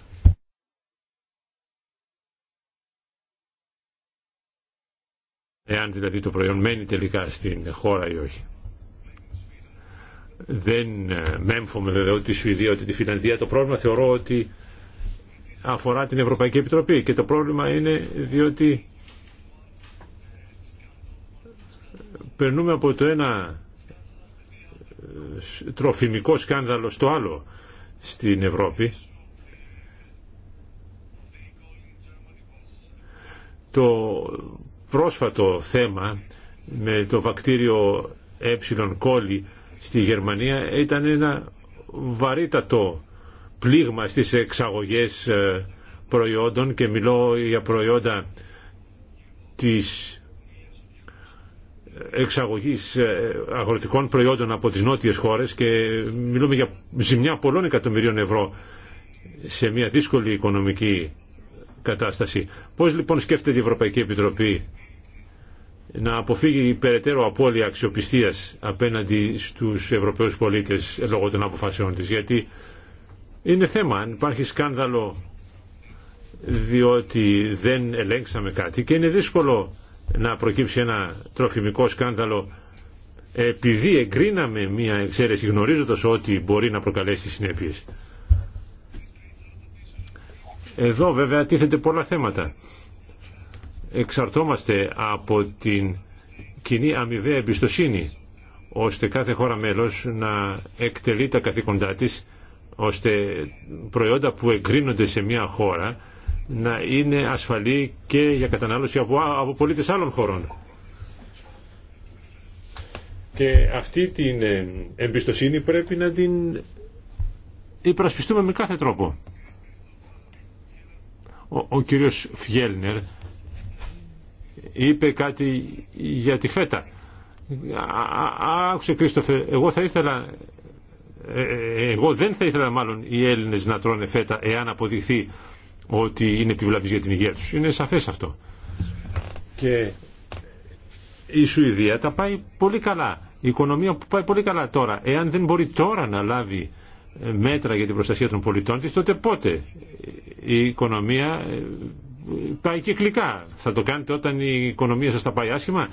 Εάν δηλαδή το προϊόν μένει τελικά στην χώρα ή όχι. Δεν ε, μέμφωμαι βέβαια ότι η Σουηδία ούτε τη Φιλανδία. Το πρόβλημα θεωρώ ότι αφορά την Ευρωπαϊκή Επιτροπή και το πρόβλημα είναι διότι περνούμε από το ένα τροφιμικό σκάνδαλο στο άλλο στην Ευρώπη. Το πρόσφατο θέμα με το βακτήριο ε κόλλη στη Γερμανία ήταν ένα βαρύτατο πλήγμα στις εξαγωγές ε, προϊόντων και μιλώ για προϊόντα της εξαγωγής ε, αγροτικών προϊόντων από τις νότιες χώρες και μιλούμε για ζημιά πολλών εκατομμυρίων ευρώ σε μια δύσκολη οικονομική κατάσταση. Πώς λοιπόν σκέφτεται η Ευρωπαϊκή Επιτροπή να αποφύγει περαιτέρω απώλεια αξιοπιστίας απέναντι στους Ευρωπαίους πολίτες λόγω των αποφάσεών της. Γιατί είναι θέμα αν υπάρχει σκάνδαλο διότι δεν ελέγξαμε κάτι και είναι δύσκολο να προκύψει ένα τροφιμικό σκάνδαλο επειδή εγκρίναμε μία εξαίρεση γνωρίζοντας ότι μπορεί να προκαλέσει συνέπειες. Εδώ βέβαια τίθεται πολλά θέματα. Εξαρτώμαστε από την κοινή αμοιβαία εμπιστοσύνη ώστε κάθε χώρα μέλος να εκτελεί τα καθήκοντά της ώστε προϊόντα που εγκρίνονται σε μια χώρα να είναι ασφαλή και για κατανάλωση από, από πολίτες άλλων χωρών. Και αυτή την ε, εμπιστοσύνη πρέπει να την υπερασπιστούμε με κάθε τρόπο. Ο, ο κύριος Φιέλνερ είπε κάτι για τη φέτα. Άκουσε Κρίστοφε, εγώ θα ήθελα ε, ε, εγώ δεν θα ήθελα μάλλον οι Έλληνες να τρώνε φέτα εάν αποδειχθεί ότι είναι επιβλαβής για την υγεία τους. Είναι σαφές αυτό. Και η Σουηδία τα πάει πολύ καλά. Η οικονομία που πάει πολύ καλά τώρα. Εάν δεν μπορεί τώρα να λάβει ε, μέτρα για την προστασία των πολιτών της, τότε πότε η οικονομία ε, πάει κυκλικά. Θα το κάνετε όταν η οικονομία σας τα πάει άσχημα.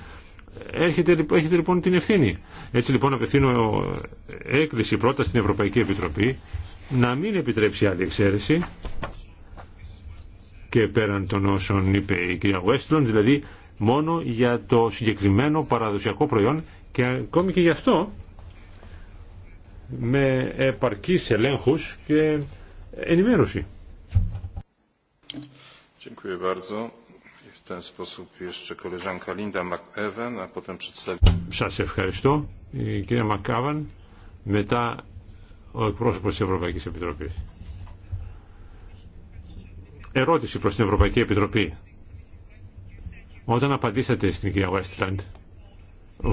Έχετε, έχετε λοιπόν την ευθύνη. Έτσι λοιπόν απευθύνω ε, έκκληση πρώτα στην Ευρωπαϊκή Επιτροπή να μην επιτρέψει άλλη εξαίρεση και πέραν των όσων είπε η κυρία Βέστλον, δηλαδή μόνο για το συγκεκριμένο παραδοσιακό προϊόν και ακόμη και γι' αυτό με επαρκής ελέγχους και ενημέρωση. Σας ευχαριστώ, η κυρία Μακάβαν, μετά ο εκπρόσωπος της Ευρωπαϊκής Επιτροπής ερώτηση προς την Ευρωπαϊκή Επιτροπή. Όταν απαντήσατε στην κυρία Westland,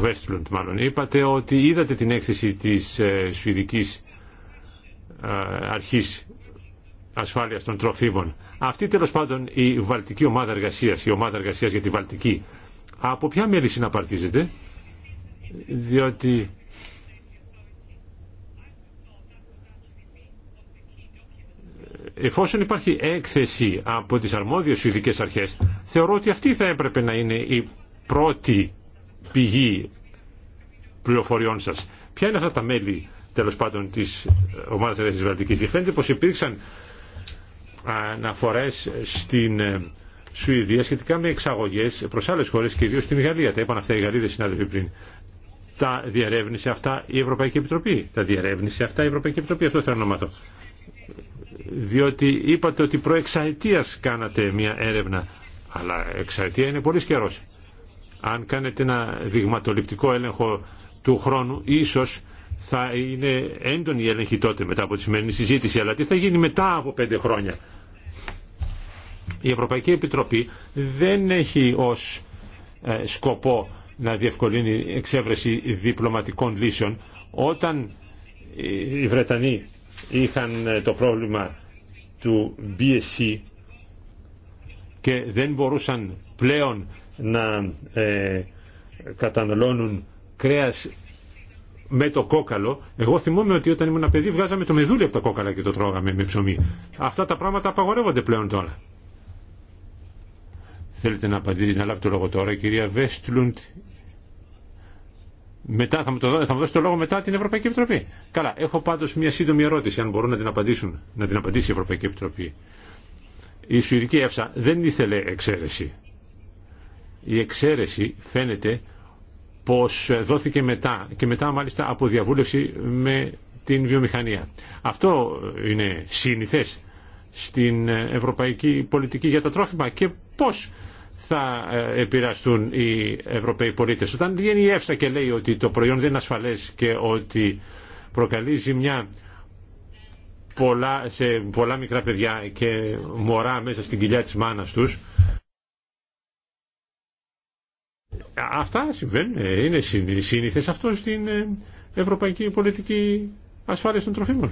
Westland μάλλον, είπατε ότι είδατε την έκθεση της ε, Σουηδικής ε, Αρχής Ασφάλειας των Τροφίμων. Αυτή τέλος πάντων η Βαλτική Ομάδα Εργασίας, η Ομάδα Εργασίας για τη Βαλτική, από ποια μέλη συναπαρτίζεται, διότι εφόσον υπάρχει έκθεση από τις αρμόδιες ειδικές αρχές, θεωρώ ότι αυτή θα έπρεπε να είναι η πρώτη πηγή πληροφοριών σας. Ποια είναι αυτά τα μέλη, τέλος πάντων, της ομάδας της Βαλτικής. Και φαίνεται πως υπήρξαν αναφορές στην ε, Σουηδία σχετικά με εξαγωγές προς άλλες χώρες και ιδίως στην Γαλλία. Τα είπαν αυτά οι Γαλλίδες συνάδελφοι πριν. Τα διερεύνησε αυτά η Ευρωπαϊκή Επιτροπή. Τα διερεύνησε αυτά η Ευρωπαϊκή Επιτροπή. Αυτό θέλω να μάθω διότι είπατε ότι προεξαετίας κάνατε μια έρευνα αλλά εξαετία είναι πολύ καιρό. αν κάνετε ένα δειγματοληπτικό έλεγχο του χρόνου ίσως θα είναι έντονη η έλεγχη τότε μετά από τη σημερινή συζήτηση αλλά τι θα γίνει μετά από πέντε χρόνια η Ευρωπαϊκή Επιτροπή δεν έχει ως ε, σκοπό να διευκολύνει εξέβρεση διπλωματικών λύσεων όταν ε, οι Βρετανοί είχαν ε, το πρόβλημα του BSC και δεν μπορούσαν πλέον να ε, καταναλώνουν κρέας με το κόκαλο. Εγώ θυμόμαι ότι όταν ήμουν παιδί βγάζαμε το μεδούλι από τα κόκαλα και το τρώγαμε με ψωμί. Αυτά τα πράγματα απαγορεύονται πλέον τώρα. Θέλετε να απαντήσετε, να λάβετε το λόγο τώρα, κυρία Βέστλουντ μετά θα μου, το, θα μου δώσει το λόγο μετά την Ευρωπαϊκή Επιτροπή. Καλά, έχω πάντω μια σύντομη ερώτηση, αν μπορούν να την απαντήσουν, να την απαντήσει η Ευρωπαϊκή Επιτροπή. Η Σουηδική Εύσα δεν ήθελε εξαίρεση. Η εξαίρεση φαίνεται πως δόθηκε μετά και μετά μάλιστα από διαβούλευση με την βιομηχανία. Αυτό είναι σύνηθε στην ευρωπαϊκή πολιτική για τα τρόφιμα και πώς θα ε, επηρεαστούν οι Ευρωπαίοι πολίτες. Όταν βγαίνει η ΕΦΣΑ και λέει ότι το προϊόν δεν είναι ασφαλές και ότι προκαλεί ζημιά πολλά, σε πολλά μικρά παιδιά και μωρά μέσα στην κοιλιά της μάνας τους, Αυτά συμβαίνουν, ε, είναι σύνηθες αυτό στην ε, ευρωπαϊκή πολιτική ασφάλεια των τροφίμων.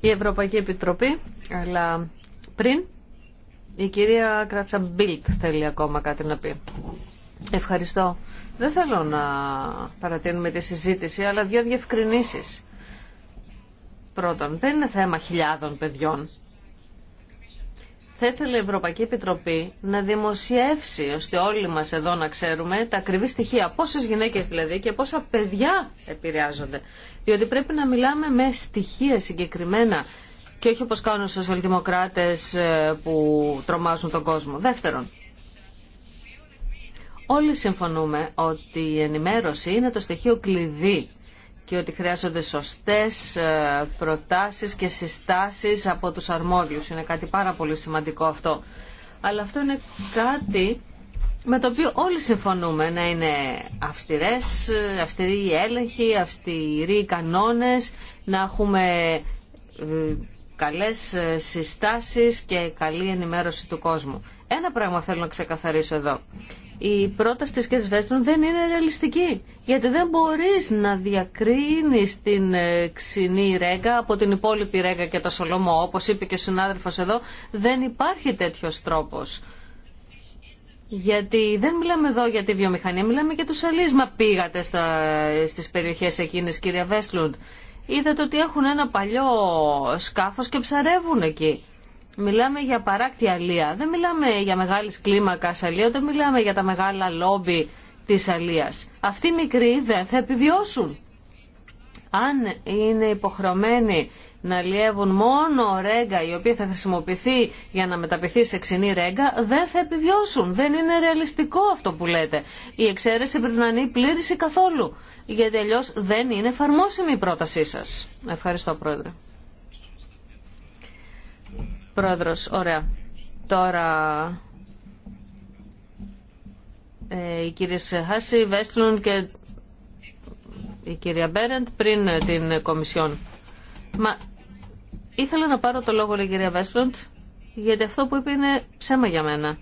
Η Ευρωπαϊκή Επιτροπή, αλλά πριν η κυρία Κράτσα Μπίλτ θέλει ακόμα κάτι να πει. Ευχαριστώ. Δεν θέλω να παρατείνουμε τη συζήτηση, αλλά δύο διευκρινήσεις. Πρώτον, δεν είναι θέμα χιλιάδων παιδιών. Θα ήθελε η Ευρωπαϊκή Επιτροπή να δημοσιεύσει, ώστε όλοι μας εδώ να ξέρουμε, τα ακριβή στοιχεία. Πόσες γυναίκες δηλαδή και πόσα παιδιά επηρεάζονται. Διότι πρέπει να μιλάμε με στοιχεία συγκεκριμένα και όχι όπως κάνουν οι σοσιαλδημοκράτες ε, που τρομάζουν τον κόσμο. Δεύτερον, όλοι συμφωνούμε ότι η ενημέρωση είναι το στοιχείο κλειδί και ότι χρειάζονται σωστές ε, προτάσεις και συστάσεις από τους αρμόδιους. Είναι κάτι πάρα πολύ σημαντικό αυτό. Αλλά αυτό είναι κάτι με το οποίο όλοι συμφωνούμε να είναι αυστηρές, αυστηροί οι έλεγχοι, αυστηροί οι κανόνες, να έχουμε ε, καλές ε, συστάσεις και καλή ενημέρωση του κόσμου. Ένα πράγμα θέλω να ξεκαθαρίσω εδώ η πρόταση της κυρίας δεν είναι ρεαλιστική. Γιατί δεν μπορείς να διακρίνεις την ε, ξινή ρέγα από την υπόλοιπη ρέγα και το σολομό. Όπως είπε και ο συνάδελφος εδώ, δεν υπάρχει τέτοιος τρόπος. Γιατί δεν μιλάμε εδώ για τη βιομηχανία, μιλάμε για του σαλίσμα πήγατε στα, στις περιοχές εκείνες, κυρία Βέσλουντ. Είδατε ότι έχουν ένα παλιό σκάφος και ψαρεύουν εκεί. Μιλάμε για παράκτη αλεία. Δεν μιλάμε για μεγάλη κλίμακα αλεία, δεν μιλάμε για τα μεγάλα λόμπι τη αλείας. Αυτοί οι μικροί δεν θα επιβιώσουν. Αν είναι υποχρεωμένοι να αλλιεύουν μόνο ρέγγα η οποία θα χρησιμοποιηθεί για να μεταπηθεί σε ξινή ρέγγα, δεν θα επιβιώσουν. Δεν είναι ρεαλιστικό αυτό που λέτε. Η εξαίρεση πρέπει να είναι η πλήρηση καθόλου. Γιατί αλλιώ δεν είναι εφαρμόσιμη η πρότασή σα. Ευχαριστώ, Πρόεδρε. Πρόεδρος, ωραία. Τώρα ε, οι κυρίες Χάση, και η κυρία Μπέρεντ πριν την Κομισιόν. Μα ήθελα να πάρω το λόγο, λέει η κυρία Βέσλοντ, γιατί αυτό που είπε είναι ψέμα για μένα.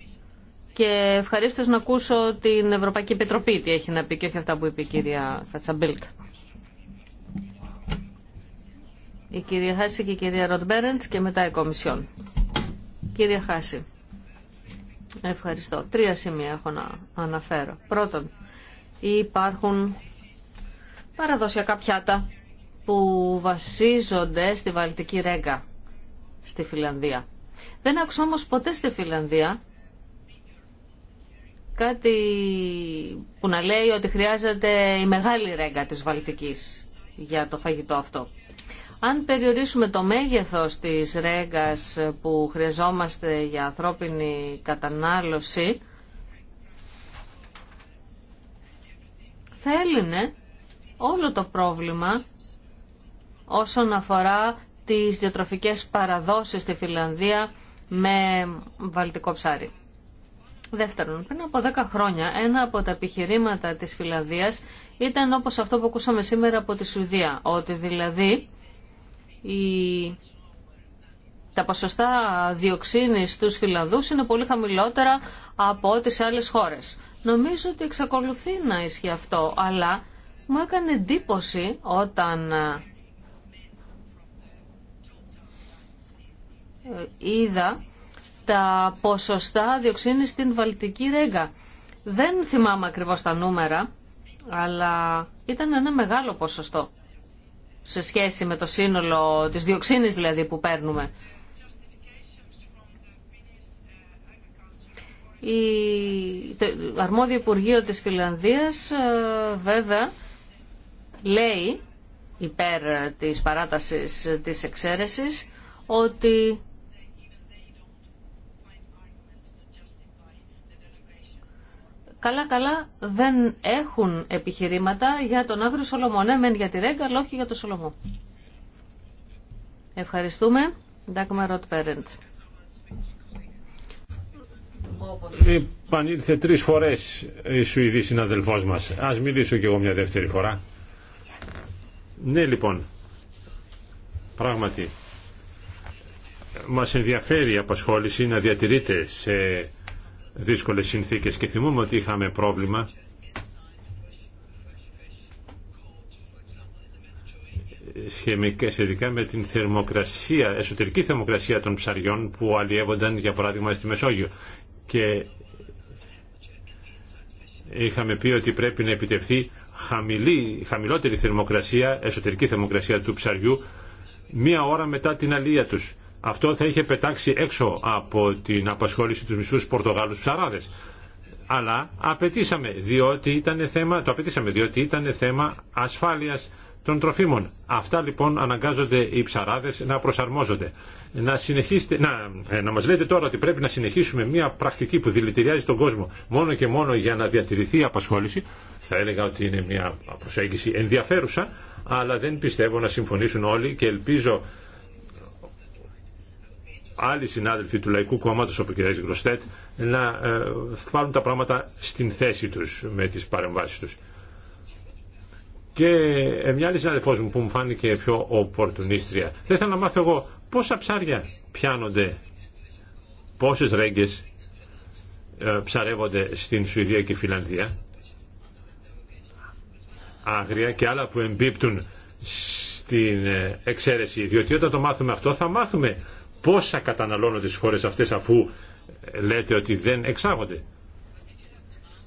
Και ευχαρίστω να ακούσω την Ευρωπαϊκή Επιτροπή τι έχει να πει και όχι αυτά που είπε η κυρία Κατσαμπίλτ. Η κυρία Χάση και η κυρία Μπέρεντ και μετά η Κομισιόν. Κυρία Χάση, ευχαριστώ. Τρία σημεία έχω να αναφέρω. Πρώτον, υπάρχουν παραδοσιακά πιάτα που βασίζονται στη Βαλτική Ρέγκα, στη Φιλανδία. Δεν άκουσα όμως ποτέ στη Φιλανδία κάτι που να λέει ότι χρειάζεται η μεγάλη ρέγκα της Βαλτικής για το φαγητό αυτό. Αν περιορίσουμε το μέγεθος της ρέγας που χρειαζόμαστε για ανθρώπινη κατανάλωση, θα όλο το πρόβλημα όσον αφορά τις διατροφικές παραδόσεις στη Φιλανδία με βαλτικό ψάρι. Δεύτερον, πριν από 10 χρόνια ένα από τα επιχειρήματα της Φιλανδίας ήταν όπως αυτό που ακούσαμε σήμερα από τη Σουηδία, ότι δηλαδή η... τα ποσοστά διοξίνης στους φυλαδούς είναι πολύ χαμηλότερα από ό,τι σε άλλες χώρες. Νομίζω ότι εξακολουθεί να ισχύει αυτό, αλλά μου έκανε εντύπωση όταν ε, είδα τα ποσοστά διοξίνης στην Βαλτική Ρέγγα. Δεν θυμάμαι ακριβώς τα νούμερα, αλλά ήταν ένα μεγάλο ποσοστό σε σχέση με το σύνολο της διοξίνης δηλαδή που παίρνουμε. Η... Το αρμόδιο Υπουργείο της Φιλανδίας ε, βέβαια λέει υπέρ της παράτασης της εξαίρεσης ότι καλά-καλά δεν έχουν επιχειρήματα για τον Άγριο Σολομό. Ναι, μεν για τη Ρέγκα, αλλά όχι για τον Σολομό. Ευχαριστούμε. Ντάκμα Πέρεντ. Επανήλθε τρεις φορές η Σουηδή συναδελφός μας. Ας μιλήσω κι εγώ μια δεύτερη φορά. Ναι, λοιπόν, πράγματι, μας ενδιαφέρει η απασχόληση να διατηρείται σε δύσκολες συνθήκες και θυμούμε ότι είχαμε πρόβλημα σχετικά με την θερμοκρασία, εσωτερική θερμοκρασία των ψαριών που αλλιεύονταν για παράδειγμα στη Μεσόγειο και είχαμε πει ότι πρέπει να επιτευθεί χαμηλότερη θερμοκρασία, εσωτερική θερμοκρασία του ψαριού μία ώρα μετά την αλία τους. Αυτό θα είχε πετάξει έξω από την απασχόληση του μισού πορτογάλου ψαράδε. Αλλά απαιτήσαμε, διότι ήταν θέμα, το απαιτήσαμε διότι ήταν θέμα ασφάλεια των τροφίμων. Αυτά λοιπόν αναγκάζονται οι ψαράδε να προσαρμόζονται. Να, συνεχίσετε, να, ε, να μας λέτε τώρα ότι πρέπει να συνεχίσουμε μια πρακτική που δηλητηριάζει τον κόσμο μόνο και μόνο για να διατηρηθεί η απασχόληση. Θα έλεγα ότι είναι μια προσέγγιση ενδιαφέρουσα, αλλά δεν πιστεύω να συμφωνήσουν όλοι και ελπίζω άλλοι συνάδελφοι του Λαϊκού Κόμματος, όπω ο κ. Γκροστέτ, να φάρουν ε, τα πράγματα στην θέση του με τι παρεμβάσει του. Και ε, μια άλλη συνάδελφό μου που μου φάνηκε πιο οπορτουνίστρια. Θα ήθελα να μάθω εγώ πόσα ψάρια πιάνονται, πόσε ρέγγε ε, ψαρεύονται στην Σουηδία και Φιλανδία, άγρια και άλλα που εμπίπτουν στην εξαίρεση, διότι όταν το μάθουμε αυτό θα μάθουμε πόσα καταναλώνουν τις χώρες αυτές αφού λέτε ότι δεν εξάγονται.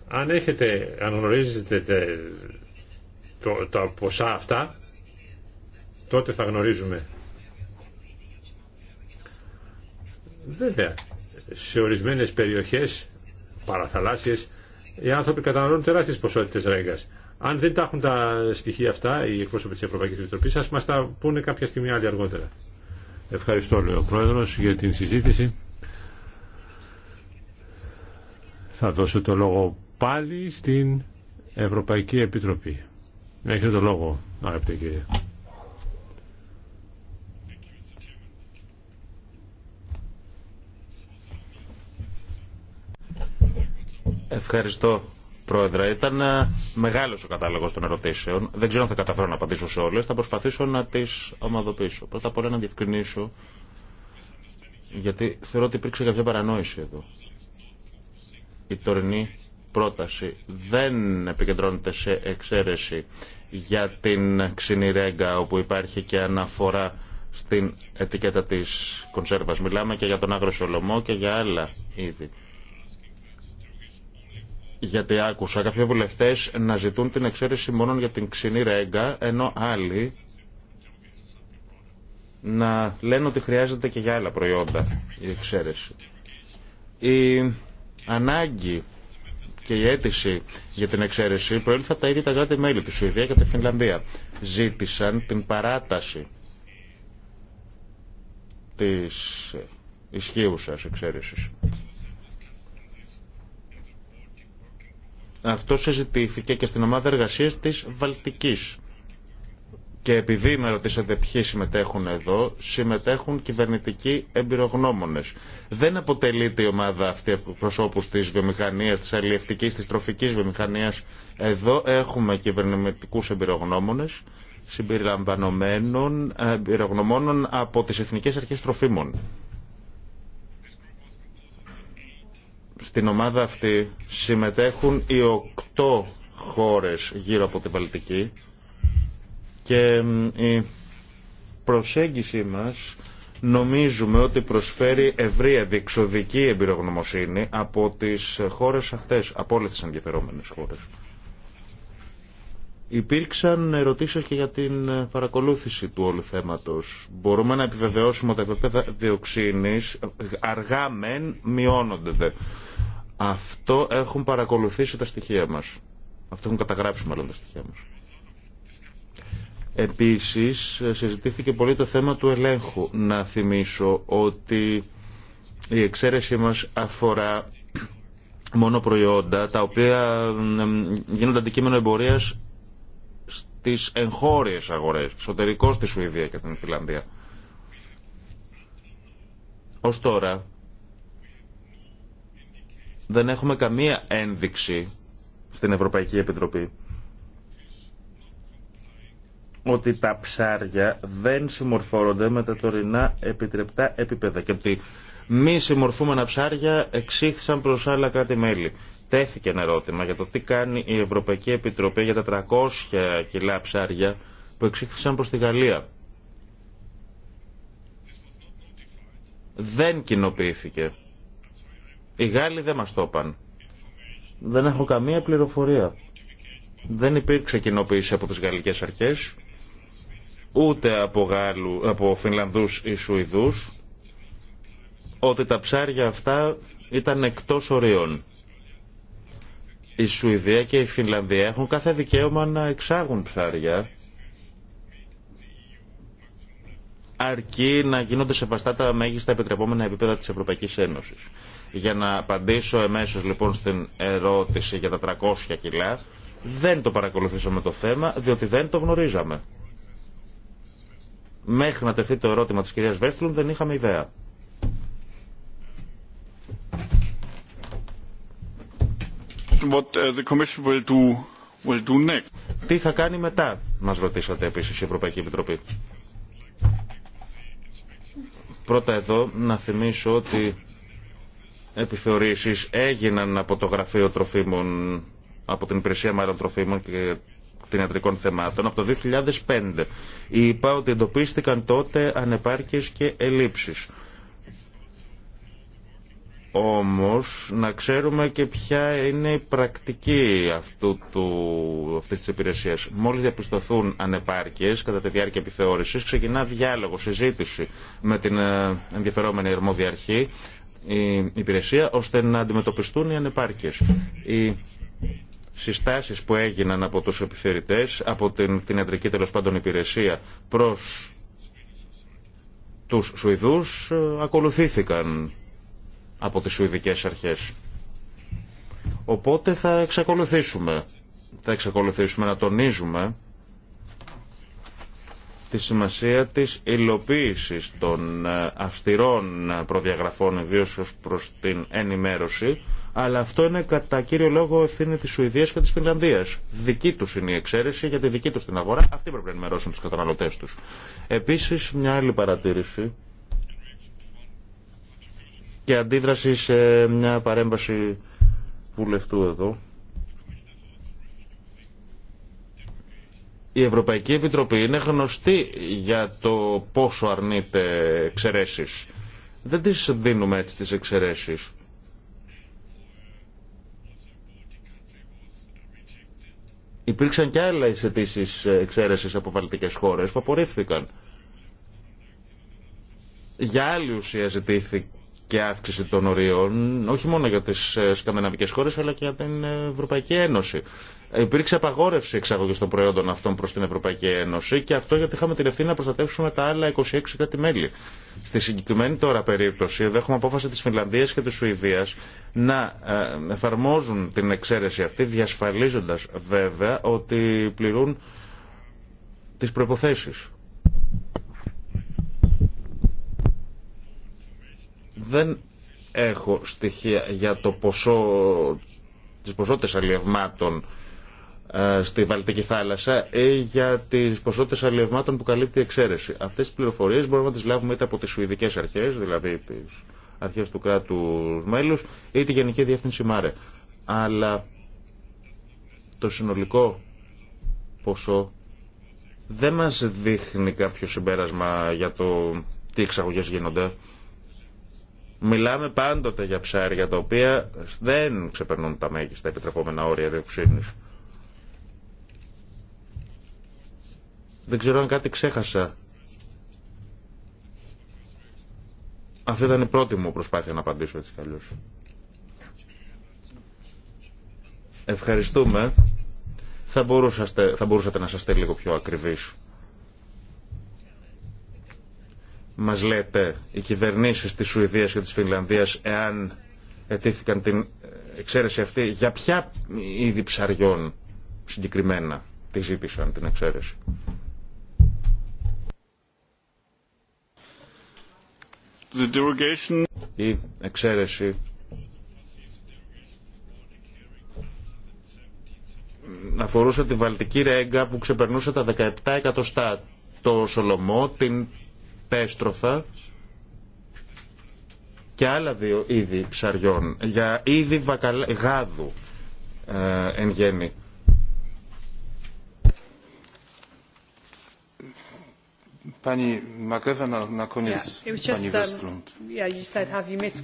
Αν, έχετε, αν γνωρίζετε το, τα ποσά αυτά, τότε θα γνωρίζουμε. Βέβαια, σε ορισμένες περιοχές παραθαλάσσιες οι άνθρωποι καταναλώνουν τεράστιες ποσότητες ρέγγας. Αν δεν τα έχουν τα στοιχεία αυτά οι εκπρόσωποι της Ευρωπαϊκής Επιτροπής, ας μας τα πούνε κάποια στιγμή άλλη αργότερα. Ευχαριστώ, λέει ο Πρόεδρος, για την συζήτηση. Θα δώσω το λόγο πάλι στην Ευρωπαϊκή Επιτροπή. Έχετε το λόγο, αγαπητέ κύριε. Ευχαριστώ Πρόεδρε. Ήταν ε, μεγάλο ο κατάλογο των ερωτήσεων. Δεν ξέρω αν θα καταφέρω να απαντήσω σε όλε. Θα προσπαθήσω να τι ομαδοποιήσω. Πρώτα απ' όλα να διευκρινίσω, γιατί θεωρώ ότι υπήρξε κάποια παρανόηση εδώ. Η τωρινή πρόταση δεν επικεντρώνεται σε εξαίρεση για την ξινή όπου υπάρχει και αναφορά στην ετικέτα της κονσέρβας. Μιλάμε και για τον άγρο σολομό και για άλλα είδη γιατί άκουσα κάποιοι βουλευτέ να ζητούν την εξαίρεση μόνο για την ξινή ρέγγα, ενώ άλλοι να λένε ότι χρειάζεται και για άλλα προϊόντα η εξαίρεση. Η ανάγκη και η αίτηση για την εξαίρεση προήλθε τα ίδια τα κράτη-μέλη, τη Σουηδία και τη Φινλανδία. Ζήτησαν την παράταση της ισχύουσας εξαίρεσης. Αυτό συζητήθηκε και στην ομάδα εργασίας της Βαλτικής. Και επειδή με ρωτήσατε ποιοι συμμετέχουν εδώ, συμμετέχουν κυβερνητικοί εμπειρογνώμονε. Δεν αποτελείται η ομάδα αυτή από προσώπου τη βιομηχανία, τη αλληλευτική, τη τροφική βιομηχανία. Εδώ έχουμε κυβερνητικού εμπειρογνώμονε συμπεριλαμβανομένων εμπειρογνωμόνων από τις Εθνικές Αρχές Τροφίμων. Στην ομάδα αυτή συμμετέχουν οι οκτώ χώρες γύρω από την Βαλτική και η προσέγγιση μας νομίζουμε ότι προσφέρει ευρεία διεξοδική εμπειρογνωμοσύνη από τις χώρες αυτές, από όλες τις ενδιαφερόμενες χώρες. Υπήρξαν ερωτήσεις και για την ε, παρακολούθηση του όλου θέματος. Μπορούμε να επιβεβαιώσουμε ότι τα επίπεδα διοξίνης ε, αργά μεν μειώνονται αυτό έχουν παρακολουθήσει τα στοιχεία μας. Αυτό έχουν καταγράψει μάλλον τα στοιχεία μας. Επίσης, συζητήθηκε πολύ το θέμα του ελέγχου. Να θυμίσω ότι η εξαίρεσή μας αφορά μόνο προϊόντα τα οποία γίνονται αντικείμενο εμπορίας στις εγχώριες αγορές, εσωτερικό στη Σουηδία και την Φιλανδία. Ως τώρα, δεν έχουμε καμία ένδειξη στην Ευρωπαϊκή Επιτροπή ότι τα ψάρια δεν συμμορφώνονται με τα τωρινά επιτρεπτά επίπεδα και ότι μη συμμορφούμενα ψάρια εξήχθησαν προς άλλα κράτη-μέλη. Τέθηκε ένα ερώτημα για το τι κάνει η Ευρωπαϊκή Επιτροπή για τα 300 κιλά ψάρια που εξήχθησαν προς τη Γαλλία. Δεν κοινοποιήθηκε οι Γάλλοι δεν μας το είπαν. Δεν έχω καμία πληροφορία. Δεν υπήρξε κοινοποίηση από τις γαλλικές αρχές, ούτε από, Γάλλου, από Φινλανδούς ή Σουηδούς, ότι τα ψάρια αυτά ήταν εκτός ορίων. Η Σουηδία και η Φινλανδία έχουν κάθε δικαίωμα να εξάγουν ψάρια αρκεί να γίνονται σεβαστά τα μέγιστα επιτρεπόμενα επίπεδα της Ευρωπαϊκής Ένωσης. Για να απαντήσω εμέσω λοιπόν στην ερώτηση για τα 300 κιλά, δεν το παρακολουθήσαμε το θέμα διότι δεν το γνωρίζαμε. Μέχρι να τεθεί το ερώτημα της κυρίας Βέστλουν δεν είχαμε ιδέα. What uh, the commission will do, will do next. Τι θα κάνει μετά, μας ρωτήσατε επίσης η Ευρωπαϊκή Επιτροπή. Πρώτα εδώ να θυμίσω ότι επιθεωρήσεις έγιναν από το Γραφείο Τροφίμων, από την Υπηρεσία Μάλλον Τροφίμων και ιατρικών θεμάτων από το 2005. Είπα ότι εντοπίστηκαν τότε ανεπάρκειες και ελλείψεις. Όμως να ξέρουμε και ποια είναι η πρακτική αυτού του, αυτής της υπηρεσίας. Μόλις διαπιστωθούν ανεπάρκειες κατά τη διάρκεια επιθεώρησης ξεκινά διάλογο, συζήτηση με την ε, ενδιαφερόμενη αρμόδια αρχή η υπηρεσία ώστε να αντιμετωπιστούν οι ανεπάρκειες. Οι συστάσεις που έγιναν από τους επιθεωρητές, από την, την ιατρική τέλο πάντων υπηρεσία προς τους Σουηδούς ε, ακολουθήθηκαν από τις Σουηδικές αρχές. Οπότε θα εξακολουθήσουμε, θα εξακολουθήσουμε να τονίζουμε τη σημασία της υλοποίησης των ε, αυστηρών ε, προδιαγραφών, ιδίω ως προς την ενημέρωση, αλλά αυτό είναι κατά κύριο λόγο ευθύνη της Σουηδίας και της Φιλανδίας. Δική τους είναι η εξαίρεση γιατί δική τους την αγορά, αυτοί πρέπει να ενημερώσουν τους καταναλωτές τους. Επίσης, μια άλλη παρατήρηση και αντίδραση σε μια παρέμβαση βουλευτού εδώ. η Ευρωπαϊκή Επιτροπή είναι γνωστή για το πόσο αρνείται εξαιρέσει. Δεν τις δίνουμε έτσι τις εξαιρέσει. Υπήρξαν και άλλες αιτήσει εξαίρεση από βαλτικέ χώρε που απορρίφθηκαν. Για άλλη ουσία ζητήθηκε και αύξηση των ορίων, όχι μόνο για τις ε, σκανδιναβικές χώρες, αλλά και για την Ευρωπαϊκή Ένωση. Υπήρξε απαγόρευση εξαγωγή των προϊόντων αυτών προ την Ευρωπαϊκή Ένωση και αυτό γιατί είχαμε την ευθύνη να προστατεύσουμε τα άλλα 26 κράτη-μέλη. Στη συγκεκριμένη τώρα περίπτωση, εδώ έχουμε απόφαση τη Φινλανδία και τη Σουηδία να ε, εφαρμόζουν την εξαίρεση αυτή, διασφαλίζοντα βέβαια ότι πληρούν τι προποθέσει. Δεν έχω στοιχεία για το ποσό, τις ποσότητες αλλιευμάτων ε, στη Βαλτική θάλασσα ή για τις ποσότητες αλλιευμάτων που καλύπτει η εξαίρεση. Αυτές τις πληροφορίες μπορούμε να τις λάβουμε είτε από τις Σουηδικές αρχές, δηλαδή τις αρχές του κράτους μέλους, ή τη Γενική Διεύθυνση ΜΑΡΕ. Αλλά το συνολικό ποσό δεν μας δείχνει κάποιο συμπέρασμα για το τι εξαγωγές γίνονται. Μιλάμε πάντοτε για ψάρια τα οποία δεν ξεπερνούν τα μέγιστα επιτρεπόμενα όρια διοξίνης. Δεν ξέρω αν κάτι ξέχασα. Αυτή ήταν η πρώτη μου προσπάθεια να απαντήσω έτσι κι Ευχαριστούμε. Θα, μπορούσατε, θα μπορούσατε να είστε λίγο πιο ακριβείς. μας λέτε οι κυβερνήσεις της Σουηδίας και της Φινλανδίας εάν ετήθηκαν την εξαίρεση αυτή, για ποια είδη ψαριών συγκεκριμένα τη ζήτησαν την εξαίρεση. The derogation... Η εξαίρεση αφορούσε τη βαλτική ρέγγα που ξεπερνούσε τα 17 εκατοστά, το Σολομό, την πέστροφα και άλλα δύο είδη ψαριών, για είδη βακαλα... γάδου ε, εν γέννη. Pani Magrewa na, na koniec,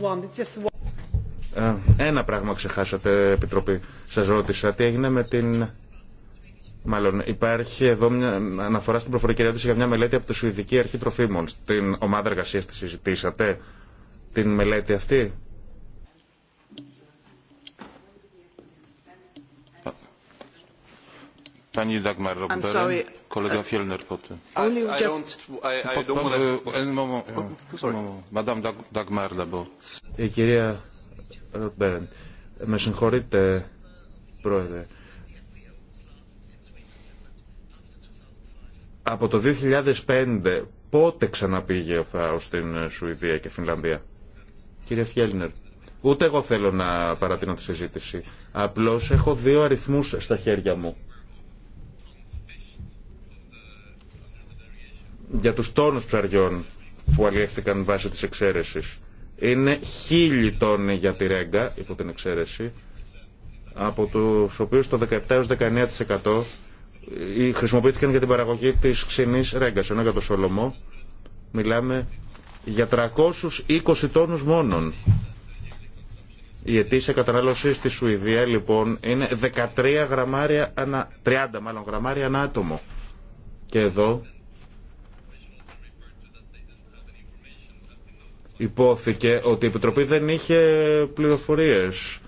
Pani Ένα πράγμα ξεχάσατε, Επιτροπή. Σας ρώτησα τι έγινε με την Μάλλον υπάρχει εδώ μια αναφορά στην προφορική ερώτηση για μια μελέτη από τη Σουηδική Αρχή Τροφίμων. Στην ομάδα εργασία τη συζητήσατε την μελέτη αυτή. Η κυρία Ροτμπέρεντ, με συγχωρείτε πρόεδρε. από το 2005 πότε ξαναπήγε ο ΦΑΟ στην Σουηδία και Φινλανδία. Κύριε Φιέλνερ, ούτε εγώ θέλω να παρατείνω τη συζήτηση. Απλώς έχω δύο αριθμούς στα χέρια μου. Για τους τόνους ψαριών που αλλιεύτηκαν βάσει της εξαίρεσης. Είναι χίλιοι τόνοι για τη ρέγγα, υπό την εξαίρεση, από του οποίους το 17-19% ε, χρησιμοποιήθηκαν για την παραγωγή της ξινής ρέγκας, ενώ για το Σολομό μιλάμε για 320 τόνους μόνον. Η ετήσια κατανάλωση στη Σουηδία λοιπόν είναι 13 γραμμάρια ανά, 30 μάλλον γραμμάρια ανά άτομο. Και εδώ υπόθηκε ότι η Επιτροπή δεν είχε πληροφορίες.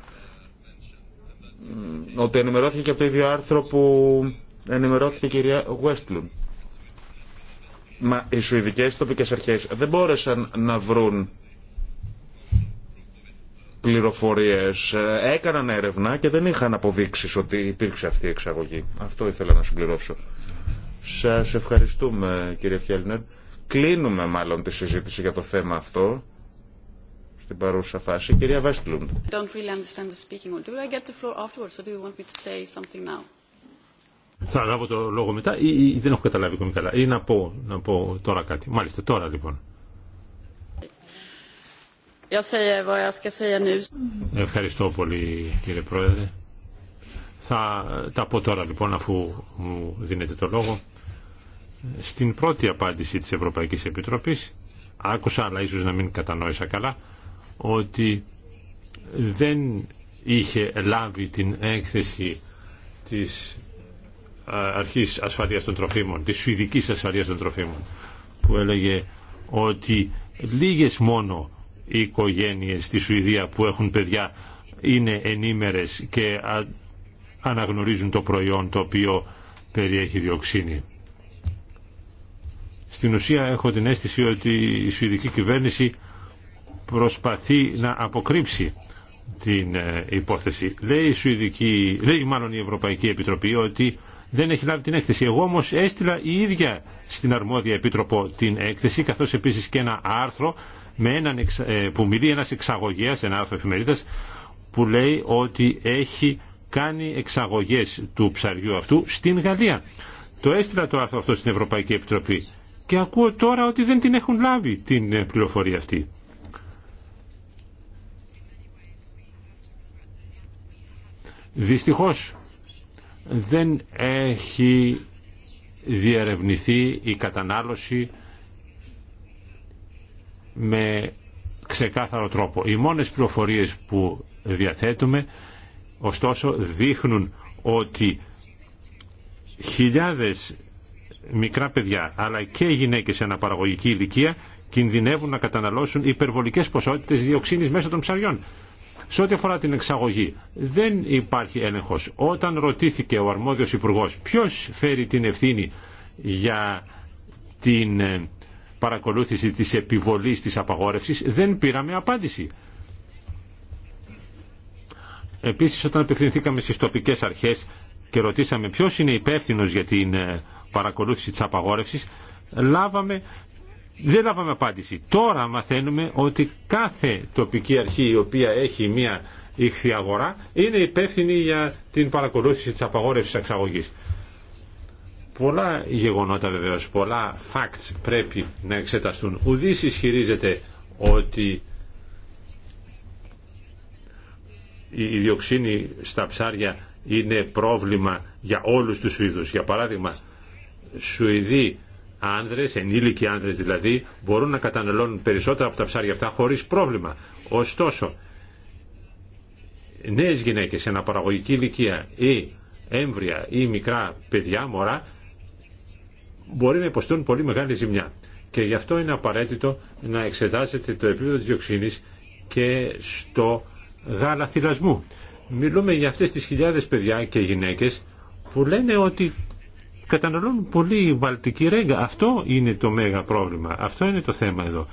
Ότι ενημερώθηκε και από το ίδιο άρθρο που ενημερώθηκε η κυρία Βέστλουν. Μα οι σουηδικέ τοπικέ αρχέ δεν μπόρεσαν να βρουν πληροφορίε, Έκαναν έρευνα και δεν είχαν αποδείξει ότι υπήρξε αυτή η εξαγωγή. Αυτό ήθελα να συμπληρώσω. Σα ευχαριστούμε κύριε Φιέλνερ. Κλείνουμε μάλλον τη συζήτηση για το θέμα αυτό στην παρούσα φάση. Κυρία Βέστλουντ. Θα λάβω το λόγο μετά ή, δεν έχω καταλάβει ακόμη καλά. Ή να πω, να πω τώρα κάτι. Μάλιστα, τώρα λοιπόν. Ευχαριστώ πολύ κύριε Πρόεδρε. Θα τα πω τώρα λοιπόν αφού μου δίνετε το λόγο. Στην πρώτη απάντηση της Ευρωπαϊκής Επιτροπής άκουσα αλλά ίσως να μην κατανόησα καλά ότι δεν είχε λάβει την έκθεση της Αρχή ασφαλεία των τροφείων, τη σου ειδική ασφαλεια των Τροφίμων, της Σουηδικής ασφαλεια των Τροφίμων, που έλεγε ότι λίγες μόνο οι οικογενειε στη Σουηδία που έχουν παιδιά είναι ενήμερες και αναγνωρίζουν το προϊόν το οποίο περιέχει διοξίνη. Στην ουσία έχω την αίσθηση ότι η Σουηδική κυβέρνηση προσπαθεί να αποκρύψει την ε, υπόθεση. Λέει η, Σουηδική, λέει μάλλον η Ευρωπαϊκή Επιτροπή ότι δεν έχει λάβει την έκθεση. Εγώ όμω έστειλα η ίδια στην αρμόδια επίτροπο την έκθεση, καθώ επίση και ένα άρθρο με έναν ε, που μιλεί ένα εξαγωγέα, ένα άρθρο εφημερίδα, που λέει ότι έχει κάνει εξαγωγέ του ψαριού αυτού στην Γαλλία. Το έστειλα το άρθρο αυτό στην Ευρωπαϊκή Επιτροπή και ακούω τώρα ότι δεν την έχουν λάβει την ε, πληροφορία αυτή. Δυστυχώς δεν έχει διερευνηθεί η κατανάλωση με ξεκάθαρο τρόπο. Οι μόνες πληροφορίες που διαθέτουμε ωστόσο δείχνουν ότι χιλιάδες μικρά παιδιά αλλά και γυναίκες σε αναπαραγωγική ηλικία κινδυνεύουν να καταναλώσουν υπερβολικές ποσότητες διοξίνης μέσα των ψαριών. Σε ό,τι αφορά την εξαγωγή, δεν υπάρχει έλεγχο. Όταν ρωτήθηκε ο αρμόδιος υπουργό ποιος φέρει την ευθύνη για την ε, παρακολούθηση της επιβολής της απαγόρευσης, δεν πήραμε απάντηση. Επίσης, όταν απευθυνθήκαμε στις τοπικές αρχές και ρωτήσαμε ποιος είναι υπεύθυνο για την ε, παρακολούθηση της απαγόρευσης, λάβαμε δεν λάβαμε απάντηση. Τώρα μαθαίνουμε ότι κάθε τοπική αρχή η οποία έχει μια ήχθη είναι υπεύθυνη για την παρακολούθηση της απαγόρευσης εξαγωγής. Πολλά γεγονότα βεβαίως, πολλά facts πρέπει να εξεταστούν. Ουδής ισχυρίζεται ότι η διοξίνη στα ψάρια είναι πρόβλημα για όλους τους Σουηδούς. Για παράδειγμα, Σουηδοί άνδρες, ενήλικοι άνδρες δηλαδή, μπορούν να καταναλώνουν περισσότερα από τα ψάρια αυτά χωρίς πρόβλημα. Ωστόσο, νέες γυναίκες σε αναπαραγωγική ηλικία ή έμβρια ή μικρά παιδιά, μωρά, μπορεί να υποστούν πολύ μεγάλη ζημιά. Και γι' αυτό είναι απαραίτητο να εξετάζεται το επίπεδο της διοξίνης και στο γάλα θυλασμού. Μιλούμε για αυτές τις χιλιάδες παιδιά και γυναίκες που λένε ότι καταναλώνουν πολύ βαλτική ρέγγα. Αυτό είναι το μέγα πρόβλημα. Αυτό είναι το θέμα εδώ.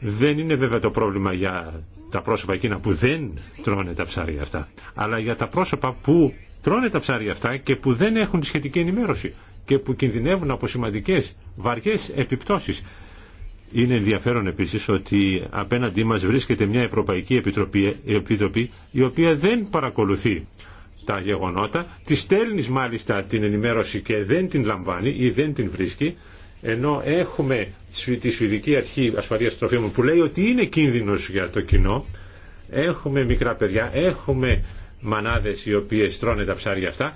Δεν είναι βέβαια το πρόβλημα για τα πρόσωπα εκείνα που δεν τρώνε τα ψάρια αυτά, αλλά για τα πρόσωπα που τρώνε τα ψάρια αυτά και που δεν έχουν σχετική ενημέρωση και που κινδυνεύουν από σημαντικέ βαριέ επιπτώσει. Είναι ενδιαφέρον επίση ότι απέναντί μα βρίσκεται μια Ευρωπαϊκή Επιτροπή η οποία δεν παρακολουθεί τα γεγονότα, τη στέλνει μάλιστα την ενημέρωση και δεν την λαμβάνει ή δεν την βρίσκει, ενώ έχουμε τη Σουηδική Αρχή Ασφαλείας Τροφίμων που λέει ότι είναι κίνδυνος για το κοινό, έχουμε μικρά παιδιά, έχουμε μανάδες οι οποίες τρώνε τα ψάρια αυτά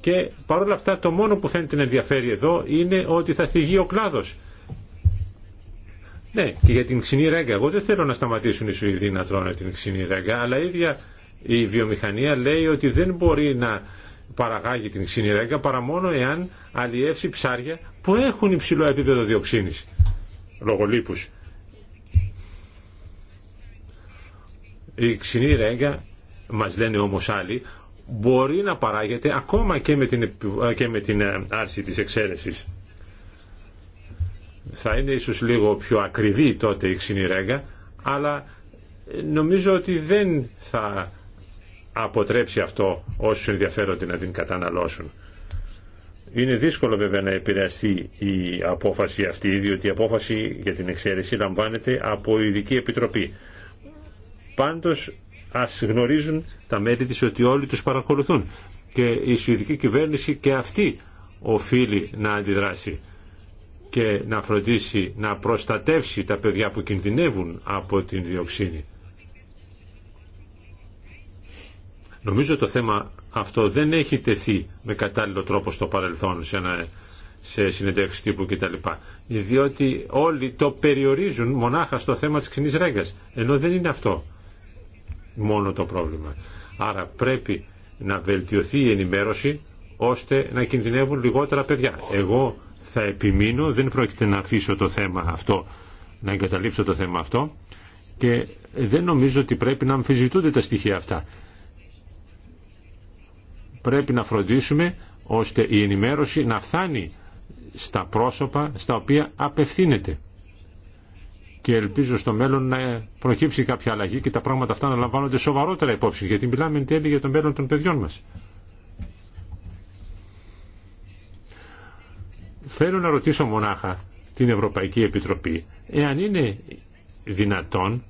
και παρόλα αυτά το μόνο που φαίνεται να ενδιαφέρει εδώ είναι ότι θα θυγεί ο κλάδος. Ναι, και για την ξινή ρέγγα. Εγώ δεν θέλω να σταματήσουν οι Σουηδοί να τρώνε την ξινή ρέγγα, αλλά ίδια η βιομηχανία λέει ότι δεν μπορεί να παραγάγει την ρέγγα παρά μόνο εάν αλλιεύσει ψάρια που έχουν υψηλό επίπεδο διοξίνης λόγω λίπους. Η ξινή ρέγγα, μας λένε όμως άλλοι, μπορεί να παράγεται ακόμα και με την, ε, και με την ε, άρση της εξαίρεσης. Θα είναι ίσως λίγο πιο ακριβή τότε η ξινή ρέγγα, αλλά νομίζω ότι δεν θα αποτρέψει αυτό όσους ενδιαφέρονται να την καταναλώσουν. Είναι δύσκολο βέβαια να επηρεαστεί η απόφαση αυτή, διότι η απόφαση για την εξαίρεση λαμβάνεται από ειδική επιτροπή. Πάντως ας γνωρίζουν τα μέλη της ότι όλοι τους παρακολουθούν και η Σουηδική κυβέρνηση και αυτή οφείλει να αντιδράσει και να φροντίσει να προστατεύσει τα παιδιά που κινδυνεύουν από την διοξίνη. Νομίζω το θέμα αυτό δεν έχει τεθεί με κατάλληλο τρόπο στο παρελθόν σε, ένα, σε συνεντεύξεις τύπου κτλ. Διότι όλοι το περιορίζουν μονάχα στο θέμα της ξενής ρέγκας. Ενώ δεν είναι αυτό μόνο το πρόβλημα. Άρα πρέπει να βελτιωθεί η ενημέρωση ώστε να κινδυνεύουν λιγότερα παιδιά. Εγώ θα επιμείνω, δεν πρόκειται να αφήσω το θέμα αυτό, να εγκαταλείψω το θέμα αυτό και δεν νομίζω ότι πρέπει να αμφισβητούνται τα στοιχεία αυτά πρέπει να φροντίσουμε ώστε η ενημέρωση να φτάνει στα πρόσωπα στα οποία απευθύνεται. Και ελπίζω στο μέλλον να προκύψει κάποια αλλαγή και τα πράγματα αυτά να λαμβάνονται σοβαρότερα υπόψη, γιατί μιλάμε εν τέλει για το μέλλον των παιδιών μας. Θέλω να ρωτήσω μονάχα την Ευρωπαϊκή Επιτροπή, εάν είναι δυνατόν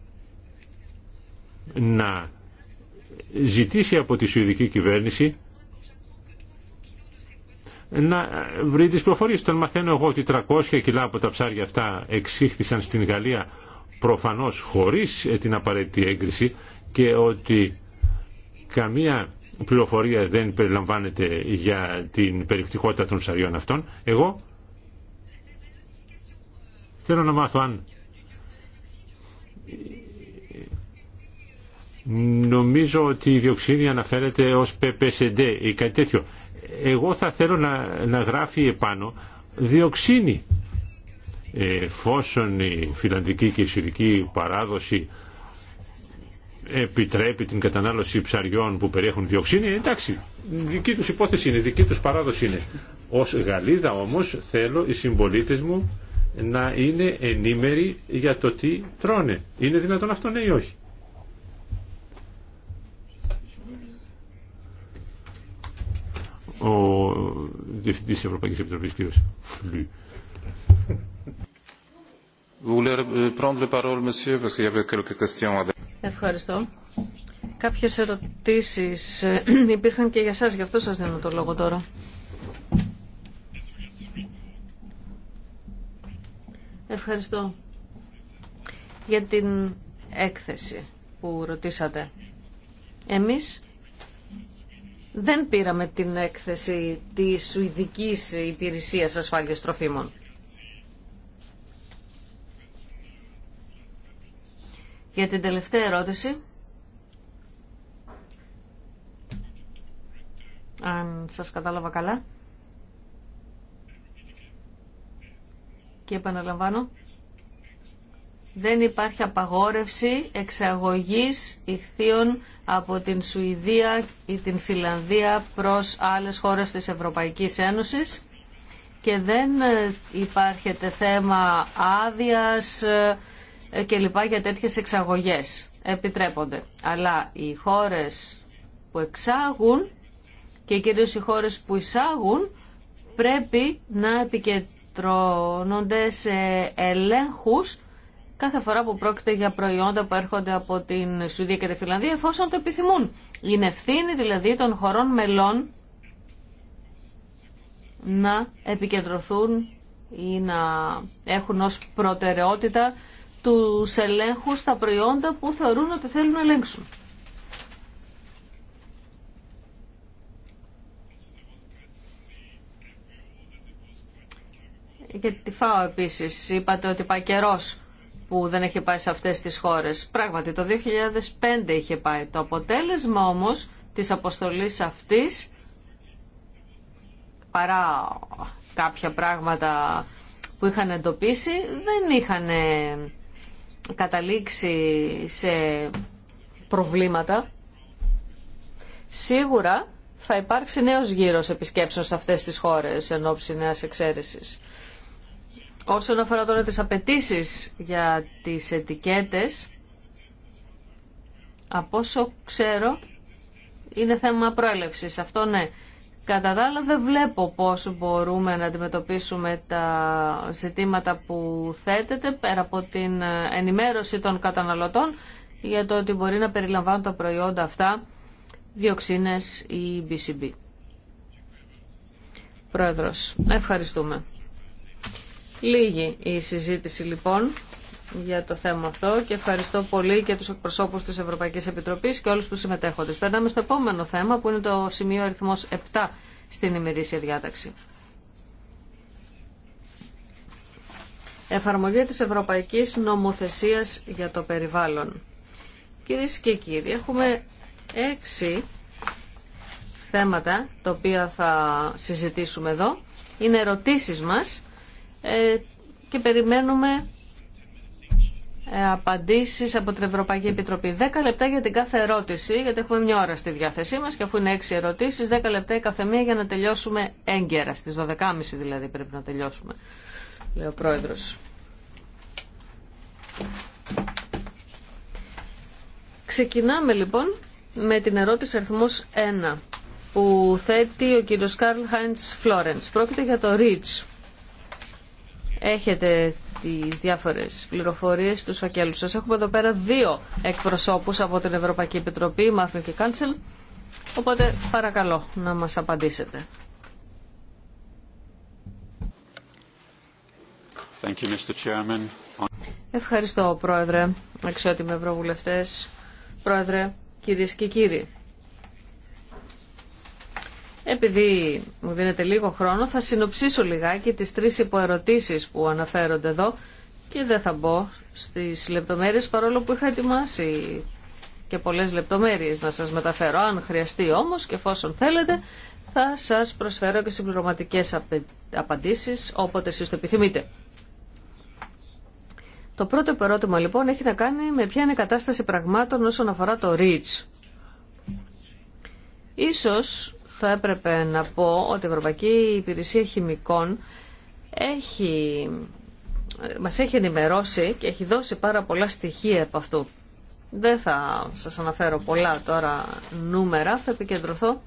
να ζητήσει από τη Σουηδική Κυβέρνηση να βρει τις προφορίες. τον μαθαίνω εγώ ότι 300 κιλά από τα ψάρια αυτά εξήχθησαν στην Γαλλία προφανώς χωρίς ε, την απαραίτητη έγκριση και ότι καμία πληροφορία δεν περιλαμβάνεται για την περιεκτικότητα των ψαριών αυτών, εγώ θέλω να μάθω αν νομίζω ότι η διοξίνη αναφέρεται ως PPSD ή κάτι τέτοιο εγώ θα θέλω να, να γράφει επάνω διοξίνη. Ε, εφόσον η φιλανδική και η παράδοση επιτρέπει την κατανάλωση ψαριών που περιέχουν διοξίνη, ε, εντάξει, δική τους υπόθεση είναι, δική τους παράδοση είναι. Ως Γαλλίδα όμως θέλω οι συμπολίτε μου να είναι ενήμεροι για το τι τρώνε. Είναι δυνατόν αυτό ναι ή όχι ο Διευθυντής της Ευρωπαϊκής Επιτροπής, κ. Φλου. Ευχαριστώ. Κάποιες ερωτήσεις ε, <clears throat> υπήρχαν και για σας, γι' αυτό σας δίνω το λόγο τώρα. Ευχαριστώ για την έκθεση που ρωτήσατε. Εμείς δεν πήραμε την έκθεση της Σουηδικής Υπηρεσίας Ασφάλειας Τροφίμων. Για την τελευταία ερώτηση, αν σας κατάλαβα καλά, και επαναλαμβάνω, δεν υπάρχει απαγόρευση εξαγωγής ηχθείων από την Σουηδία ή την Φιλανδία προς άλλες χώρες της Ευρωπαϊκής Ένωσης και δεν ε, υπάρχει θέμα άδειας ε, και λοιπά για τέτοιες εξαγωγές. Επιτρέπονται. Αλλά οι χώρες που εξάγουν και κυρίως οι χώρες που εισάγουν πρέπει να επικεντρώνονται σε ελέγχους κάθε φορά που πρόκειται για προϊόντα που έρχονται από την Σουηδία και τη Φιλανδία εφόσον το επιθυμούν. Είναι ευθύνη δηλαδή των χωρών μελών να επικεντρωθούν ή να έχουν ως προτεραιότητα του ελέγχου στα προϊόντα που θεωρούν ότι θέλουν να ελέγξουν. Και τη ΦΑΟ επίσης είπατε ότι πάει καιρός που δεν έχει πάει σε αυτές τις χώρες. Πράγματι, το 2005 είχε πάει. Το αποτέλεσμα όμως της αποστολής αυτής, παρά κάποια πράγματα που είχαν εντοπίσει, δεν είχαν ε, καταλήξει σε προβλήματα. Σίγουρα θα υπάρξει νέος γύρος επισκέψεων σε αυτές τις χώρες εν ώψη νέας εξαίρεσης. Όσον αφορά τώρα τις απαιτήσει για τις ετικέτες, από όσο ξέρω, είναι θέμα προέλευσης. Αυτό ναι. Κατά τα άλλα δεν βλέπω πώς μπορούμε να αντιμετωπίσουμε τα ζητήματα που θέτεται πέρα από την ενημέρωση των καταναλωτών για το ότι μπορεί να περιλαμβάνουν τα προϊόντα αυτά διοξίνες ή BCB. Πρόεδρος, ευχαριστούμε. Λίγη η συζήτηση λοιπόν για το θέμα αυτό και ευχαριστώ πολύ και τους εκπροσώπους της Ευρωπαϊκής Επιτροπής και όλους τους συμμετέχοντες. Περνάμε στο επόμενο θέμα που είναι το σημείο αριθμός 7 στην ημερήσια διάταξη. Εφαρμογή της Ευρωπαϊκής Νομοθεσίας για το Περιβάλλον. Κυρίε και κύριοι, έχουμε έξι θέματα τα οποία θα συζητήσουμε εδώ. Είναι ερωτήσεις μας ε, και περιμένουμε ε, απαντήσεις από την Ευρωπαϊκή Επιτροπή. 10 λεπτά για την κάθε ερώτηση, γιατί έχουμε μια ώρα στη διάθεσή μας και αφού είναι 6 ερωτήσεις, 10 λεπτά η καθεμία για να τελειώσουμε έγκαιρα, στις 12.30 δηλαδή πρέπει να τελειώσουμε, λέει ο Πρόεδρος. Ξεκινάμε λοιπόν με την ερώτηση αριθμός 1 που θέτει ο κύριος Καρλ Χάιντς Φλόρεντς. Πρόκειται για το REACH, Έχετε τις διάφορες πληροφορίες στους φακέλους σας. Έχουμε εδώ πέρα δύο εκπροσώπους από την Ευρωπαϊκή Επιτροπή, Μάρφιν και Κάνσελ, Οπότε παρακαλώ να μας απαντήσετε. Thank you, Mr. Chairman. Ευχαριστώ, Πρόεδρε, αξιότιμοι Ευρωβουλευτές, Πρόεδρε, κυρίες και κύριοι. Επειδή μου δίνετε λίγο χρόνο, θα συνοψίσω λιγάκι τις τρεις υποερωτήσεις που αναφέρονται εδώ και δεν θα μπω στις λεπτομέρειες παρόλο που είχα ετοιμάσει και πολλές λεπτομέρειες να σας μεταφέρω. Αν χρειαστεί όμως και εφόσον θέλετε θα σας προσφέρω και συμπληρωματικές απαντήσεις όποτε εσείς το επιθυμείτε. Το πρώτο ερώτημα λοιπόν έχει να κάνει με ποια είναι η κατάσταση πραγμάτων όσον αφορά το REACH. Ίσως θα έπρεπε να πω ότι η Ευρωπαϊκή Υπηρεσία Χημικών έχει, μας έχει ενημερώσει και έχει δώσει πάρα πολλά στοιχεία από αυτού. Δεν θα σας αναφέρω πολλά τώρα νούμερα, θα επικεντρωθώ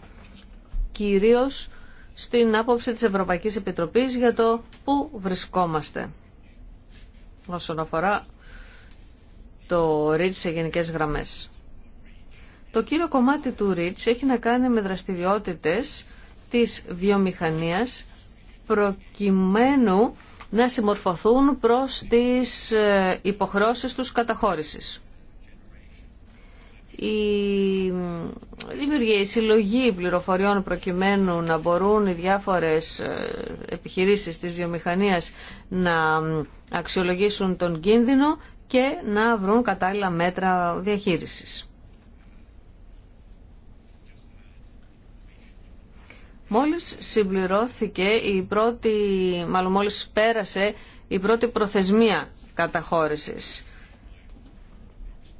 κυρίως στην άποψη της Ευρωπαϊκής Επιτροπής για το πού βρισκόμαστε όσον αφορά το ρίτ σε γενικές γραμμές. Το κύριο κομμάτι του REACH έχει να κάνει με δραστηριότητες της βιομηχανίας προκειμένου να συμμορφωθούν προς τις ε, υποχρώσεις τους καταχώρησης. Η ε, δημιουργία, η συλλογή πληροφοριών προκειμένου να μπορούν οι διάφορες ε, επιχειρήσεις της βιομηχανίας να αξιολογήσουν τον κίνδυνο και να βρουν κατάλληλα μέτρα διαχείρισης. Μόλις συμπληρώθηκε η πρώτη, μάλλον μόλις πέρασε η πρώτη προθεσμία καταχώρησης.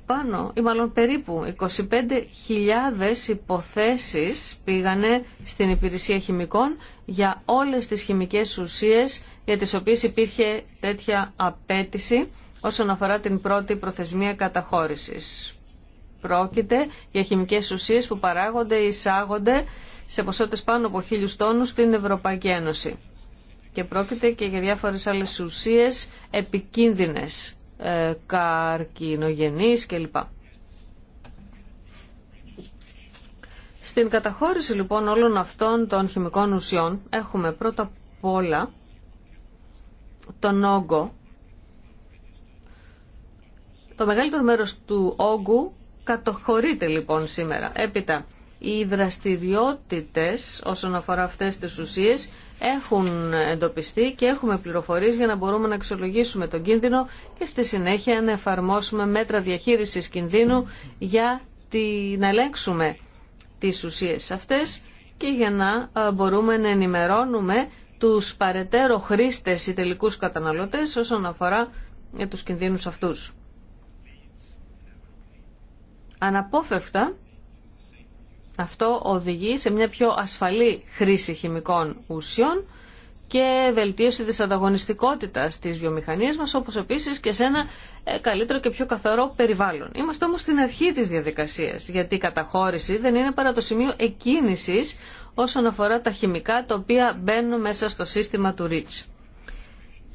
Πάνω ή μάλλον περίπου 25.000 υποθέσεις πήγανε στην υπηρεσία χημικών για όλες τις χημικές ουσίες για τις οποίες υπήρχε τέτοια απέτηση όσον αφορά την πρώτη προθεσμία καταχώρησης. Πρόκειται για χημικές ουσίες που παράγονται ή εισάγονται σε ποσότητες πάνω από χίλιους τόνους στην Ευρωπαϊκή Ένωση. Και πρόκειται και για διάφορες άλλες ουσίες επικίνδυνες, ε, καρκινογενείς κλπ. Στην καταχώρηση λοιπόν όλων αυτών των χημικών ουσιών έχουμε πρώτα απ' όλα τον όγκο. Το μεγαλύτερο μέρος του όγκου κατοχωρείται λοιπόν σήμερα. Έπειτα οι δραστηριότητες όσον αφορά αυτές τις ουσίες έχουν εντοπιστεί και έχουμε πληροφορίες για να μπορούμε να αξιολογήσουμε τον κίνδυνο και στη συνέχεια να εφαρμόσουμε μέτρα διαχείρισης κινδύνου για τη, να ελέγξουμε τις ουσίες αυτές και για να ε, μπορούμε να ενημερώνουμε τους παρετέρω χρήστες ή τελικούς καταναλωτές όσον αφορά ε, τους κινδύνους αυτούς. Αναπόφευκτα αυτό οδηγεί σε μια πιο ασφαλή χρήση χημικών ουσιών και βελτίωση της ανταγωνιστικότητας της βιομηχανίας μας, όπως επίσης και σε ένα ε, καλύτερο και πιο καθαρό περιβάλλον. Είμαστε όμως στην αρχή της διαδικασίας, γιατί η καταχώρηση δεν είναι παρά το σημείο εκκίνησης όσον αφορά τα χημικά τα οποία μπαίνουν μέσα στο σύστημα του REACH.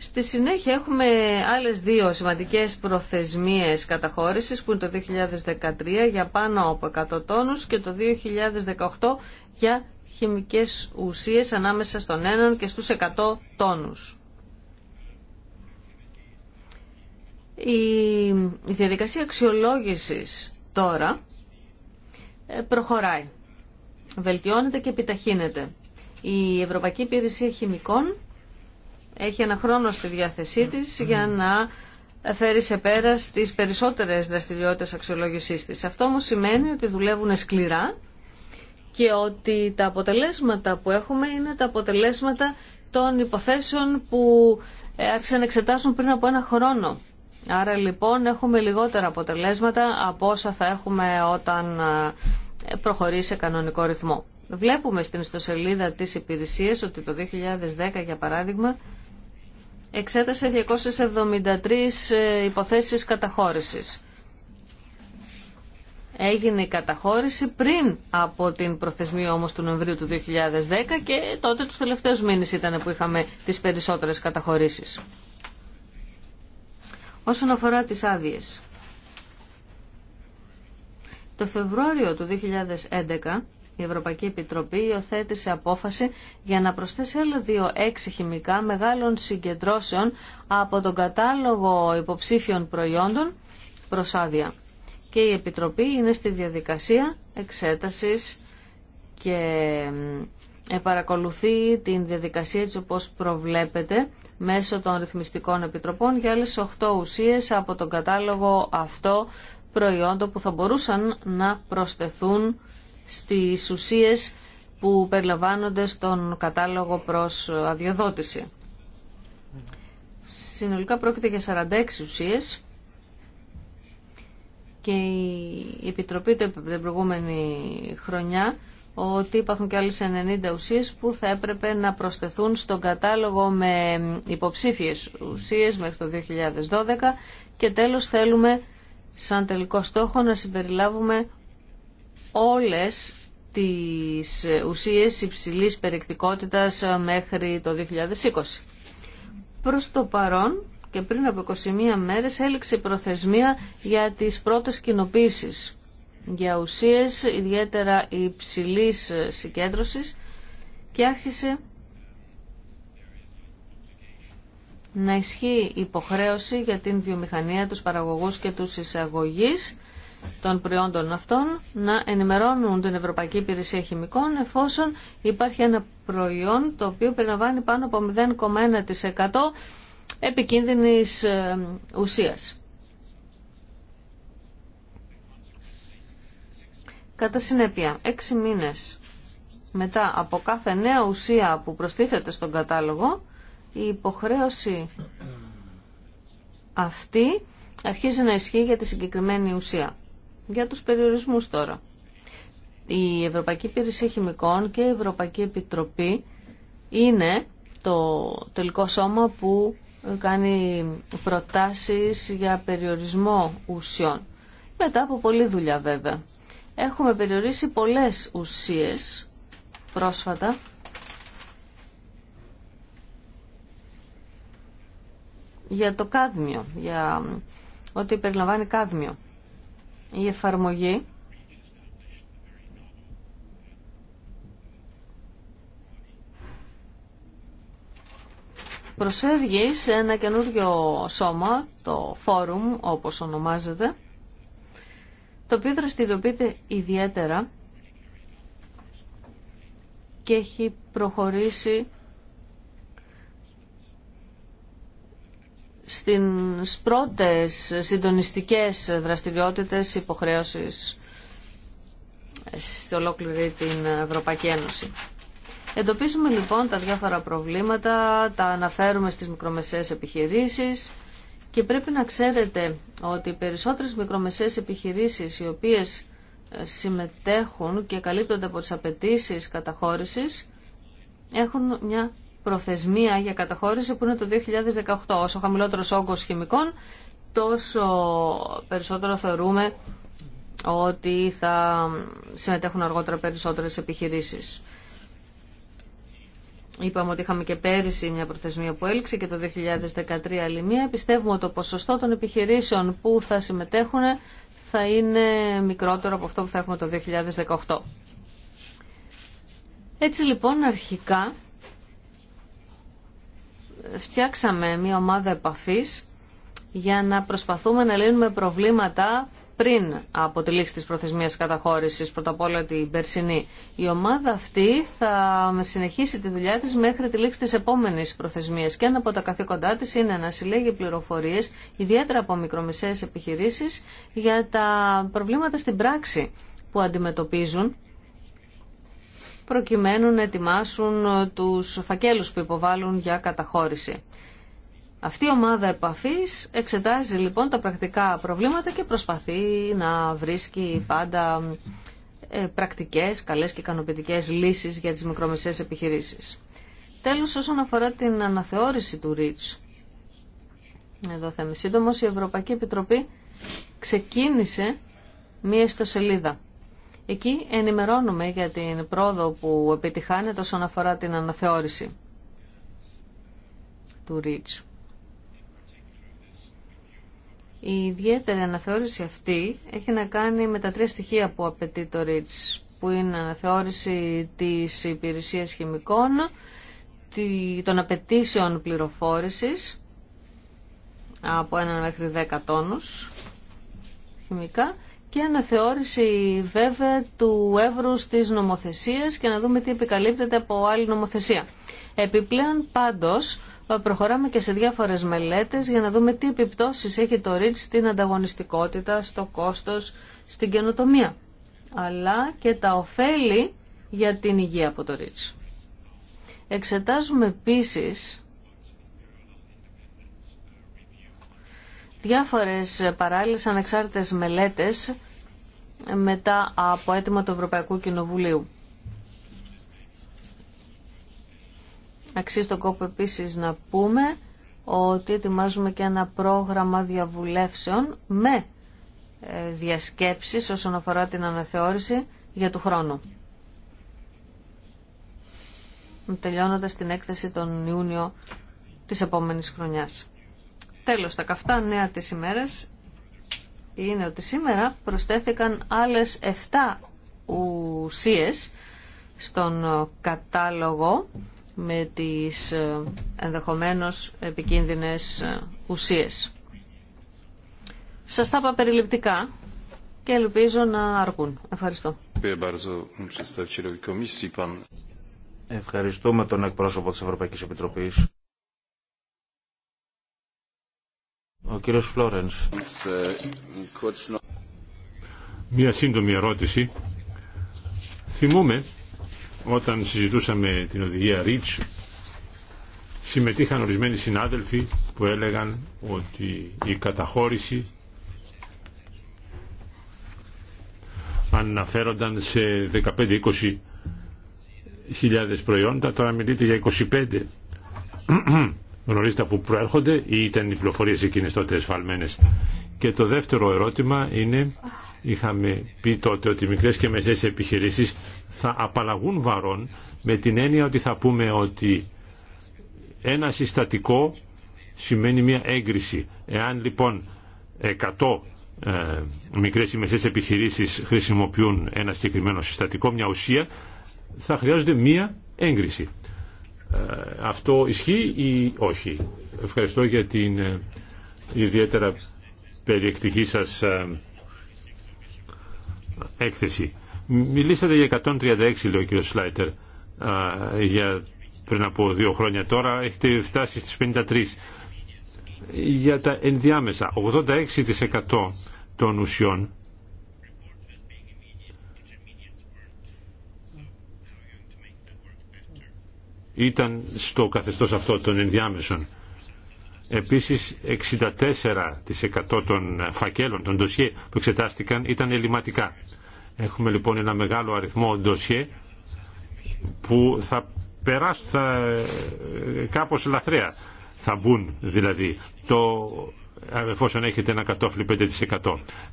Στη συνέχεια έχουμε άλλες δύο σημαντικές προθεσμίες καταχώρησης που είναι το 2013 για πάνω από 100 τόνους και το 2018 για χημικές ουσίες ανάμεσα στον έναν και στους 100 τόνους. Η διαδικασία αξιολόγησης τώρα ε, προχωράει. Βελτιώνεται και επιταχύνεται. Η Ευρωπαϊκή Υπηρεσία Χημικών έχει ένα χρόνο στη διάθεσή της για να φέρει σε πέρα τις περισσότερες δραστηριότητες αξιολόγησής της. Αυτό όμως σημαίνει ότι δουλεύουν σκληρά και ότι τα αποτελέσματα που έχουμε είναι τα αποτελέσματα των υποθέσεων που ε, άρχισαν να εξετάσουν πριν από ένα χρόνο. Άρα λοιπόν έχουμε λιγότερα αποτελέσματα από όσα θα έχουμε όταν ε, προχωρήσει σε κανονικό ρυθμό. Βλέπουμε στην ιστοσελίδα της υπηρεσίας ότι το 2010 για παράδειγμα εξέτασε 273 ε, υποθέσεις καταχώρησης. Έγινε η καταχώρηση πριν από την προθεσμία όμως του Νοεμβρίου του 2010 και τότε τους τελευταίους μήνες ήταν που είχαμε τις περισσότερες καταχωρήσεις. Όσον αφορά τις άδειε. Το Φεβρουάριο του 2011 η Ευρωπαϊκή Επιτροπή υιοθέτησε απόφαση για να προσθέσει άλλα δύο έξι χημικά μεγάλων συγκεντρώσεων από τον κατάλογο υποψήφιων προϊόντων προς άδεια. Και η Επιτροπή είναι στη διαδικασία εξέτασης και παρακολουθεί την διαδικασία έτσι όπως προβλέπεται μέσω των ρυθμιστικών επιτροπών για άλλε 8 ουσίες από τον κατάλογο αυτό προϊόντο που θα μπορούσαν να προσθεθούν στις ουσίες που περιλαμβάνονται στον κατάλογο προς αδειοδότηση. Συνολικά πρόκειται για 46 ουσίες και η Επιτροπή την προηγούμενη χρονιά ότι υπάρχουν και άλλες 90 ουσίες που θα έπρεπε να προσθεθούν στον κατάλογο με υποψήφιες ουσίες μέχρι το 2012 και τέλος θέλουμε σαν τελικό στόχο να συμπεριλάβουμε όλες τις ουσίες υψηλής περιεκτικότητας μέχρι το 2020. Προς το παρόν και πριν από 21 μέρες έληξε η προθεσμία για τις πρώτες κοινοποίησεις για ουσίες ιδιαίτερα υψηλής συγκέντρωσης και άρχισε να ισχύει υποχρέωση για την βιομηχανία, τους παραγωγούς και τους εισαγωγείς των προϊόντων αυτών να ενημερώνουν την Ευρωπαϊκή Υπηρεσία Χημικών εφόσον υπάρχει ένα προϊόν το οποίο περιλαμβάνει πάνω από 0,1% επικίνδυνης ε, ουσίας. Κατά συνέπεια, έξι μήνες μετά από κάθε νέα ουσία που προστίθεται στον κατάλογο, η υποχρέωση αυτή αρχίζει να ισχύει για τη συγκεκριμένη ουσία. Για τους περιορισμούς τώρα. Η Ευρωπαϊκή Υπηρεσία Χημικών και η Ευρωπαϊκή Επιτροπή είναι το τελικό σώμα που κάνει προτάσεις για περιορισμό ουσιών. Μετά από πολλή δουλειά βέβαια. Έχουμε περιορίσει πολλές ουσίες πρόσφατα. Για το κάδμιο, για ό,τι περιλαμβάνει κάδμιο η εφαρμογή προσφεύγει σε ένα καινούριο σώμα, το Φόρουμ όπως ονομάζεται, το οποίο δραστηριοποιείται ιδιαίτερα και έχει προχωρήσει στις πρώτες συντονιστικές δραστηριότητες υποχρέωσης σε ολόκληρη την Ευρωπαϊκή Ένωση. Εντοπίζουμε λοιπόν τα διάφορα προβλήματα, τα αναφέρουμε στις μικρομεσαίες επιχειρήσεις και πρέπει να ξέρετε ότι οι περισσότερες μικρομεσαίες επιχειρήσεις οι οποίες ε, συμμετέχουν και καλύπτονται από τις απαιτήσει καταχώρησης έχουν μια προθεσμία για καταχώρηση που είναι το 2018. Όσο χαμηλότερο όγκο χημικών, τόσο περισσότερο θεωρούμε ότι θα συμμετέχουν αργότερα περισσότερες επιχειρήσεις. Είπαμε ότι είχαμε και πέρυσι μια προθεσμία που έληξε και το 2013 άλλη μία. Πιστεύουμε ότι το ποσοστό των επιχειρήσεων που θα συμμετέχουν θα είναι μικρότερο από αυτό που θα έχουμε το 2018. Έτσι λοιπόν αρχικά φτιάξαμε μια ομάδα επαφής για να προσπαθούμε να λύνουμε προβλήματα πριν από τη λήξη της προθεσμίας καταχώρησης, πρώτα απ' όλα την περσινή. Η ομάδα αυτή θα συνεχίσει τη δουλειά της μέχρι τη λήξη της επόμενης προθεσμίας και ένα από τα καθήκοντά της είναι να συλλέγει πληροφορίες, ιδιαίτερα από μικρομεσαίες επιχειρήσεις, για τα προβλήματα στην πράξη που αντιμετωπίζουν προκειμένου να ετοιμάσουν τους φακέλους που υποβάλλουν για καταχώρηση. Αυτή η ομάδα επαφής εξετάζει λοιπόν τα πρακτικά προβλήματα και προσπαθεί να βρίσκει πάντα ε, πρακτικές, καλές και ικανοποιητικές λύσεις για τις μικρομεσαίες επιχειρήσεις. Τέλος, όσον αφορά την αναθεώρηση του REACH, εδώ θα είμαι σύντομος, η Ευρωπαϊκή Επιτροπή ξεκίνησε μία ιστοσελίδα Εκεί ενημερώνουμε για την πρόοδο που επιτυχάνεται όσον αφορά την αναθεώρηση του REACH. Η ιδιαίτερη αναθεώρηση αυτή έχει να κάνει με τα τρία στοιχεία που απαιτεί το REACH, που είναι αναθεώρηση της υπηρεσίας χημικών, των απαιτήσεων πληροφόρησης από έναν μέχρι 10 τόνους χημικά και αναθεώρηση βέβαια του εύρους της νομοθεσίας και να δούμε τι επικαλύπτεται από άλλη νομοθεσία. Επιπλέον πάντως προχωράμε και σε διάφορες μελέτες για να δούμε τι επιπτώσεις έχει το Ρίτ στην ανταγωνιστικότητα, στο κόστος, στην καινοτομία αλλά και τα ωφέλη για την υγεία από το Ρίτ. Εξετάζουμε επίσης διάφορες παράλληλες ανεξάρτητες μελέτες μετά από αίτημα του Ευρωπαϊκού Κοινοβουλίου. Αξίζει τον κόπο επίσης να πούμε ότι ετοιμάζουμε και ένα πρόγραμμα διαβουλεύσεων με ε, διασκέψεις όσον αφορά την αναθεώρηση για του χρόνου. Τελειώνοντας την έκθεση τον Ιούνιο της επόμενης χρονιάς. Τέλος, τα καυτά νέα της ημέρας είναι ότι σήμερα προσθέθηκαν άλλες 7 ουσίες στον κατάλογο με τις ε, ενδεχομένως επικίνδυνες ε, ουσίες. Σας τα είπα περιληπτικά και ελπίζω να αρκούν. Ευχαριστώ. Ευχαριστούμε τον εκπρόσωπο της Ευρωπαϊκής Επιτροπής. Ο κύριος Φλόρενς. Μία σύντομη ερώτηση. Θυμούμε όταν συζητούσαμε την οδηγία REACH συμμετείχαν ορισμένοι συνάδελφοι που έλεγαν ότι η καταχώρηση αναφέρονταν σε 15-20 χιλιάδες προϊόντα, τώρα μιλείτε για 25 γνωρίζετε από πού προέρχονται ή ήταν οι πληροφορίες εκείνες τότε εσφαλμένες. Και το δεύτερο ερώτημα είναι, είχαμε πει τότε ότι μικρές και μεσαίες επιχειρήσεις θα απαλλαγούν βαρών με την έννοια ότι θα πούμε ότι ένα συστατικό σημαίνει μια έγκριση. Εάν λοιπόν 100 ε, μικρές ή μεσαίες επιχειρήσεις χρησιμοποιούν ένα συγκεκριμένο συστατικό, μια ουσία, θα χρειάζονται μία έγκριση. Ε, αυτό ισχύει ή όχι. Ευχαριστώ για την ε, ιδιαίτερα περιεκτική σας ε, έκθεση. Μιλήσατε για 136, λέει ο κ. Σλάιτερ, για πριν από δύο χρόνια τώρα. Έχετε φτάσει στις 53. Για τα ενδιάμεσα, 86% των ουσιών ήταν στο καθεστώς αυτό των ενδιάμεσων. Επίσης 64% των φακέλων, των ντοσιέ που εξετάστηκαν ήταν ελληματικά. Έχουμε λοιπόν ένα μεγάλο αριθμό ντοσιέ που θα περάσουν θα, κάπως λαθρέα. Θα μπουν δηλαδή το εφόσον έχετε ένα κατόφλι 5%.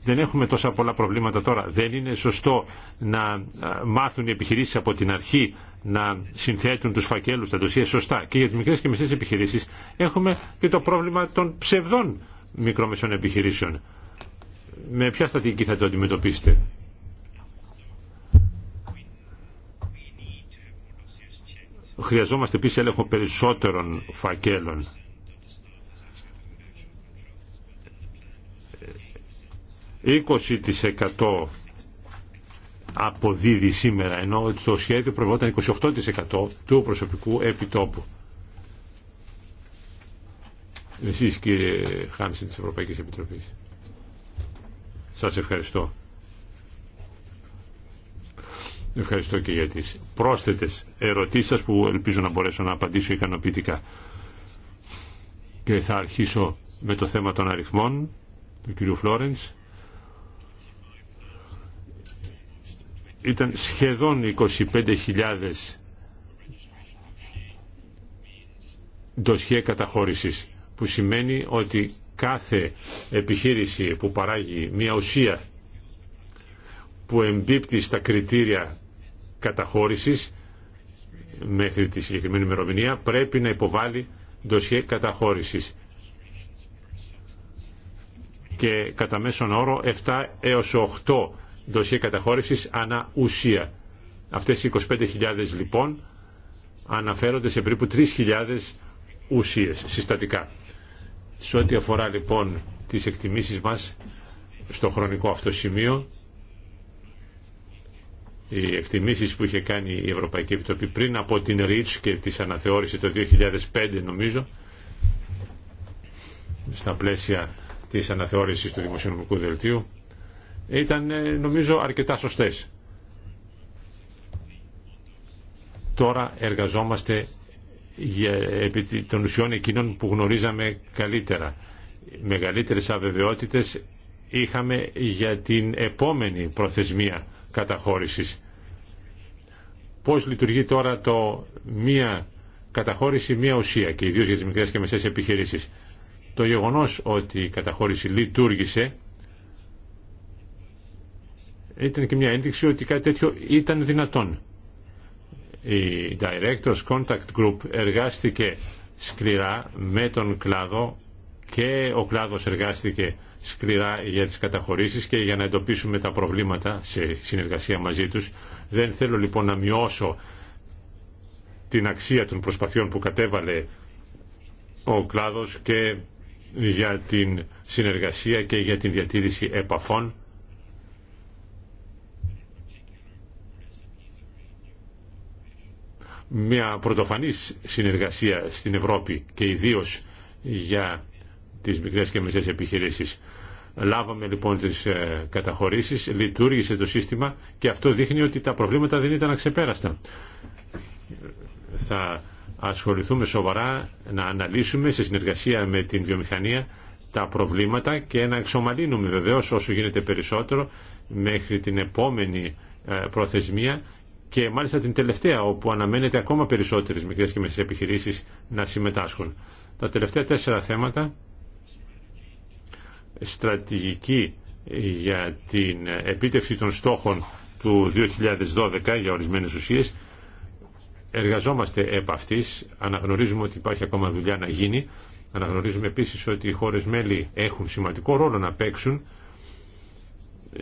Δεν έχουμε τόσα πολλά προβλήματα τώρα. Δεν είναι σωστό να μάθουν οι επιχειρήσεις από την αρχή να συνθέτουν του φακέλους, τα δοσία σωστά και για τις μικρές και μεσαίες επιχειρήσεις έχουμε και το πρόβλημα των ψευδών μικρομεσών επιχειρήσεων. Με ποια στατική θα το αντιμετωπίσετε. Χρειαζόμαστε επίση έλεγχο περισσότερων φακέλων. ...20% αποδίδει σήμερα, ενώ το σχέδιο προβόταν 28% του προσωπικού επιτόπου. Εσείς κύριε Χάνσιν της Ευρωπαϊκής Επιτροπής. Σας ευχαριστώ. Ευχαριστώ και για τις πρόσθετες ερωτήσεις σας που ελπίζω να μπορέσω να απαντήσω ικανοποιητικά. Και θα αρχίσω με το θέμα των αριθμών του κύριου Φλόρενς. ήταν σχεδόν 25.000 ντοσχέ καταχώρησης που σημαίνει ότι κάθε επιχείρηση που παράγει μια ουσία που εμπίπτει στα κριτήρια καταχώρησης μέχρι τη συγκεκριμένη ημερομηνία πρέπει να υποβάλει ντοσχέ καταχώρησης και κατά μέσον όρο 7 έως 8 δοσία καταχώρησης ανά ουσία. Αυτές οι 25.000 λοιπόν αναφέρονται σε περίπου 3.000 ουσίες συστατικά. Σε ό,τι αφορά λοιπόν τις εκτιμήσεις μας στο χρονικό αυτό σημείο, οι εκτιμήσεις που είχε κάνει η Ευρωπαϊκή Επιτροπή πριν από την ΡΙΤΣ και τις αναθεώρησε το 2005 νομίζω, στα πλαίσια της αναθεώρησης του Δημοσιονομικού Δελτίου, ήταν ε, νομίζω αρκετά σωστές. Τώρα εργαζόμαστε για, επί των ουσιών εκείνων που γνωρίζαμε καλύτερα. Μεγαλύτερες αβεβαιότητες είχαμε για την επόμενη προθεσμία καταχώρησης. Πώς λειτουργεί τώρα το μία καταχώρηση, μία ουσία και ιδίως για τις μικρές και μεσαίες επιχειρήσεις. Το γεγονός ότι η καταχώρηση λειτουργήσε ήταν και μια ένδειξη ότι κάτι τέτοιο ήταν δυνατόν. Η Directors Contact Group εργάστηκε σκληρά με τον κλάδο και ο κλάδος εργάστηκε σκληρά για τις καταχωρήσεις και για να εντοπίσουμε τα προβλήματα σε συνεργασία μαζί τους. Δεν θέλω λοιπόν να μειώσω την αξία των προσπαθειών που κατέβαλε ο κλάδος και για την συνεργασία και για την διατήρηση επαφών μια πρωτοφανής συνεργασία στην Ευρώπη και ιδίω για τις μικρές και μεσές επιχειρήσεις. Λάβαμε λοιπόν τις ε, καταχωρήσεις, λειτουργήσε το σύστημα και αυτό δείχνει ότι τα προβλήματα δεν ήταν αξεπέραστα. Θα ασχοληθούμε σοβαρά να αναλύσουμε σε συνεργασία με την βιομηχανία τα προβλήματα και να εξομαλύνουμε βεβαίως όσο γίνεται περισσότερο μέχρι την επόμενη ε, προθεσμία και μάλιστα την τελευταία όπου αναμένεται ακόμα περισσότερε μικρέ και μεσαίε επιχειρήσει να συμμετάσχουν. Τα τελευταία τέσσερα θέματα στρατηγική για την επίτευξη των στόχων του 2012 για ορισμένες ουσίες εργαζόμαστε επ' αυτής, αναγνωρίζουμε ότι υπάρχει ακόμα δουλειά να γίνει αναγνωρίζουμε επίσης ότι οι χώρες μέλη έχουν σημαντικό ρόλο να παίξουν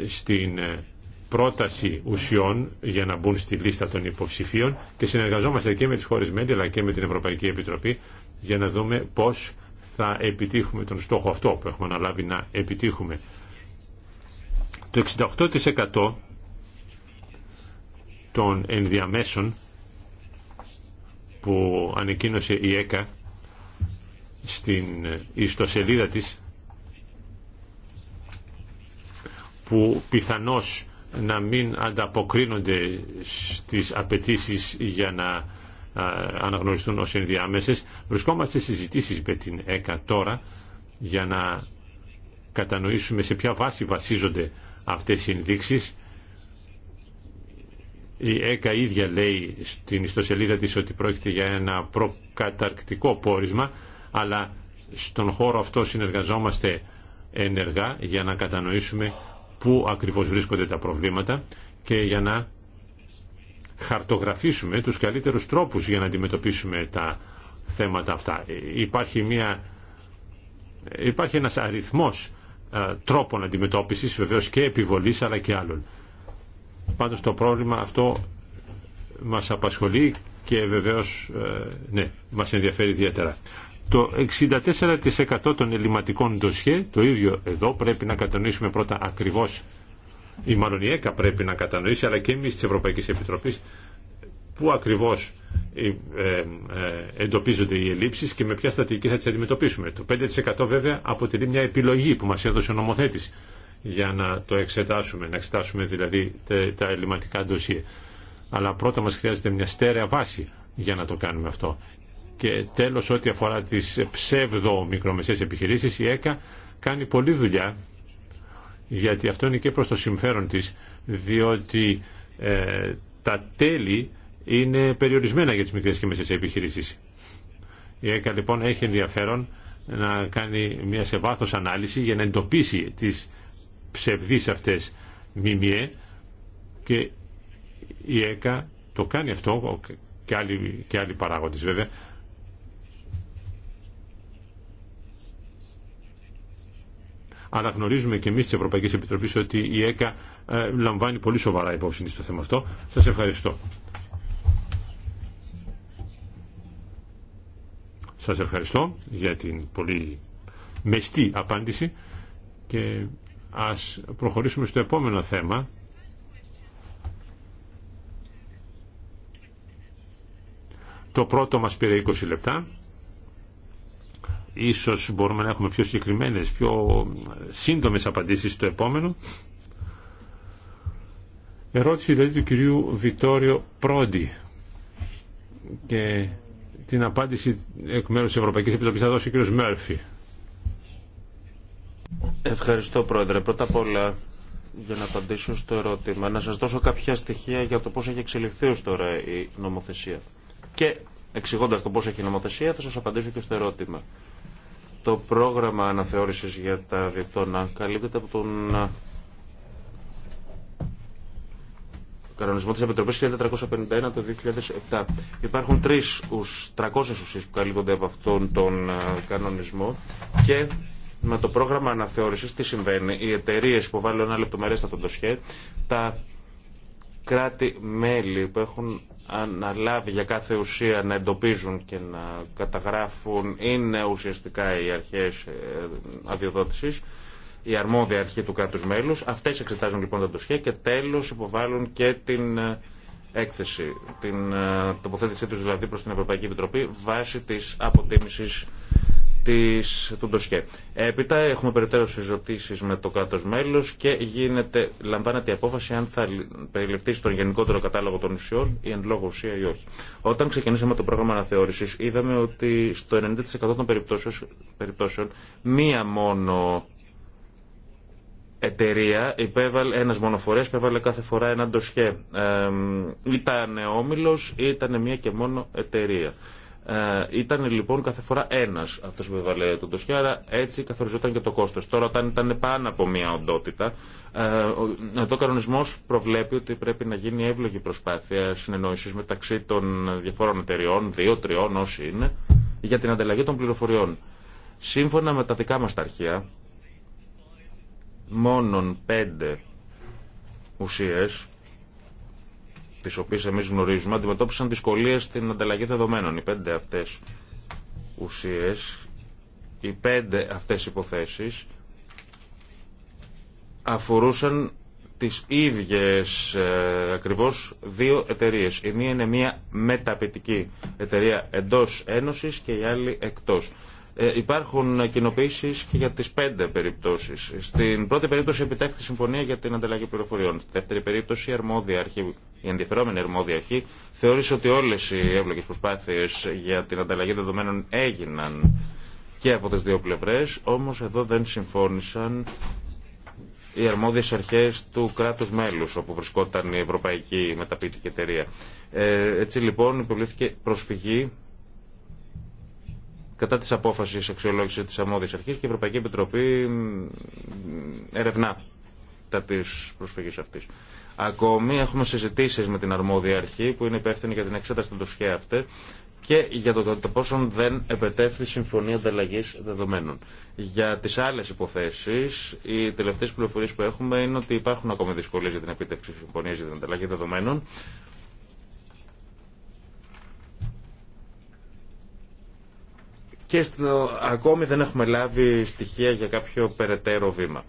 στην πρόταση ουσιών για να μπουν στη λίστα των υποψηφίων και συνεργαζόμαστε και με τις χώρες μέλη αλλά και με την Ευρωπαϊκή Επιτροπή για να δούμε πώς θα επιτύχουμε τον στόχο αυτό που έχουμε αναλάβει να επιτύχουμε. Το 68% των ενδιαμέσων που ανακοίνωσε η ΕΚΑ στην ιστοσελίδα της που πιθανώς να μην ανταποκρίνονται στις απαιτήσει για να αναγνωριστούν ως ενδιάμεσες. Βρισκόμαστε σε συζητήσεις με την ΕΚΑ τώρα για να κατανοήσουμε σε ποια βάση βασίζονται αυτές οι ενδείξεις. Η ΕΚΑ ίδια λέει στην ιστοσελίδα της ότι πρόκειται για ένα προκαταρκτικό πόρισμα, αλλά στον χώρο αυτό συνεργαζόμαστε ενεργά για να κατανοήσουμε πού ακριβώς βρίσκονται τα προβλήματα και για να χαρτογραφήσουμε τους καλύτερους τρόπους για να αντιμετωπίσουμε τα θέματα αυτά. Ε, υπάρχει, μια, ε, υπάρχει ένας αριθμός ε, τρόπων αντιμετώπισης βεβαίως και επιβολής αλλά και άλλων. Πάντως το πρόβλημα αυτό μας απασχολεί και βεβαίως ναι, μας ενδιαφέρει ιδιαίτερα το 64% των ελληματικών ντοσιέ, το ίδιο εδώ πρέπει να κατανοήσουμε πρώτα ακριβώς η μάλλον πρέπει να κατανοήσει αλλά και εμείς της Ευρωπαϊκής Επιτροπής πού ακριβώς ε, ε, εντοπίζονται οι ελλείψεις και με ποια στατική θα τις αντιμετωπίσουμε. Το 5% βέβαια αποτελεί μια επιλογή που μας έδωσε ο νομοθέτης για να το εξετάσουμε, να εξετάσουμε δηλαδή τα ελληματικά ντοσίε. Αλλά πρώτα μας χρειάζεται μια στέρεα βάση για να το κάνουμε αυτό. Και τέλος ό,τι αφορά τις ψεύδο μικρομεσαίες επιχειρήσεις η ΕΚΑ κάνει πολλή δουλειά γιατί αυτό είναι και προς το συμφέρον της διότι ε, τα τέλη είναι περιορισμένα για τις μικρές και μεσαίες επιχειρήσεις. Η ΕΚΑ λοιπόν έχει ενδιαφέρον να κάνει μια σε βάθος ανάλυση για να εντοπίσει τις ψευδείς αυτές μιμιέ και η ΕΚΑ το κάνει αυτό και άλλοι, και άλλοι παράγοντες βέβαια αλλά γνωρίζουμε και εμεί τη ευρωπαϊκή Επιτροπή ότι η ΕΚΑ ε, λαμβάνει πολύ σοβαρά υπόψη στο θέμα αυτό. Σας ευχαριστώ. Σας ευχαριστώ για την πολύ μεστή απάντηση και ας προχωρήσουμε στο επόμενο θέμα. Το πρώτο μας πήρε 20 λεπτά. Ίσως μπορούμε να έχουμε πιο συγκεκριμένες, πιο σύντομες απαντήσεις στο επόμενο. Ερώτηση δηλαδή του κυρίου Βιτόριο Πρόντι και την απάντηση εκ μέρους της Ευρωπαϊκής Επιτροπής θα δώσει ο κύριος Μέρφυ. Ευχαριστώ Πρόεδρε. Πρώτα απ' όλα για να απαντήσω στο ερώτημα, να σας δώσω κάποια στοιχεία για το πώς έχει εξελιχθεί ως τώρα η νομοθεσία. Και εξηγώντας το πώς έχει η νομοθεσία θα σας απαντήσω και στο ερώτημα το πρόγραμμα αναθεώρησης για τα διεκτώνα καλύπτεται από τον κανονισμό της Επιτροπής 1451 το 2007. Υπάρχουν τρεις, 300 ουσίες που καλύπτονται από αυτόν τον κανονισμό και με το πρόγραμμα αναθεώρησης τι συμβαίνει. Οι εταιρείε που βάλουν ένα λεπτομερές αυτό το τα κράτη-μέλη που έχουν αναλάβει για κάθε ουσία να εντοπίζουν και να καταγράφουν είναι ουσιαστικά οι αρχές ε, αδειοδότησης, η αρμόδια αρχή του κράτους μέλους. Αυτές εξετάζουν λοιπόν τα ντοσιά και τέλος υποβάλλουν και την ε, έκθεση, την ε, τοποθέτησή τους δηλαδή προς την Ευρωπαϊκή Επιτροπή βάσει της αποτίμησης της, του ντοσιέ. Έπειτα έχουμε περαιτέρω συζητήσει με το κάτω μέλο και γίνεται, λαμβάνεται η απόφαση αν θα περιληφθεί στον γενικότερο κατάλογο των ουσιών η εν λόγω ουσία ή όχι. Όταν ξεκινήσαμε το πρόγραμμα αναθεώρηση, είδαμε ότι στο 90% των περιπτώσεων μία μόνο εταιρεία, υπέβαλε, ένας μονοφορέας υπέβαλε κάθε φορά ένα ντοσιέ. Ε, ήταν όμιλος ή ήταν μία και μόνο εταιρεία. Ε, ήταν λοιπόν κάθε φορά ένα αυτό που έβαλε τον Τοσιά, έτσι καθοριζόταν και το κόστο. Τώρα, όταν ήταν πάνω από μία οντότητα, ε, εδώ ο κανονισμό προβλέπει ότι πρέπει να γίνει εύλογη προσπάθεια συνεννόηση μεταξύ των διαφόρων εταιριών, δύο, τριών, όσοι είναι, για την ανταλλαγή των πληροφοριών. Σύμφωνα με τα δικά μα τα αρχεία, μόνον πέντε ουσίες τι οποίε εμεί γνωρίζουμε, αντιμετώπισαν δυσκολίε στην ανταλλαγή δεδομένων. Οι πέντε αυτές ουσίες, οι πέντε αυτές υποθέσεις αφορούσαν τις ίδιε ακριβώ ε, ακριβώς δύο εταιρείε. Η μία είναι μία μεταπητική εταιρεία εντός Ένωση και η άλλη εκτός. Ε, υπάρχουν κοινοποίησει και για τι πέντε περιπτώσει. Στην πρώτη περίπτωση επιτέχθη συμφωνία για την ανταλλαγή πληροφοριών. Στη δεύτερη περίπτωση η αρμόδια αρχή, η ενδιαφερόμενη αρμόδια αρχή, θεώρησε ότι όλε οι εύλογε προσπάθειε για την ανταλλαγή δεδομένων έγιναν και από τι δύο πλευρέ, όμω εδώ δεν συμφώνησαν οι αρμόδιες αρχές του κράτους μέλους όπου βρισκόταν η Ευρωπαϊκή Μεταποιητική Εταιρεία. Ε, έτσι λοιπόν υποβλήθηκε προσφυγή κατά της απόφασης αξιολόγηση της αμμόδιας αρχής και η Ευρωπαϊκή Επιτροπή ερευνά τα της προσφυγής αυτής. Ακόμη έχουμε συζητήσεις με την αρμόδια αρχή που είναι υπεύθυνη για την εξέταση των τοσχέ αυτή και για το πόσο δεν επετέφθη συμφωνία ανταλλαγή δεδομένων. Για τι άλλε υποθέσει, οι τελευταίε πληροφορίε που έχουμε είναι ότι υπάρχουν ακόμη δυσκολίε για την επίτευξη συμφωνία για την ανταλλαγή δεδομένων και ακόμη δεν έχουμε λάβει στοιχεία για κάποιο περαιτέρω βήμα.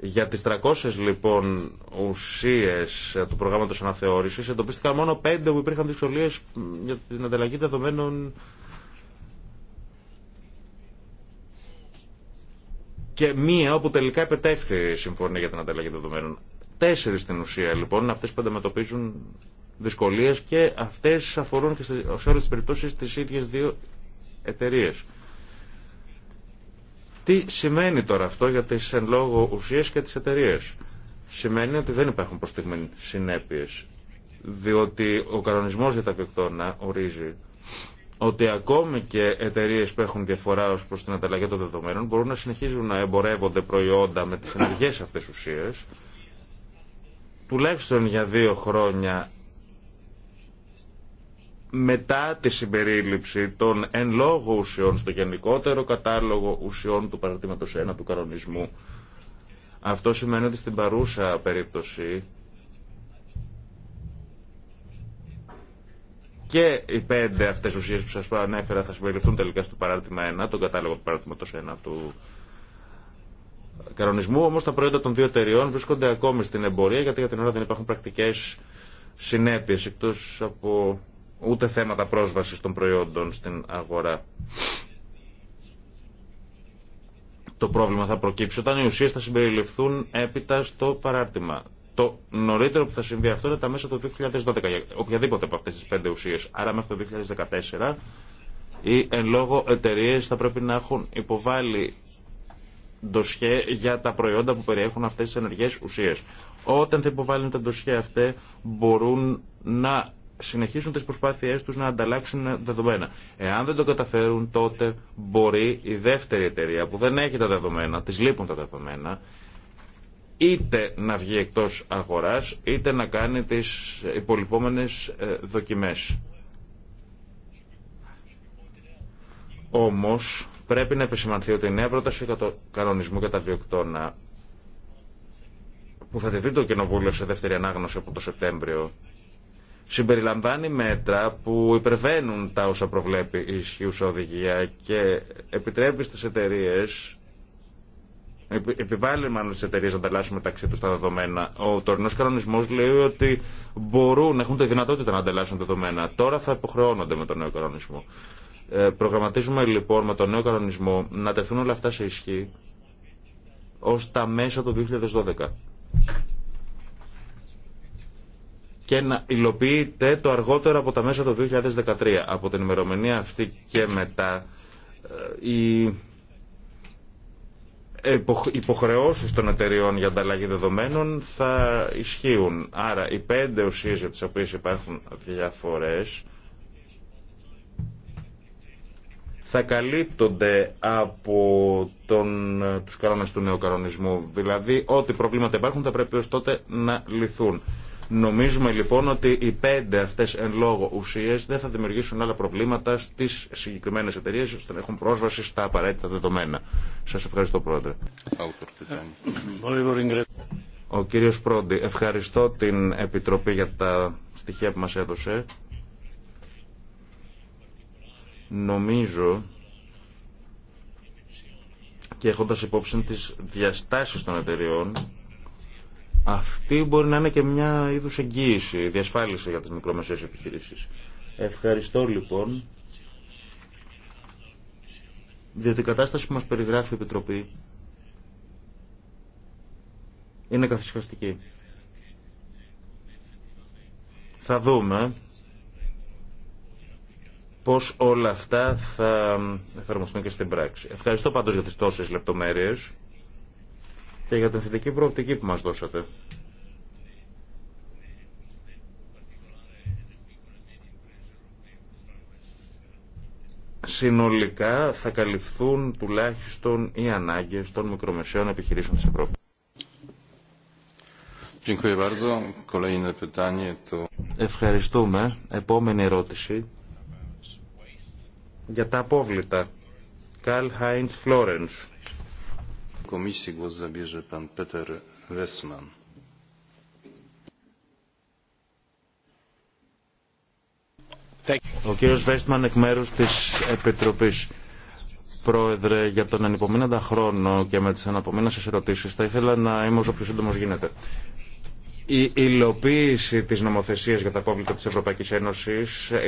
Για τις 300 λοιπόν ουσίες του προγράμματος αναθεώρησης εντοπίστηκαν μόνο 5 που υπήρχαν δυσκολίες για την ανταλλαγή δεδομένων και μία όπου τελικά επετεύχθη η συμφωνία για την ανταλλαγή δεδομένων. Τέσσερι στην ουσία λοιπόν, αυτέ που αντιμετωπίζουν δυσκολίε και αυτέ αφορούν και σε όλε τι περιπτώσει τι ίδιε δύο εταιρείε. Τι σημαίνει τώρα αυτό για τις εν λόγω ουσίες και τις εταιρείε. Σημαίνει ότι δεν υπάρχουν προς συνέπειες, διότι ο κανονισμός για τα βιοκτώνα ορίζει ότι ακόμη και εταιρείε που έχουν διαφορά ω προ την ανταλλαγή των δεδομένων μπορούν να συνεχίζουν να εμπορεύονται προϊόντα με τι ενεργές αυτέ ουσίε τουλάχιστον για δύο χρόνια μετά τη συμπερίληψη των εν λόγω ουσιών στο γενικότερο κατάλογο ουσιών του παράδειγματος 1 του κανονισμού. Αυτό σημαίνει ότι στην παρούσα περίπτωση και οι πέντε αυτές ουσίες που σας ανέφερα θα συμπεριληφθούν τελικά στο παράδειγμα 1, τον κατάλογο του παράδειγματος 1 του κανονισμού, όμως τα προϊόντα των δύο εταιριών βρίσκονται ακόμη στην εμπορία γιατί για την ώρα δεν υπάρχουν πρακτικές συνέπειες εκτός από ούτε θέματα πρόσβασης των προϊόντων στην αγορά. Το πρόβλημα θα προκύψει όταν οι ουσίες θα συμπεριληφθούν έπειτα στο παράρτημα. Το νωρίτερο που θα συμβεί αυτό είναι τα μέσα του 2012 οποιαδήποτε από αυτές τις πέντε ουσίες. Άρα μέχρι το 2014 οι εν λόγω εταιρείες θα πρέπει να έχουν υποβάλει ντοσχέ για τα προϊόντα που περιέχουν αυτές τις ενεργές ουσίες. Όταν θα υποβάλουν τα ντοσχέ αυτές μπορούν να συνεχίσουν τις προσπάθειές τους να ανταλλάξουν δεδομένα. Εάν δεν το καταφέρουν τότε μπορεί η δεύτερη εταιρεία που δεν έχει τα δεδομένα, της λείπουν τα δεδομένα, είτε να βγει εκτός αγοράς, είτε να κάνει τις υπολοιπόμενες ε, δοκιμές. Όμως πρέπει να επισημανθεί ότι η νέα πρόταση κανονισμού τα βιοκτώνα που θα τη δει το Κοινοβούλιο σε δεύτερη ανάγνωση από το Σεπτέμβριο συμπεριλαμβάνει μέτρα που υπερβαίνουν τα όσα προβλέπει η ισχύουσα οδηγία και επιτρέπει στις εταιρείε επιβάλλει μάλλον στις εταιρείε να ανταλλάσσουν μεταξύ του τα δεδομένα. Ο τωρινό κανονισμό λέει ότι μπορούν, έχουν τη δυνατότητα να ανταλλάσσουν δεδομένα. Τώρα θα υποχρεώνονται με τον νέο κανονισμό. Ε, προγραμματίζουμε λοιπόν με τον νέο κανονισμό να τεθούν όλα αυτά σε ισχύ ω τα μέσα του 2012 και να υλοποιείται το αργότερο από τα μέσα του 2013. Από την ημερομηνία αυτή και μετά ε, οι υποχρεώσει των εταιριών για ανταλλαγή δεδομένων θα ισχύουν. Άρα οι πέντε ουσίες για τις οποίες υπάρχουν διαφορές θα καλύπτονται από τον, ε, τους κανόνες του νέου κανονισμού. Δηλαδή ό,τι προβλήματα υπάρχουν θα πρέπει ως τότε να λυθούν. Νομίζουμε λοιπόν ότι οι πέντε αυτέ εν λόγω ουσίε δεν θα δημιουργήσουν άλλα προβλήματα στι συγκεκριμένε εταιρείε ώστε να έχουν πρόσβαση στα απαραίτητα δεδομένα. Σα ευχαριστώ, Πρόεδρε. Ο κύριος Πρόντι, ευχαριστώ την Επιτροπή για τα στοιχεία που μας έδωσε. Νομίζω και έχοντας υπόψη τις διαστάσεις των εταιριών αυτή μπορεί να είναι και μια είδους εγγύηση, διασφάλιση για τις μικρομεσαίες επιχειρήσεις. Ευχαριστώ λοιπόν, διότι η κατάσταση που μας περιγράφει η Επιτροπή είναι καθυσχαστική. Θα δούμε πώς όλα αυτά θα εφαρμοστούν και στην πράξη. Ευχαριστώ πάντως για τις τόσες λεπτομέρειες και για την θετική προοπτική που μας δώσατε. Συνολικά θα καλυφθούν τουλάχιστον οι ανάγκες των μικρομεσαίων επιχειρήσεων της Ευρώπης. Ευχαριστούμε. Επόμενη ερώτηση για τα απόβλητα. Καλ Χάιντς Φλόρενς. Komisji głos zabierze pan Peter Ο κύριος Βέστμαν εκ μέρους της Επιτροπής. Πρόεδρε, για τον ανυπομείνοντα χρόνο και με τις αναπομείνασες ερωτήσεις θα ήθελα να είμαι όσο πιο σύντομος γίνεται. Η υλοποίηση τη νομοθεσία για τα απόβλητα τη Ευρωπαϊκή Ένωση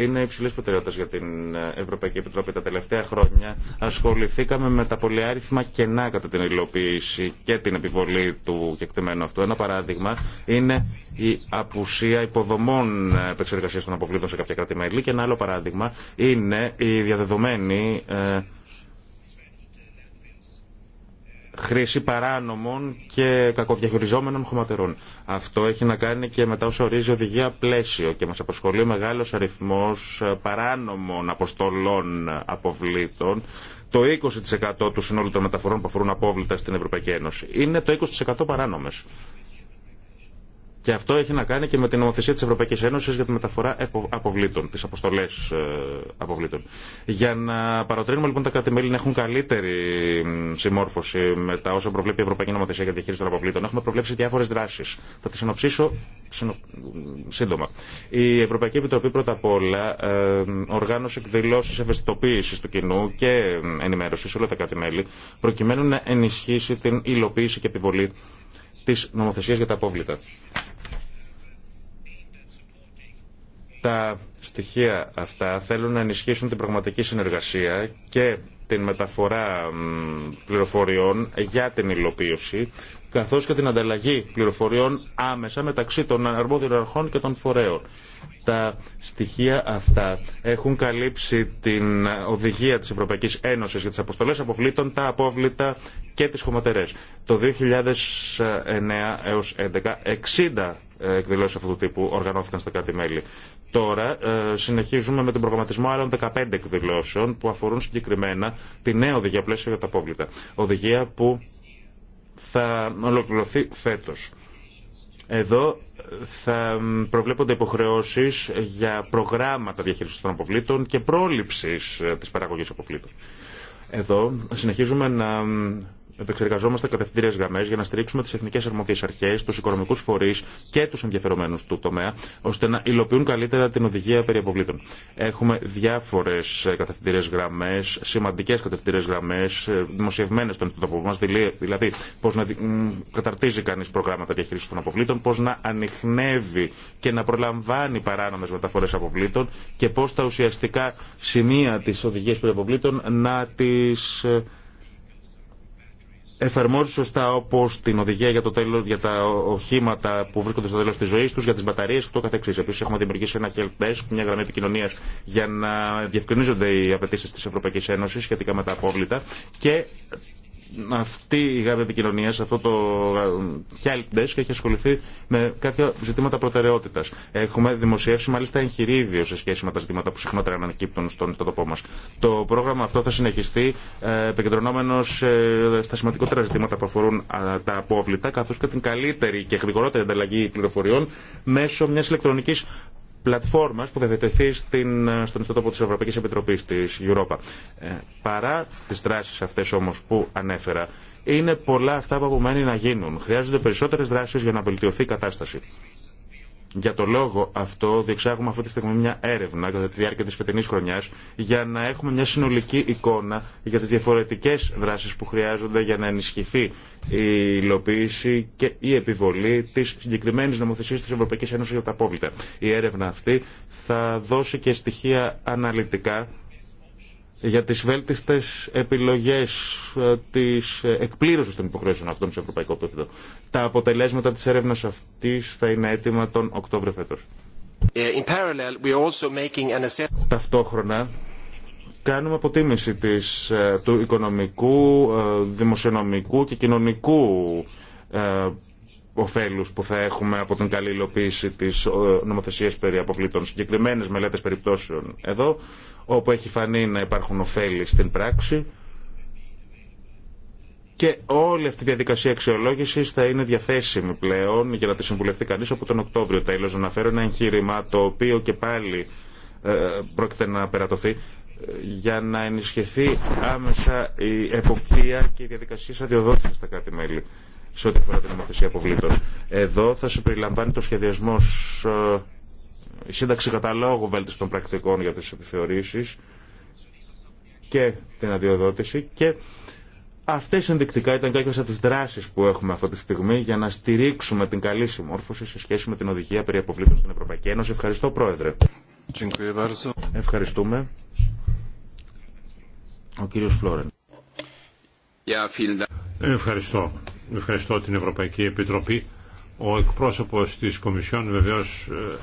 είναι υψηλή προτεραιότητα για την Ευρωπαϊκή Επιτροπή. Τα τελευταία χρόνια ασχοληθήκαμε με τα πολυάριθμα κενά κατά την υλοποίηση και την επιβολή του κεκτημένου αυτού. Ένα παράδειγμα είναι η απουσία υποδομών επεξεργασία των αποβλήτων σε κάποια κράτη-μέλη και ένα άλλο παράδειγμα είναι η διαδεδομένη ε, χρήση παράνομων και κακοδιαχειριζόμενων χωματερών. Αυτό έχει να κάνει και μετά όσο ορίζει οδηγία πλαίσιο και μας απασχολεί μεγάλος αριθμός ε, παράνομων αποστολών αποβλήτων το 20% του συνόλου των μεταφορών που αφορούν απόβλητα στην Ευρωπαϊκή Ένωση. Είναι το 20% παράνομες. Και αυτό έχει να κάνει και με την νομοθεσία τη Ευρωπαϊκή Ένωση για τη μεταφορά αποβλήτων, τι αποστολέ ε, αποβλήτων. Για να παροτρύνουμε λοιπόν τα κράτη-μέλη να έχουν καλύτερη συμμόρφωση με τα όσα προβλέπει η Ευρωπαϊκή Νομοθεσία για τη διαχείριση των αποβλήτων, έχουμε προβλέψει διάφορε δράσει. Θα τι συνοψίσω σύντομα. Η Ευρωπαϊκή Επιτροπή πρώτα απ' όλα ε, οργάνωσε εκδηλώσει ευαισθητοποίηση του κοινού και ενημέρωση σε όλα τα κράτη-μέλη, προκειμένου να ενισχύσει την υλοποίηση και επιβολή τη νομοθεσία για τα απόβλητα. Τα στοιχεία αυτά θέλουν να ενισχύσουν την πραγματική συνεργασία και την μεταφορά πληροφοριών για την υλοποίηση, καθώς και την ανταλλαγή πληροφοριών άμεσα μεταξύ των αρμόδιων αρχών και των φορέων. Τα στοιχεία αυτά έχουν καλύψει την οδηγία της Ευρωπαϊκής Ένωσης για τις αποστολές αποβλήτων, τα απόβλητα και τις χωματερές. Το 2009 έως 2011, 60 ε, εκδηλώσεις αυτού του τύπου οργανώθηκαν στα κάτι μέλη. Τώρα ε, συνεχίζουμε με τον προγραμματισμό άλλων 15 εκδηλώσεων που αφορούν συγκεκριμένα τη νέα οδηγία πλαίσια για τα απόβλητα. Οδηγία που θα ολοκληρωθεί φέτος. Εδώ ε, θα προβλέπονται υποχρεώσεις για προγράμματα διαχείρισης των αποβλήτων και πρόληψης ε, της παραγωγής αποβλήτων. Εδώ συνεχίζουμε να επεξεργαζόμαστε κατευθυντήριε γραμμέ για να στηρίξουμε τι εθνικέ αρμόδιε αρχέ, του οικονομικού φορεί και του ενδιαφερομένου του τομέα, ώστε να υλοποιούν καλύτερα την οδηγία περί αποβλήτων. Έχουμε διάφορε κατευθυντήριε γραμμέ, σημαντικέ κατευθυντήριε γραμμέ, ε, δημοσιευμένε στον τόπο μα, δηλαδή πώ να καταρτίζει κανεί προγράμματα διαχείριση των αποβλήτων, πώ να ανοιχνεύει και να προλαμβάνει παράνομε μεταφορέ αποβλήτων και πώ τα ουσιαστικά σημεία τη οδηγία περί αποβλήτων να τις ε, εφαρμόζει σωστά όπω την οδηγία για, το τέλος, για τα οχήματα που βρίσκονται στο τέλο τη ζωή του, για τι μπαταρίε και το καθεξή. Επίση, έχουμε δημιουργήσει ένα help desk, μια γραμμή επικοινωνία για να διευκρινίζονται οι απαιτήσει τη Ευρωπαϊκή Ένωση σχετικά με τα απόβλητα και αυτή η γάμπη επικοινωνία, αυτό το ε, help desk έχει ασχοληθεί με κάποια ζητήματα προτεραιότητα. Έχουμε δημοσιεύσει μάλιστα εγχειρίδιο σε σχέση με τα ζητήματα που συχνότερα ανακύπτουν στον τοπό μα. Το πρόγραμμα αυτό θα συνεχιστεί ε, επικεντρωνόμενο ε, στα σημαντικότερα ζητήματα που αφορούν τα απόβλητα, καθώ και την καλύτερη και γρηγορότερη ανταλλαγή πληροφοριών μέσω μια ηλεκτρονική πλατφόρμας που θα διατεθεί στον ιστότοπο της Ευρωπαϊκής Επιτροπής της Europa. Ε, παρά τις δράσεις αυτές όμως που ανέφερα, είναι πολλά αυτά που απομένει να γίνουν. Χρειάζονται περισσότερες δράσεις για να βελτιωθεί η κατάσταση. Για το λόγο αυτό διεξάγουμε αυτή τη στιγμή μια έρευνα κατά τη διάρκεια της φετινής χρονιάς για να έχουμε μια συνολική εικόνα για τις διαφορετικές δράσεις που χρειάζονται για να ενισχυθεί η υλοποίηση και η επιβολή της συγκεκριμένης νομοθεσίας της Ευρωπαϊκής Ένωσης για τα απόβλητα. Η έρευνα αυτή θα δώσει και στοιχεία αναλυτικά για τις βέλτιστες επιλογές ε, της ε, εκπλήρωσης των υποχρέωσεων αυτών σε ευρωπαϊκό επίπεδο. Τα αποτελέσματα της έρευνας αυτής θα είναι έτοιμα τον Οκτώβριο φέτος. Ε, in parallel, we are also making an Ταυτόχρονα, κάνουμε αποτίμηση της, του οικονομικού, δημοσιονομικού και κοινωνικού ωφέλους που θα έχουμε από την καλή υλοποίηση της νομοθεσίας περί αποκλήτων Συγκεκριμένες μελέτες περιπτώσεων εδώ όπου έχει φανεί να υπάρχουν ωφέλη στην πράξη και όλη αυτή η διαδικασία αξιολόγηση θα είναι διαθέσιμη πλέον για να τη συμβουλευτεί κανεί από τον Οκτώβριο. Τέλο, να φέρω ένα εγχείρημα το οποίο και πάλι ε, πρόκειται να περατωθεί ε, για να ενισχυθεί άμεσα η εποπτεία και οι διαδικασίε αδειοδότηση στα κράτη-μέλη σε ό,τι αφορά την νομοθεσία αποβλήτων. Εδώ θα συμπεριλαμβάνει το σχεδιασμό ε, η σύνταξη καταλόγου βέλτιστων πρακτικών για τις επιθεωρήσεις και την αδειοδότηση και αυτές ενδεικτικά ήταν κάποιες από τις δράσεις που έχουμε αυτή τη στιγμή για να στηρίξουμε την καλή συμμόρφωση σε σχέση με την οδηγία περί αποβλήτων στην Ευρωπαϊκή Ένωση. Ευχαριστώ Πρόεδρε. Ευχαριστούμε. Ο κύριος Φλόρεν. Ευχαριστώ. Ευχαριστώ την Ευρωπαϊκή Επιτροπή. Ο εκπρόσωπος της Κομισιόν βεβαίως ε,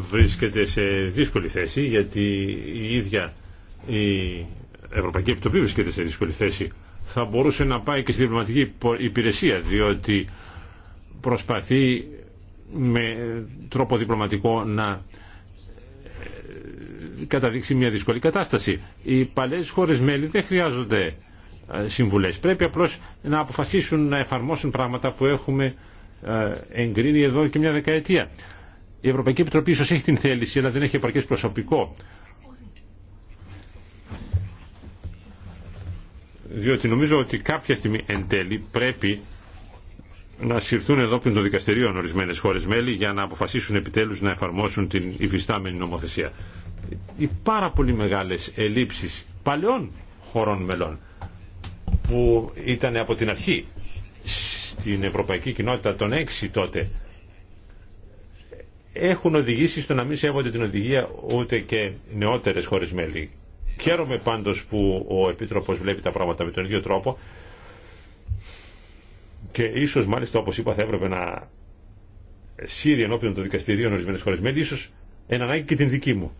βρίσκεται σε δύσκολη θέση γιατί η ίδια η Ευρωπαϊκή Επιτροπή βρίσκεται σε δύσκολη θέση. Θα μπορούσε να πάει και στη διπλωματική υπηρεσία διότι προσπαθεί με τρόπο διπλωματικό να ε, καταδείξει μια δύσκολη κατάσταση. Οι παλές χώρες μέλη δεν χρειάζονται ε, συμβουλές. Πρέπει απλώς να αποφασίσουν να εφαρμόσουν πράγματα που έχουμε ε, εγκρίνει εδώ και μια δεκαετία. Η Ευρωπαϊκή Επιτροπή ίσως έχει την θέληση, αλλά δεν έχει επαρκές προσωπικό. Διότι νομίζω ότι κάποια στιγμή εν τέλει πρέπει να συρθούν πριν των δικαστηρίων ορισμένε χώρε μέλη για να αποφασίσουν επιτέλου να εφαρμόσουν την υφιστάμενη νομοθεσία. Οι πάρα πολύ μεγάλε ελλείψει παλαιών χωρών μελών που ήταν από την αρχή στην ευρωπαϊκή κοινότητα των έξι τότε έχουν οδηγήσει στο να μην σέβονται την οδηγία ούτε και νεότερε χώρε μέλη. Χαίρομαι πάντω που ο επίτροπο βλέπει τα πράγματα με τον ίδιο τρόπο και ίσω μάλιστα όπω είπα θα έπρεπε να σύρει ενώπιον των δικαστηρίων ορισμένε χώρε μέλη ίσω εν ανάγκη και την δική μου.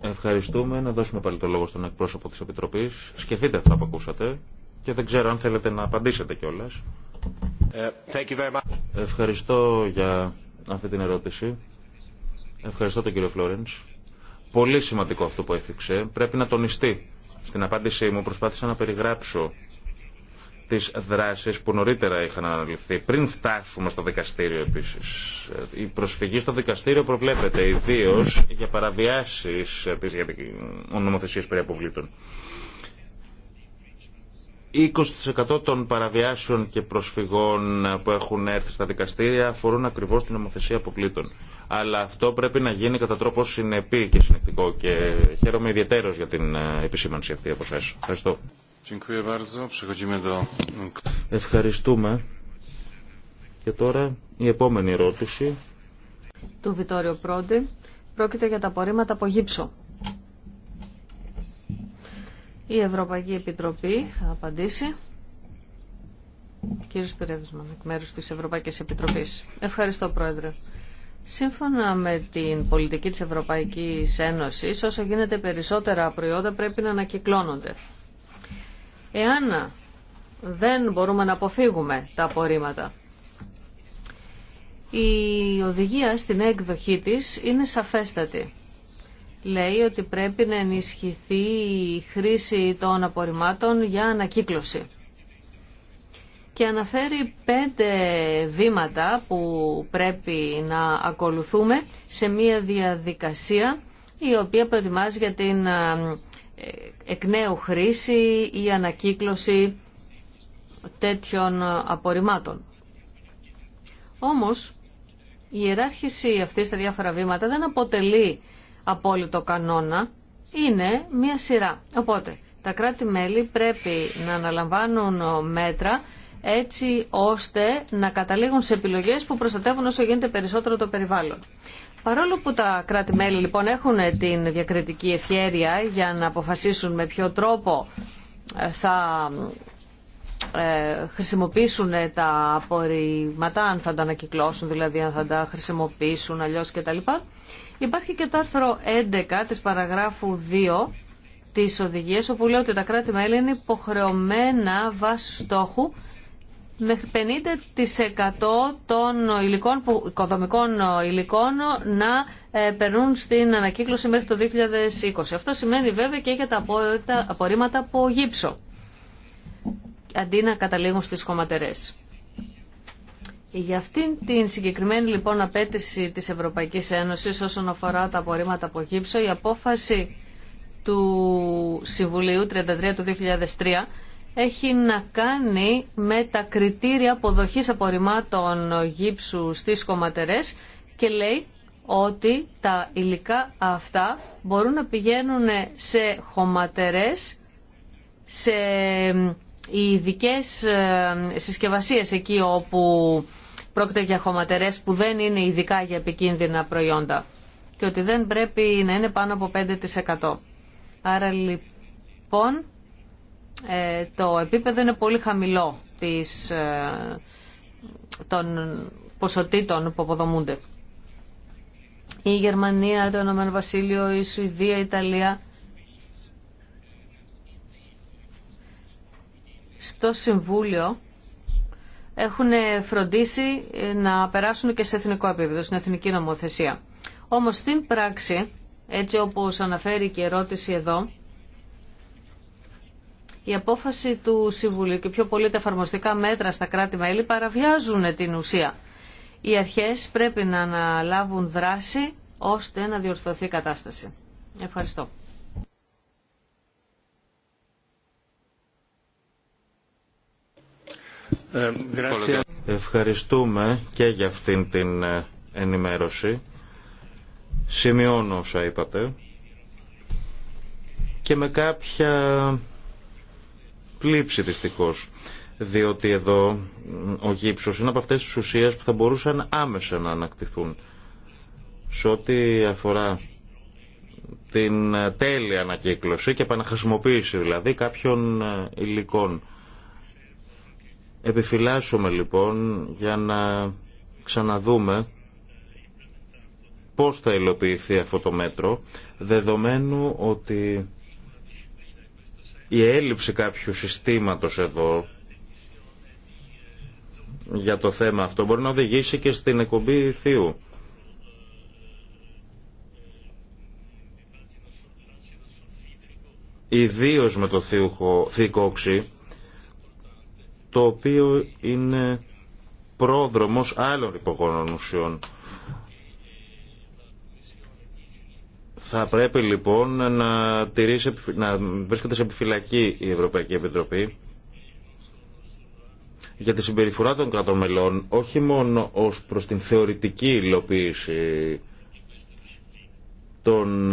Ευχαριστούμε. Να δώσουμε πάλι το λόγο στον εκπρόσωπο της Επιτροπής. Σκεφτείτε αυτά που ακούσατε και δεν ξέρω αν θέλετε να απαντήσετε κιόλα. Ευχαριστώ για αυτή την ερώτηση. Ευχαριστώ τον κύριο Φλόρενς. Πολύ σημαντικό αυτό που έφυξε. Πρέπει να τονιστεί. Στην απάντησή μου προσπάθησα να περιγράψω τις δράσεις που νωρίτερα είχαν αναλυθεί πριν φτάσουμε στο δικαστήριο επίσης. Η προσφυγή στο δικαστήριο προβλέπεται ιδίω για παραβιάσεις της νομοθεσίας περί αποβλήτων. 20% των παραβιάσεων και προσφυγών που έχουν έρθει στα δικαστήρια αφορούν ακριβώ την νομοθεσία αποκλήτων. Αλλά αυτό πρέπει να γίνει κατά τρόπο συνεπή και συνεκτικό και χαίρομαι ιδιαίτερω για την ε, επισήμανση αυτή από εσά. Ευχαριστώ. Ευχαριστούμε. Και τώρα η επόμενη ερώτηση. Του Βιτόριο Πρόντι πρόκειται για τα απορρίμματα από γύψο. Η Ευρωπαϊκή Επιτροπή θα απαντήσει. Κύριο Πυρεύσμα, εκ μέρου τη Ευρωπαϊκή Επιτροπή. Ευχαριστώ, Πρόεδρε. Σύμφωνα με την πολιτική της Ευρωπαϊκής Ένωσης, όσο γίνεται περισσότερα προϊόντα πρέπει να ανακυκλώνονται. Εάν δεν μπορούμε να αποφύγουμε τα απορρίμματα, η οδηγία στην έκδοχή της είναι σαφέστατη λέει ότι πρέπει να ενισχυθεί η χρήση των απορριμμάτων για ανακύκλωση. Και αναφέρει πέντε βήματα που πρέπει να ακολουθούμε σε μία διαδικασία η οποία προετοιμάζει για την ε, ε, εκ νέου χρήση ή ανακύκλωση τέτοιων απορριμμάτων. Όμως, η ιεράρχηση αυτή στα διάφορα βήματα δεν αποτελεί απόλυτο κανόνα, είναι μία σειρά. Οπότε, τα κράτη-μέλη πρέπει να αναλαμβάνουν μέτρα έτσι ώστε να καταλήγουν σε επιλογές που προστατεύουν όσο γίνεται περισσότερο το περιβάλλον. Παρόλο που τα κράτη-μέλη λοιπόν έχουν την διακριτική ευχέρεια για να αποφασίσουν με ποιο τρόπο ε, θα ε, χρησιμοποιήσουν τα απορριμματά, αν θα τα ανακυκλώσουν δηλαδή, αν θα τα χρησιμοποιήσουν αλλιώς κτλ. Υπάρχει και το άρθρο 11 της παραγράφου 2 της οδηγίας, όπου λέει ότι τα κράτη-μέλη είναι υποχρεωμένα βάσει στόχου μέχρι 50% των υλικών, οικοδομικών υλικών να ε, περνούν στην ανακύκλωση μέχρι το 2020. Αυτό σημαίνει βέβαια και για τα απορρίμματα από γύψο, αντί να καταλήγουν στις χωματερές. Για αυτήν την συγκεκριμένη λοιπόν απέτηση της Ευρωπαϊκής Ένωσης όσον αφορά τα απορρίμματα από γύψο, η απόφαση του Συμβουλίου 33 του 2003 έχει να κάνει με τα κριτήρια αποδοχής απορριμμάτων γύψου στις κομματερές και λέει ότι τα υλικά αυτά μπορούν να πηγαίνουν σε χωματερές, σε ε, ειδικές ε, συσκευασίες εκεί όπου πρόκειται για χωματερές που δεν είναι ειδικά για επικίνδυνα προϊόντα και ότι δεν πρέπει να είναι πάνω από 5%. Άρα λοιπόν ε, το επίπεδο είναι πολύ χαμηλό της, ε, των ποσοτήτων που αποδομούνται. Η Γερμανία, το Ηνωμένο Βασίλειο, η Σουηδία, η Ιταλία. Στο Συμβούλιο έχουν φροντίσει ε, να περάσουν και σε εθνικό επίπεδο, στην εθνική νομοθεσία. Όμως στην πράξη, έτσι όπως αναφέρει και η ερώτηση εδώ, η απόφαση του Συμβουλίου και πιο πολύ τα εφαρμοστικά μέτρα στα κράτη-μέλη παραβιάζουν την ουσία. Οι αρχές πρέπει να αναλάβουν δράση ώστε να διορθωθεί η κατάσταση. Ευχαριστώ. Ευχαριστούμε και για αυτήν την ε, ενημέρωση. Σημειώνω όσα είπατε και με κάποια πλήψη δυστυχώς διότι εδώ ο γύψος είναι από αυτές τις ουσίες που θα μπορούσαν άμεσα να ανακτηθούν σε ό,τι αφορά την ε, τέλεια ανακύκλωση και επαναχρησιμοποίηση δηλαδή κάποιων ε, υλικών Επιφυλάσσουμε λοιπόν για να ξαναδούμε πώς θα υλοποιηθεί αυτό το μέτρο, δεδομένου ότι η έλλειψη κάποιου συστήματος εδώ για το θέμα αυτό μπορεί να οδηγήσει και στην εκπομπή θείου. Ιδίω με το θείο θήκοξη, το οποίο είναι πρόδρομος άλλων υπογόνων ουσιών. Θα πρέπει λοιπόν να, τηρήσει, να βρίσκεται σε επιφυλακή η Ευρωπαϊκή Επιτροπή για τη συμπεριφορά των κρατών μελών, όχι μόνο ως προς την θεωρητική υλοποίηση των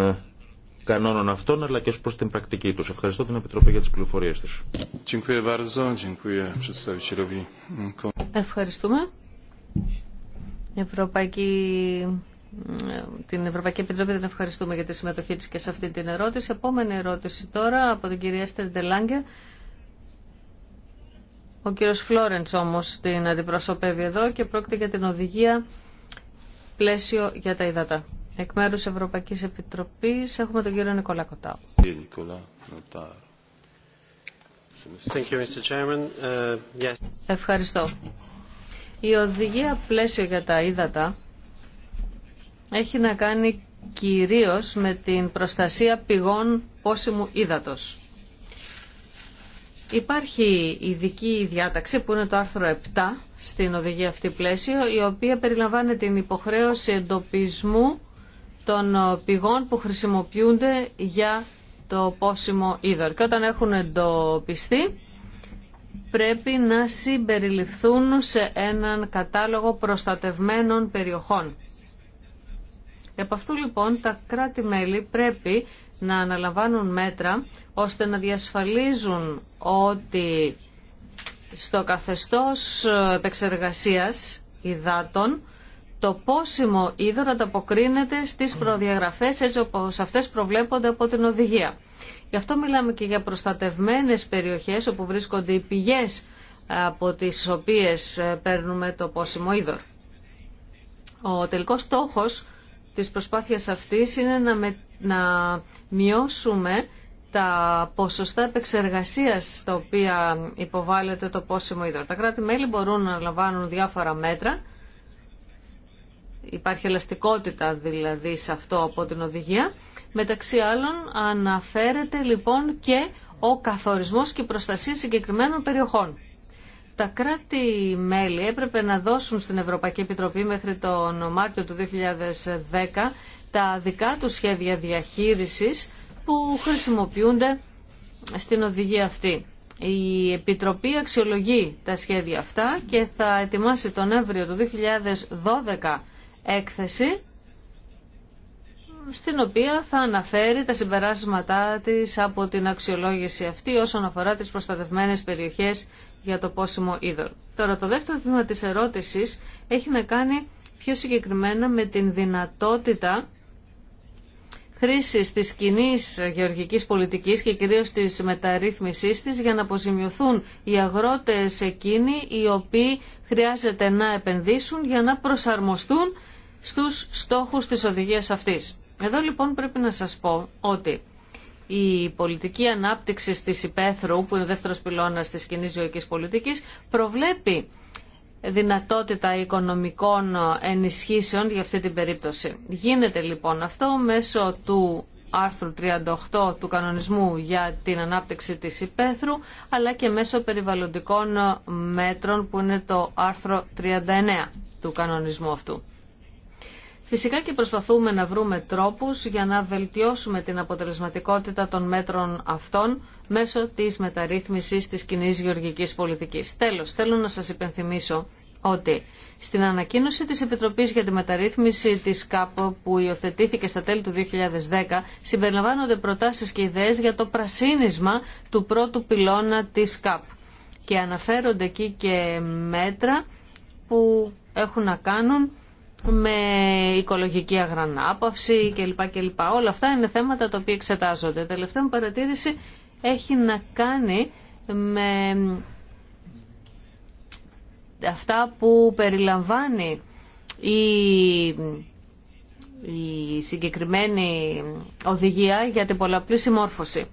κανόνων αυτών αλλά και ω προ την πρακτική του. Ευχαριστώ την Επιτροπή για τις πληροφορίες της. Ευχαριστούμε. Ευρωπαϊκή... Την Ευρωπαϊκή Επιτροπή την ευχαριστούμε για τη συμμετοχή της και σε αυτή την ερώτηση. Επόμενη ερώτηση τώρα από την κυρία Λάγκε. Ο κύριος Φλόρεντς όμως την αντιπροσωπεύει εδώ και πρόκειται για την οδηγία πλαίσιο για τα υδατά. Εκ μέρους Ευρωπαϊκής Επιτροπής έχουμε τον κύριο Νικόλα Κοτάου. Uh, Ευχαριστώ. Η οδηγία πλαίσιο για τα ύδατα έχει να κάνει κυρίως με την προστασία πηγών πόσιμου ύδατος. Υπάρχει ειδική διάταξη που είναι το άρθρο 7 στην οδηγία αυτή πλαίσιο, η οποία περιλαμβάνει την υποχρέωση εντοπισμού των ε, πηγών που χρησιμοποιούνται για το πόσιμο είδωρ. Και όταν έχουν εντοπιστεί πρέπει να συμπεριληφθούν σε έναν κατάλογο προστατευμένων περιοχών. Επ' αυτού λοιπόν τα κράτη-μέλη πρέπει να αναλαμβάνουν μέτρα ώστε να διασφαλίζουν ότι στο καθεστώς επεξεργασίας υδάτων το πόσιμο είδο να ανταποκρίνεται στις προδιαγραφές έτσι όπως αυτές προβλέπονται από την οδηγία. Γι' αυτό μιλάμε και για προστατευμένες περιοχές όπου βρίσκονται οι πηγές από τις οποίες ε, παίρνουμε το πόσιμο είδο. Ο τελικός στόχος της προσπάθειας αυτής είναι να, να μειώσουμε τα ποσοστά επεξεργασίας στα οποία υποβάλλεται το πόσιμο είδωρο. Τα κράτη-μέλη μπορούν να λαμβάνουν διάφορα μέτρα υπάρχει ελαστικότητα δηλαδή σε αυτό από την οδηγία. Μεταξύ άλλων αναφέρεται λοιπόν και ο καθορισμός και η προστασία συγκεκριμένων περιοχών. Τα κράτη-μέλη έπρεπε να δώσουν στην Ευρωπαϊκή Επιτροπή μέχρι τον Μάρτιο του 2010 τα δικά του σχέδια διαχείρισης που χρησιμοποιούνται στην οδηγία αυτή. Η Επιτροπή αξιολογεί τα σχέδια αυτά και θα ετοιμάσει τον Εύριο του 2012 έκθεση στην οποία θα αναφέρει τα συμπεράσματά της από την αξιολόγηση αυτή όσον αφορά τις προστατευμένες περιοχές για το πόσιμο είδωρο. Τώρα το δεύτερο τμήμα της ερώτησης έχει να κάνει πιο συγκεκριμένα με την δυνατότητα χρήσης της κοινή γεωργικής πολιτικής και κυρίως της μεταρρύθμισής της για να αποζημιωθούν οι αγρότες εκείνοι οι οποίοι χρειάζεται να επενδύσουν για να προσαρμοστούν στους στόχους της οδηγίας αυτής. Εδώ λοιπόν πρέπει να σας πω ότι η πολιτική ανάπτυξη της υπαίθρου, που είναι ο δεύτερος πυλώνας της κοινή ζωικής πολιτικής, προβλέπει δυνατότητα οικονομικών ενισχύσεων για αυτή την περίπτωση. Γίνεται λοιπόν αυτό μέσω του άρθρου 38 του κανονισμού για την ανάπτυξη της υπαίθρου, αλλά και μέσω περιβαλλοντικών μέτρων που είναι το άρθρο 39 του κανονισμού αυτού. Φυσικά και προσπαθούμε να βρούμε τρόπους για να βελτιώσουμε την αποτελεσματικότητα των μέτρων αυτών μέσω της μεταρρύθμισης της κοινή γεωργικής πολιτικής. Τέλος, θέλω να σας υπενθυμίσω ότι στην ανακοίνωση της Επιτροπής για τη μεταρρύθμιση της ΚΑΠ που υιοθετήθηκε στα τέλη του 2010 συμπεριλαμβάνονται προτάσεις και ιδέες για το πρασίνισμα του πρώτου πυλώνα της ΚΑΠ και αναφέρονται εκεί και μέτρα που έχουν να κάνουν με οικολογική αγρανάπαυση κλπ. κλπ. Όλα αυτά είναι θέματα τα οποία εξετάζονται. Τελευταία μου παρατήρηση έχει να κάνει με αυτά που περιλαμβάνει η, η συγκεκριμένη οδηγία για την πολλαπλή συμμόρφωση.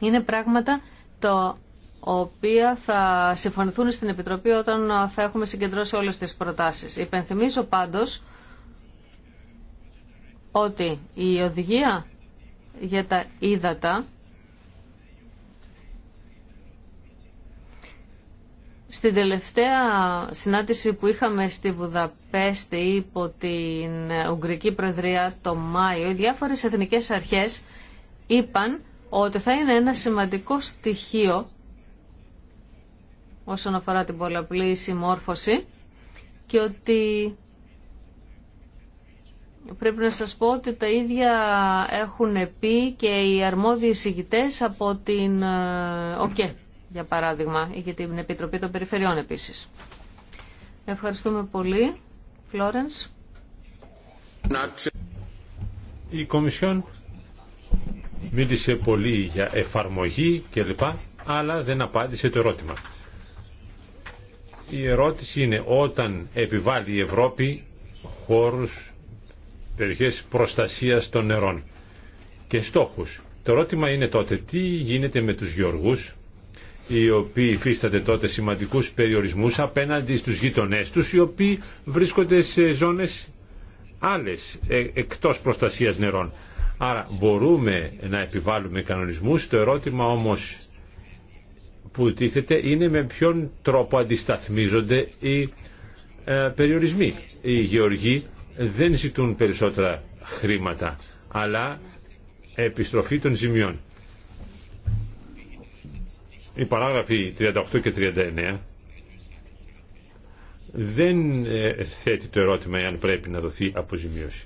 Είναι πράγματα το οποία θα συμφωνηθούν στην Επιτροπή όταν θα έχουμε συγκεντρώσει όλες τις προτάσεις. Υπενθυμίζω πάντως ότι η οδηγία για τα ύδατα Στην τελευταία συνάντηση που είχαμε στη Βουδαπέστη υπό την Ουγγρική Προεδρία το Μάιο, οι διάφορες εθνικές αρχές είπαν ότι θα είναι ένα σημαντικό στοιχείο όσον αφορά την πολλαπλή συμμόρφωση και ότι πρέπει να σας πω ότι τα ίδια έχουν πει και οι αρμόδιοι συγητές από την ε, ΟΚΕ, για παράδειγμα, ή και την Επιτροπή των Περιφερειών επίσης. Ευχαριστούμε πολύ. Φλόρενς. Η Κομισιόν μίλησε πολύ για εφαρμογή κλπ, αλλά δεν απάντησε το ερώτημα. Η ερώτηση είναι όταν επιβάλλει η Ευρώπη χώρους, περιοχές προστασίας των νερών και στόχους. Το ερώτημα είναι τότε τι γίνεται με τους γεωργούς οι οποίοι υφίστανται τότε σημαντικούς περιορισμούς απέναντι στους γείτονές τους οι οποίοι βρίσκονται σε ζώνες άλλες ε, εκτός προστασίας νερών. Άρα μπορούμε να επιβάλλουμε κανονισμούς, το ερώτημα όμως που τίθεται είναι με ποιον τρόπο αντισταθμίζονται οι ε, περιορισμοί. Οι γεωργοί δεν ζητούν περισσότερα χρήματα, αλλά επιστροφή των ζημιών. Οι παράγραφοι 38 και 39 δεν ε, θέτει το ερώτημα εάν πρέπει να δοθεί αποζημίωση.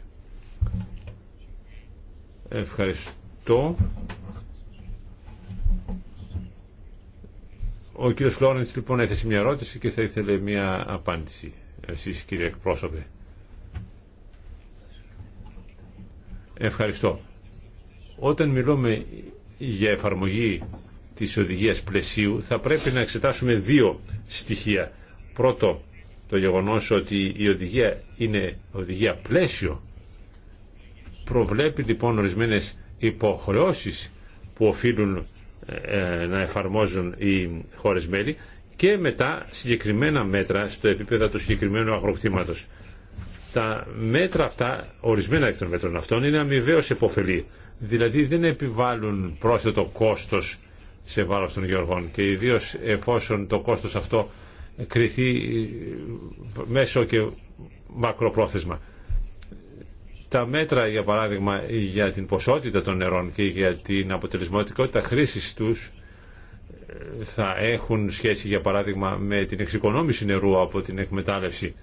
Ευχαριστώ. Ο κ. Φλόρεντ λοιπόν έθεσε μια ερώτηση και θα ήθελε μια απάντηση. Εσείς κύριε εκπρόσωπε. Ευχαριστώ. Όταν μιλούμε για εφαρμογή της οδηγίας πλαισίου θα πρέπει να εξετάσουμε δύο στοιχεία. Πρώτο, το γεγονός ότι η οδηγία είναι οδηγία πλαίσιο προβλέπει λοιπόν ορισμένες υποχρεώσεις που οφείλουν ε, να εφαρμόζουν οι χώρες μέλη και μετά συγκεκριμένα μέτρα στο επίπεδο του συγκεκριμένου αγροκτήματος. Τα μέτρα αυτά, ορισμένα εκ των μέτρων αυτών, είναι αμοιβαίω επωφελή. Δηλαδή δεν επιβάλλουν πρόσθετο κόστος σε βάρος των γεωργών και ιδίω εφόσον το κόστος αυτό κριθεί ε, μέσω και μακροπρόθεσμα. Τα μέτρα, για παράδειγμα, για την ποσότητα των νερών και για την αποτελεσματικότητα χρήσης τους ε, θα έχουν σχέση, για παράδειγμα, με την εξοικονόμηση νερού από την εκμετάλλευση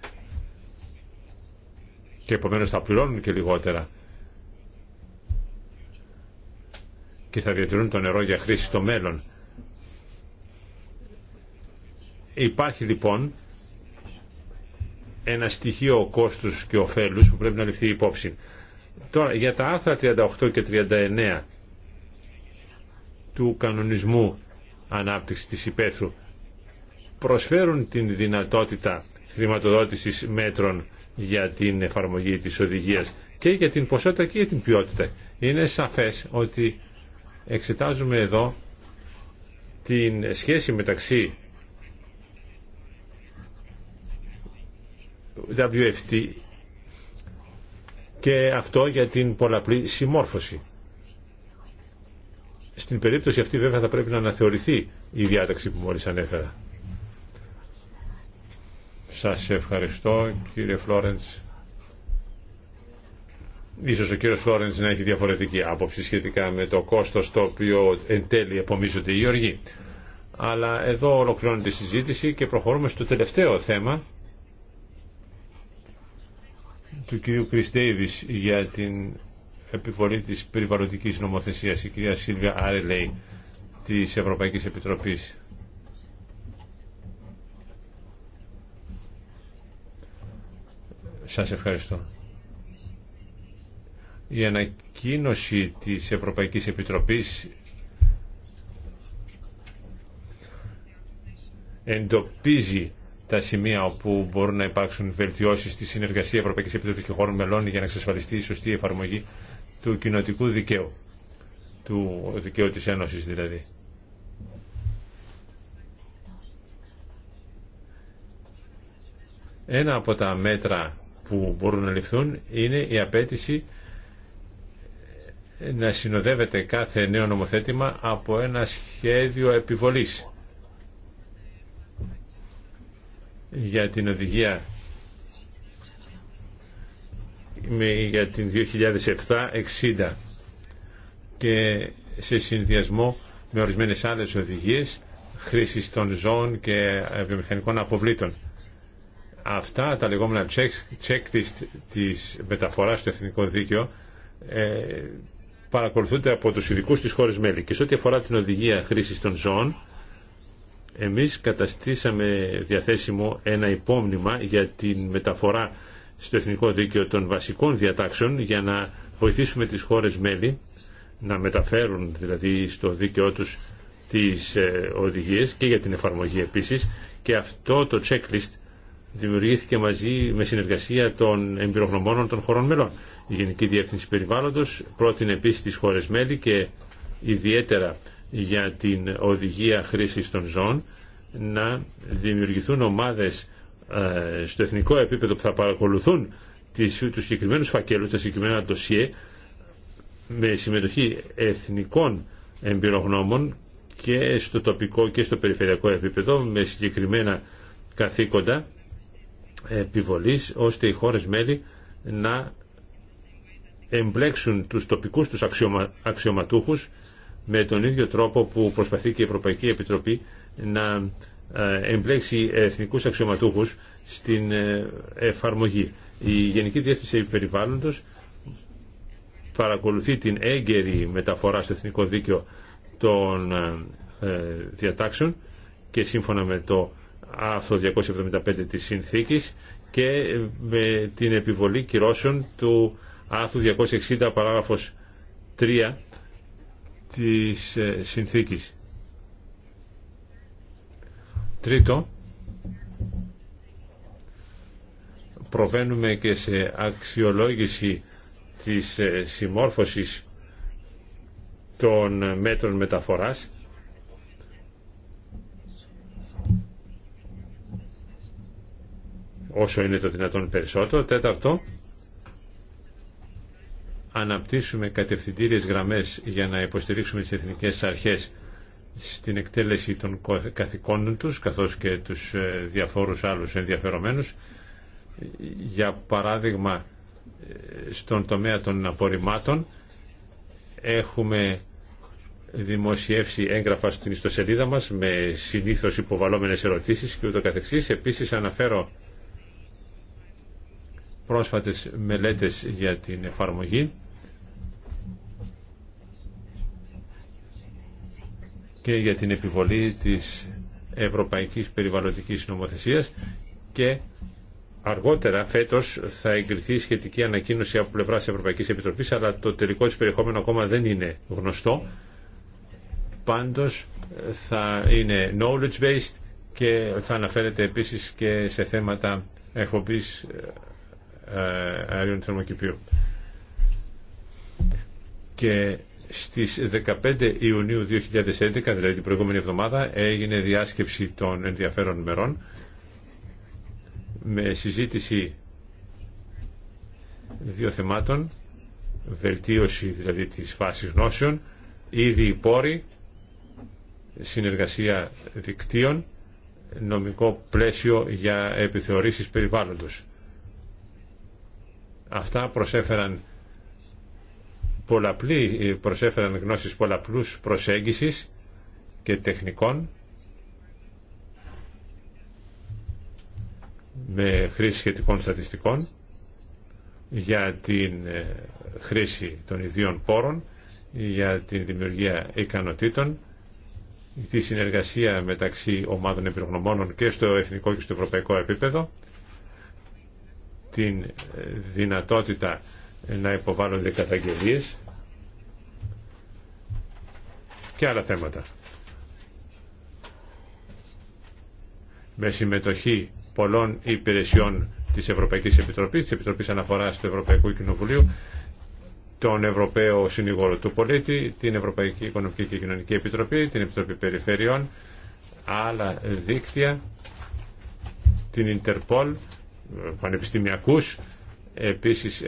και επομένως θα πληρώνουν και λιγότερα και θα διατηρούν το νερό για χρήση στο μέλλον. Υπάρχει λοιπόν ένα στοιχείο κόστους και ωφέλους που πρέπει να ληφθεί υπόψη. Τώρα, για τα άρθρα 38 και 39 του κανονισμού ανάπτυξης της υπαίθρου προσφέρουν την δυνατότητα χρηματοδότησης μέτρων για την εφαρμογή της οδηγίας και για την ποσότητα και για την ποιότητα. Είναι σαφές ότι εξετάζουμε εδώ την σχέση μεταξύ WFT και αυτό για την πολλαπλή συμμόρφωση. Στην περίπτωση αυτή βέβαια θα πρέπει να αναθεωρηθεί η διάταξη που μόλις ανέφερα. Σας ευχαριστώ κύριε Φλόρεντς. Ίσως ο κύριος Φλόρεντς να έχει διαφορετική άποψη σχετικά με το κόστος το οποίο εν τέλει επομίζονται οι Γεωργοί. Αλλά εδώ ολοκληρώνεται η συζήτηση και προχωρούμε στο τελευταίο θέμα του κυρίου Κριστέιβης για την επιβολή της περιβαλλοντικής νομοθεσίας, η κυρία Σίλβια Άρελεϊ της Ευρωπαϊκής Επιτροπής. Σας ευχαριστώ. Η ανακοίνωση της Ευρωπαϊκής Επιτροπής εντοπίζει τα σημεία όπου μπορούν να υπάρξουν βελτιώσεις στη συνεργασία Ευρωπαϊκή Επιτροπή και χώρων μελών για να εξασφαλιστεί η σωστή εφαρμογή του κοινοτικού δικαίου, του δικαίου της Ένωσης δηλαδή. Ένα από τα μέτρα που μπορούν να ληφθούν είναι η απέτηση να συνοδεύεται κάθε νέο νομοθέτημα από ένα σχέδιο επιβολής για την οδηγία για την 2007-60 και σε συνδυασμό με ορισμένες άλλες οδηγίες χρήσης των ζώων και ε, βιομηχανικών αποβλήτων. Αυτά τα λεγόμενα checklist της μεταφοράς στο εθνικό δίκαιο ε, παρακολουθούνται από τους ειδικού της χώρες μέλη. Και σε ό,τι αφορά την οδηγία χρήσης των ζώων, εμείς καταστήσαμε διαθέσιμο ένα υπόμνημα για την μεταφορά στο Εθνικό Δίκαιο των βασικών διατάξεων για να βοηθήσουμε τις χώρες μέλη να μεταφέρουν δηλαδή στο δίκαιό τους τις ε, οδηγίες και για την εφαρμογή επίσης και αυτό το checklist δημιουργήθηκε μαζί με συνεργασία των εμπειρογνωμόνων των χωρών μελών. Η Γενική Διεύθυνση Περιβάλλοντος πρότεινε επίσης τις χώρες μέλη και ιδιαίτερα για την οδηγία χρήσης των ζώων να δημιουργηθούν ομάδες ε, στο εθνικό επίπεδο που θα παρακολουθούν τις, τους συγκεκριμένους φακέλους, τα συγκεκριμένα ντοσιέ με συμμετοχή εθνικών εμπειρογνώμων και στο τοπικό και στο περιφερειακό επίπεδο με συγκεκριμένα καθήκοντα επιβολής ώστε οι χώρες μέλη να εμπλέξουν τους τοπικούς τους αξιωμα, αξιωματούχους με τον ίδιο τρόπο που προσπαθεί και η Ευρωπαϊκή Επιτροπή να ε, εμπλέξει εθνικούς αξιωματούχους στην ε, εφαρμογή. Η Γενική Διεύθυνση Περιβάλλοντος παρακολουθεί την έγκαιρη μεταφορά στο εθνικό δίκαιο των ε, διατάξεων και σύμφωνα με το άρθρο 275 της Συνθήκης και με την επιβολή κυρώσεων του άρθρου 260 παράγραφος 3 της ε, συνθήκης. Τρίτο, προβαίνουμε και σε αξιολόγηση της ε, συμμόρφωσης των μέτρων μεταφοράς όσο είναι το δυνατόν περισσότερο. Τέταρτο, αναπτύσσουμε κατευθυντήριες γραμμές για να υποστηρίξουμε τις εθνικές αρχές στην εκτέλεση των καθηκόντων τους καθώς και τους ε, διαφόρους άλλους ενδιαφερομένους για παράδειγμα ε, στον τομέα των απορριμμάτων έχουμε δημοσιεύσει έγγραφα στην ιστοσελίδα μας με συνήθως υποβαλόμενες ερωτήσεις και ούτω καθεξής. Επίσης αναφέρω πρόσφατες μελέτες για την εφαρμογή και για την επιβολή της Ευρωπαϊκής Περιβαλλοντικής Νομοθεσίας και αργότερα φέτος θα εγκριθεί σχετική ανακοίνωση από πλευρά της Ευρωπαϊκής Επιτροπής αλλά το τελικό της περιεχόμενο ακόμα δεν είναι γνωστό πάντως θα είναι knowledge based και θα αναφέρεται επίσης και σε θέματα εκπομπής ε, ε, αερίων θερμοκηπίου. Και στις 15 Ιουνίου 2011, δηλαδή την προηγούμενη εβδομάδα, έγινε διάσκεψη των ενδιαφέρων μερών με συζήτηση δύο θεμάτων, βελτίωση δηλαδή της βάσης γνώσεων, ήδη πόροι, συνεργασία δικτύων, νομικό πλαίσιο για επιθεωρήσεις περιβάλλοντος. Αυτά προσέφεραν, πολλαπλή, προσέφεραν γνώσεις πολλαπλούς προσέγγισης και τεχνικών με χρήση σχετικών στατιστικών για την ε, χρήση των ιδίων πόρων, για την δημιουργία ικανοτήτων, τη συνεργασία μεταξύ ομάδων εμπειρογνωμόνων και στο εθνικό και στο ευρωπαϊκό επίπεδο την ε, δυνατότητα να υποβάλλονται καταγγελίες και άλλα θέματα. Με συμμετοχή πολλών υπηρεσιών της Ευρωπαϊκής Επιτροπής, της Επιτροπής Αναφοράς του Ευρωπαϊκού Κοινοβουλίου, τον Ευρωπαίο Συνήγορο του Πολίτη, την Ευρωπαϊκή Οικονομική και Κοινωνική Επιτροπή, την Επιτροπή Περιφερειών, άλλα δίκτυα, την Ιντερπόλ, πανεπιστημιακούς, επίσης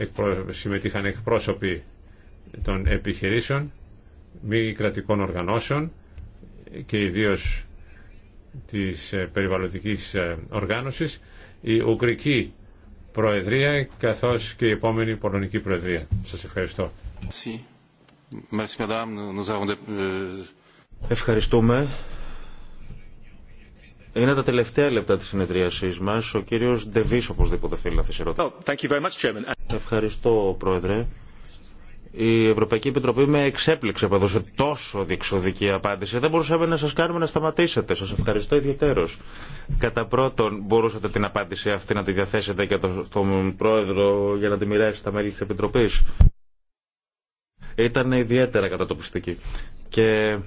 συμμετείχαν εκπρόσωποι των επιχειρήσεων, μη κρατικών οργανώσεων και ιδίως της ε, περιβαλλοντικής ε, οργάνωσης, η Ουγγρική Προεδρία καθώς και η επόμενη Πολωνική Προεδρία. Σας ευχαριστώ. Euh, Ευχαριστούμε. Είναι τα τελευταία λεπτά της συνεδρίασής μας. Ο κύριος Ντεβίς οπωσδήποτε θέλει να θέσει ερώτηση. Oh, ευχαριστώ, Πρόεδρε. Η Ευρωπαϊκή Επιτροπή με εξέπληξε που έδωσε τόσο διεξοδική απάντηση. Δεν μπορούσαμε να σας κάνουμε να σταματήσετε. Σας ευχαριστώ ιδιαίτερω. Κατά πρώτον, μπορούσατε την απάντηση αυτή να τη διαθέσετε και τον Πρόεδρο για να τη μοιράσει στα μέλη τη Επιτροπή. Ήταν ιδιαίτερα κατατοπιστική. Και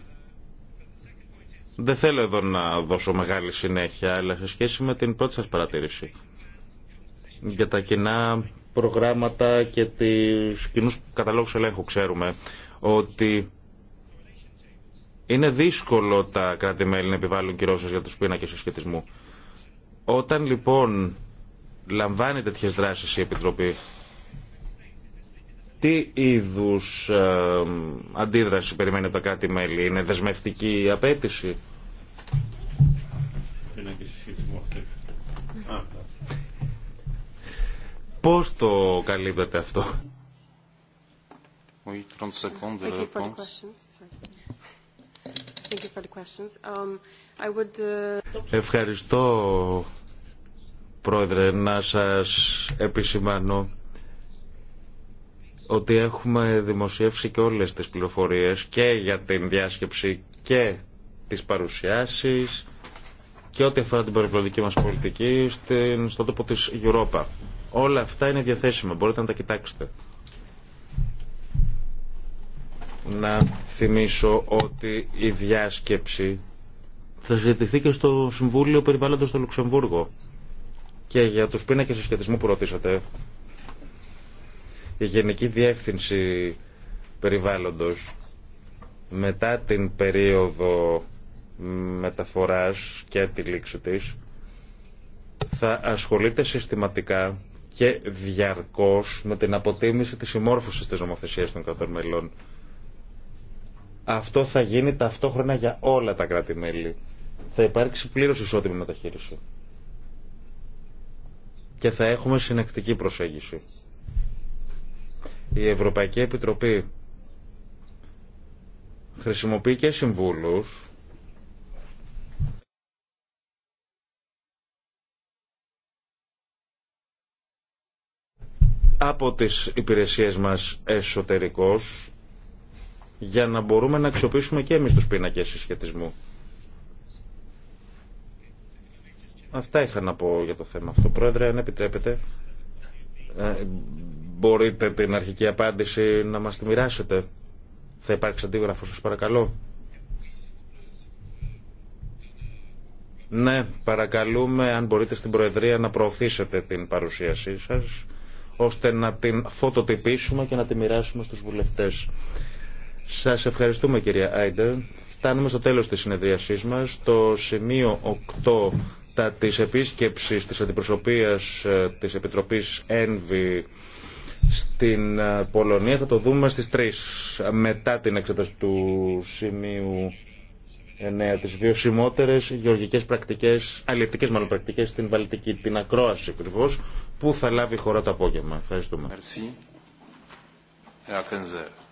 δεν θέλω εδώ να δώσω μεγάλη συνέχεια, αλλά σε σχέση με την πρώτη σας παρατήρηση για τα κοινά προγράμματα και τις κοινούς καταλόγους ελέγχου ξέρουμε ότι είναι δύσκολο τα κράτη-μέλη να επιβάλλουν κυρώσεις για τους πίνακες συσχετισμού. Όταν λοιπόν λαμβάνει τέτοιες δράσεις η Επιτροπή τι είδους ε, αντίδραση περιμένει κάτι τα μελη είναι δεσμευτική απέτηση. Ναι. Πώς το καλύπτεται αυτό. Ευχαριστώ, Πρόεδρε, να σας επισημάνω ότι έχουμε δημοσιεύσει και όλες τις πληροφορίες και για την διάσκεψη και τις παρουσιάσεις και ό,τι αφορά την περιβαλλοντική μας πολιτική στην, στον τόπο της Europa. Όλα αυτά είναι διαθέσιμα, μπορείτε να τα κοιτάξετε. Να θυμίσω ότι η διάσκεψη θα συζητηθεί και στο Συμβούλιο Περιβάλλοντος στο Λουξεμβούργο. Και για τους πίνακες συσχετισμού που ρωτήσατε, η Γενική Διεύθυνση Περιβάλλοντος μετά την περίοδο μεταφοράς και τη λήξη της θα ασχολείται συστηματικά και διαρκώς με την αποτίμηση της συμμόρφωσης της νομοθεσίας των κρατών μελών. Αυτό θα γίνει ταυτόχρονα για όλα τα κράτη-μέλη. Θα υπάρξει πλήρως ισότιμη μεταχείριση. Και θα έχουμε συνεκτική προσέγγιση. Η Ευρωπαϊκή Επιτροπή χρησιμοποιεί και συμβούλους από τις υπηρεσίες μας εσωτερικώς για να μπορούμε να αξιοποιήσουμε και εμείς τους πίνακες συσχετισμού. Αυτά είχα να πω για το θέμα αυτό. Πρόεδρε, αν επιτρέπετε, ε, μπορείτε την αρχική απάντηση να μας τη μοιράσετε. Θα υπάρξει αντίγραφο, σας παρακαλώ. Ναι, παρακαλούμε αν μπορείτε στην Προεδρία να προωθήσετε την παρουσίασή σας, ώστε να την φωτοτυπήσουμε και να τη μοιράσουμε στους βουλευτές. Σας ευχαριστούμε κυρία Άιντερ. Φτάνουμε στο τέλος της συνεδρίασής μας. Το σημείο 8 τα της επίσκεψης της αντιπροσωπείας ε, της Επιτροπής ΕΝΒΗ στην ε, Πολωνία θα το δούμε στις 3 μετά την εξέταση του σημείου 9 τις βιωσιμότερες γεωργικές πρακτικές, αλληλευτικές μάλλον πρακτικές στην Βαλτική, την ακρόαση ακριβώ που θα λάβει η χώρα το απόγευμα. Ευχαριστούμε. Merci.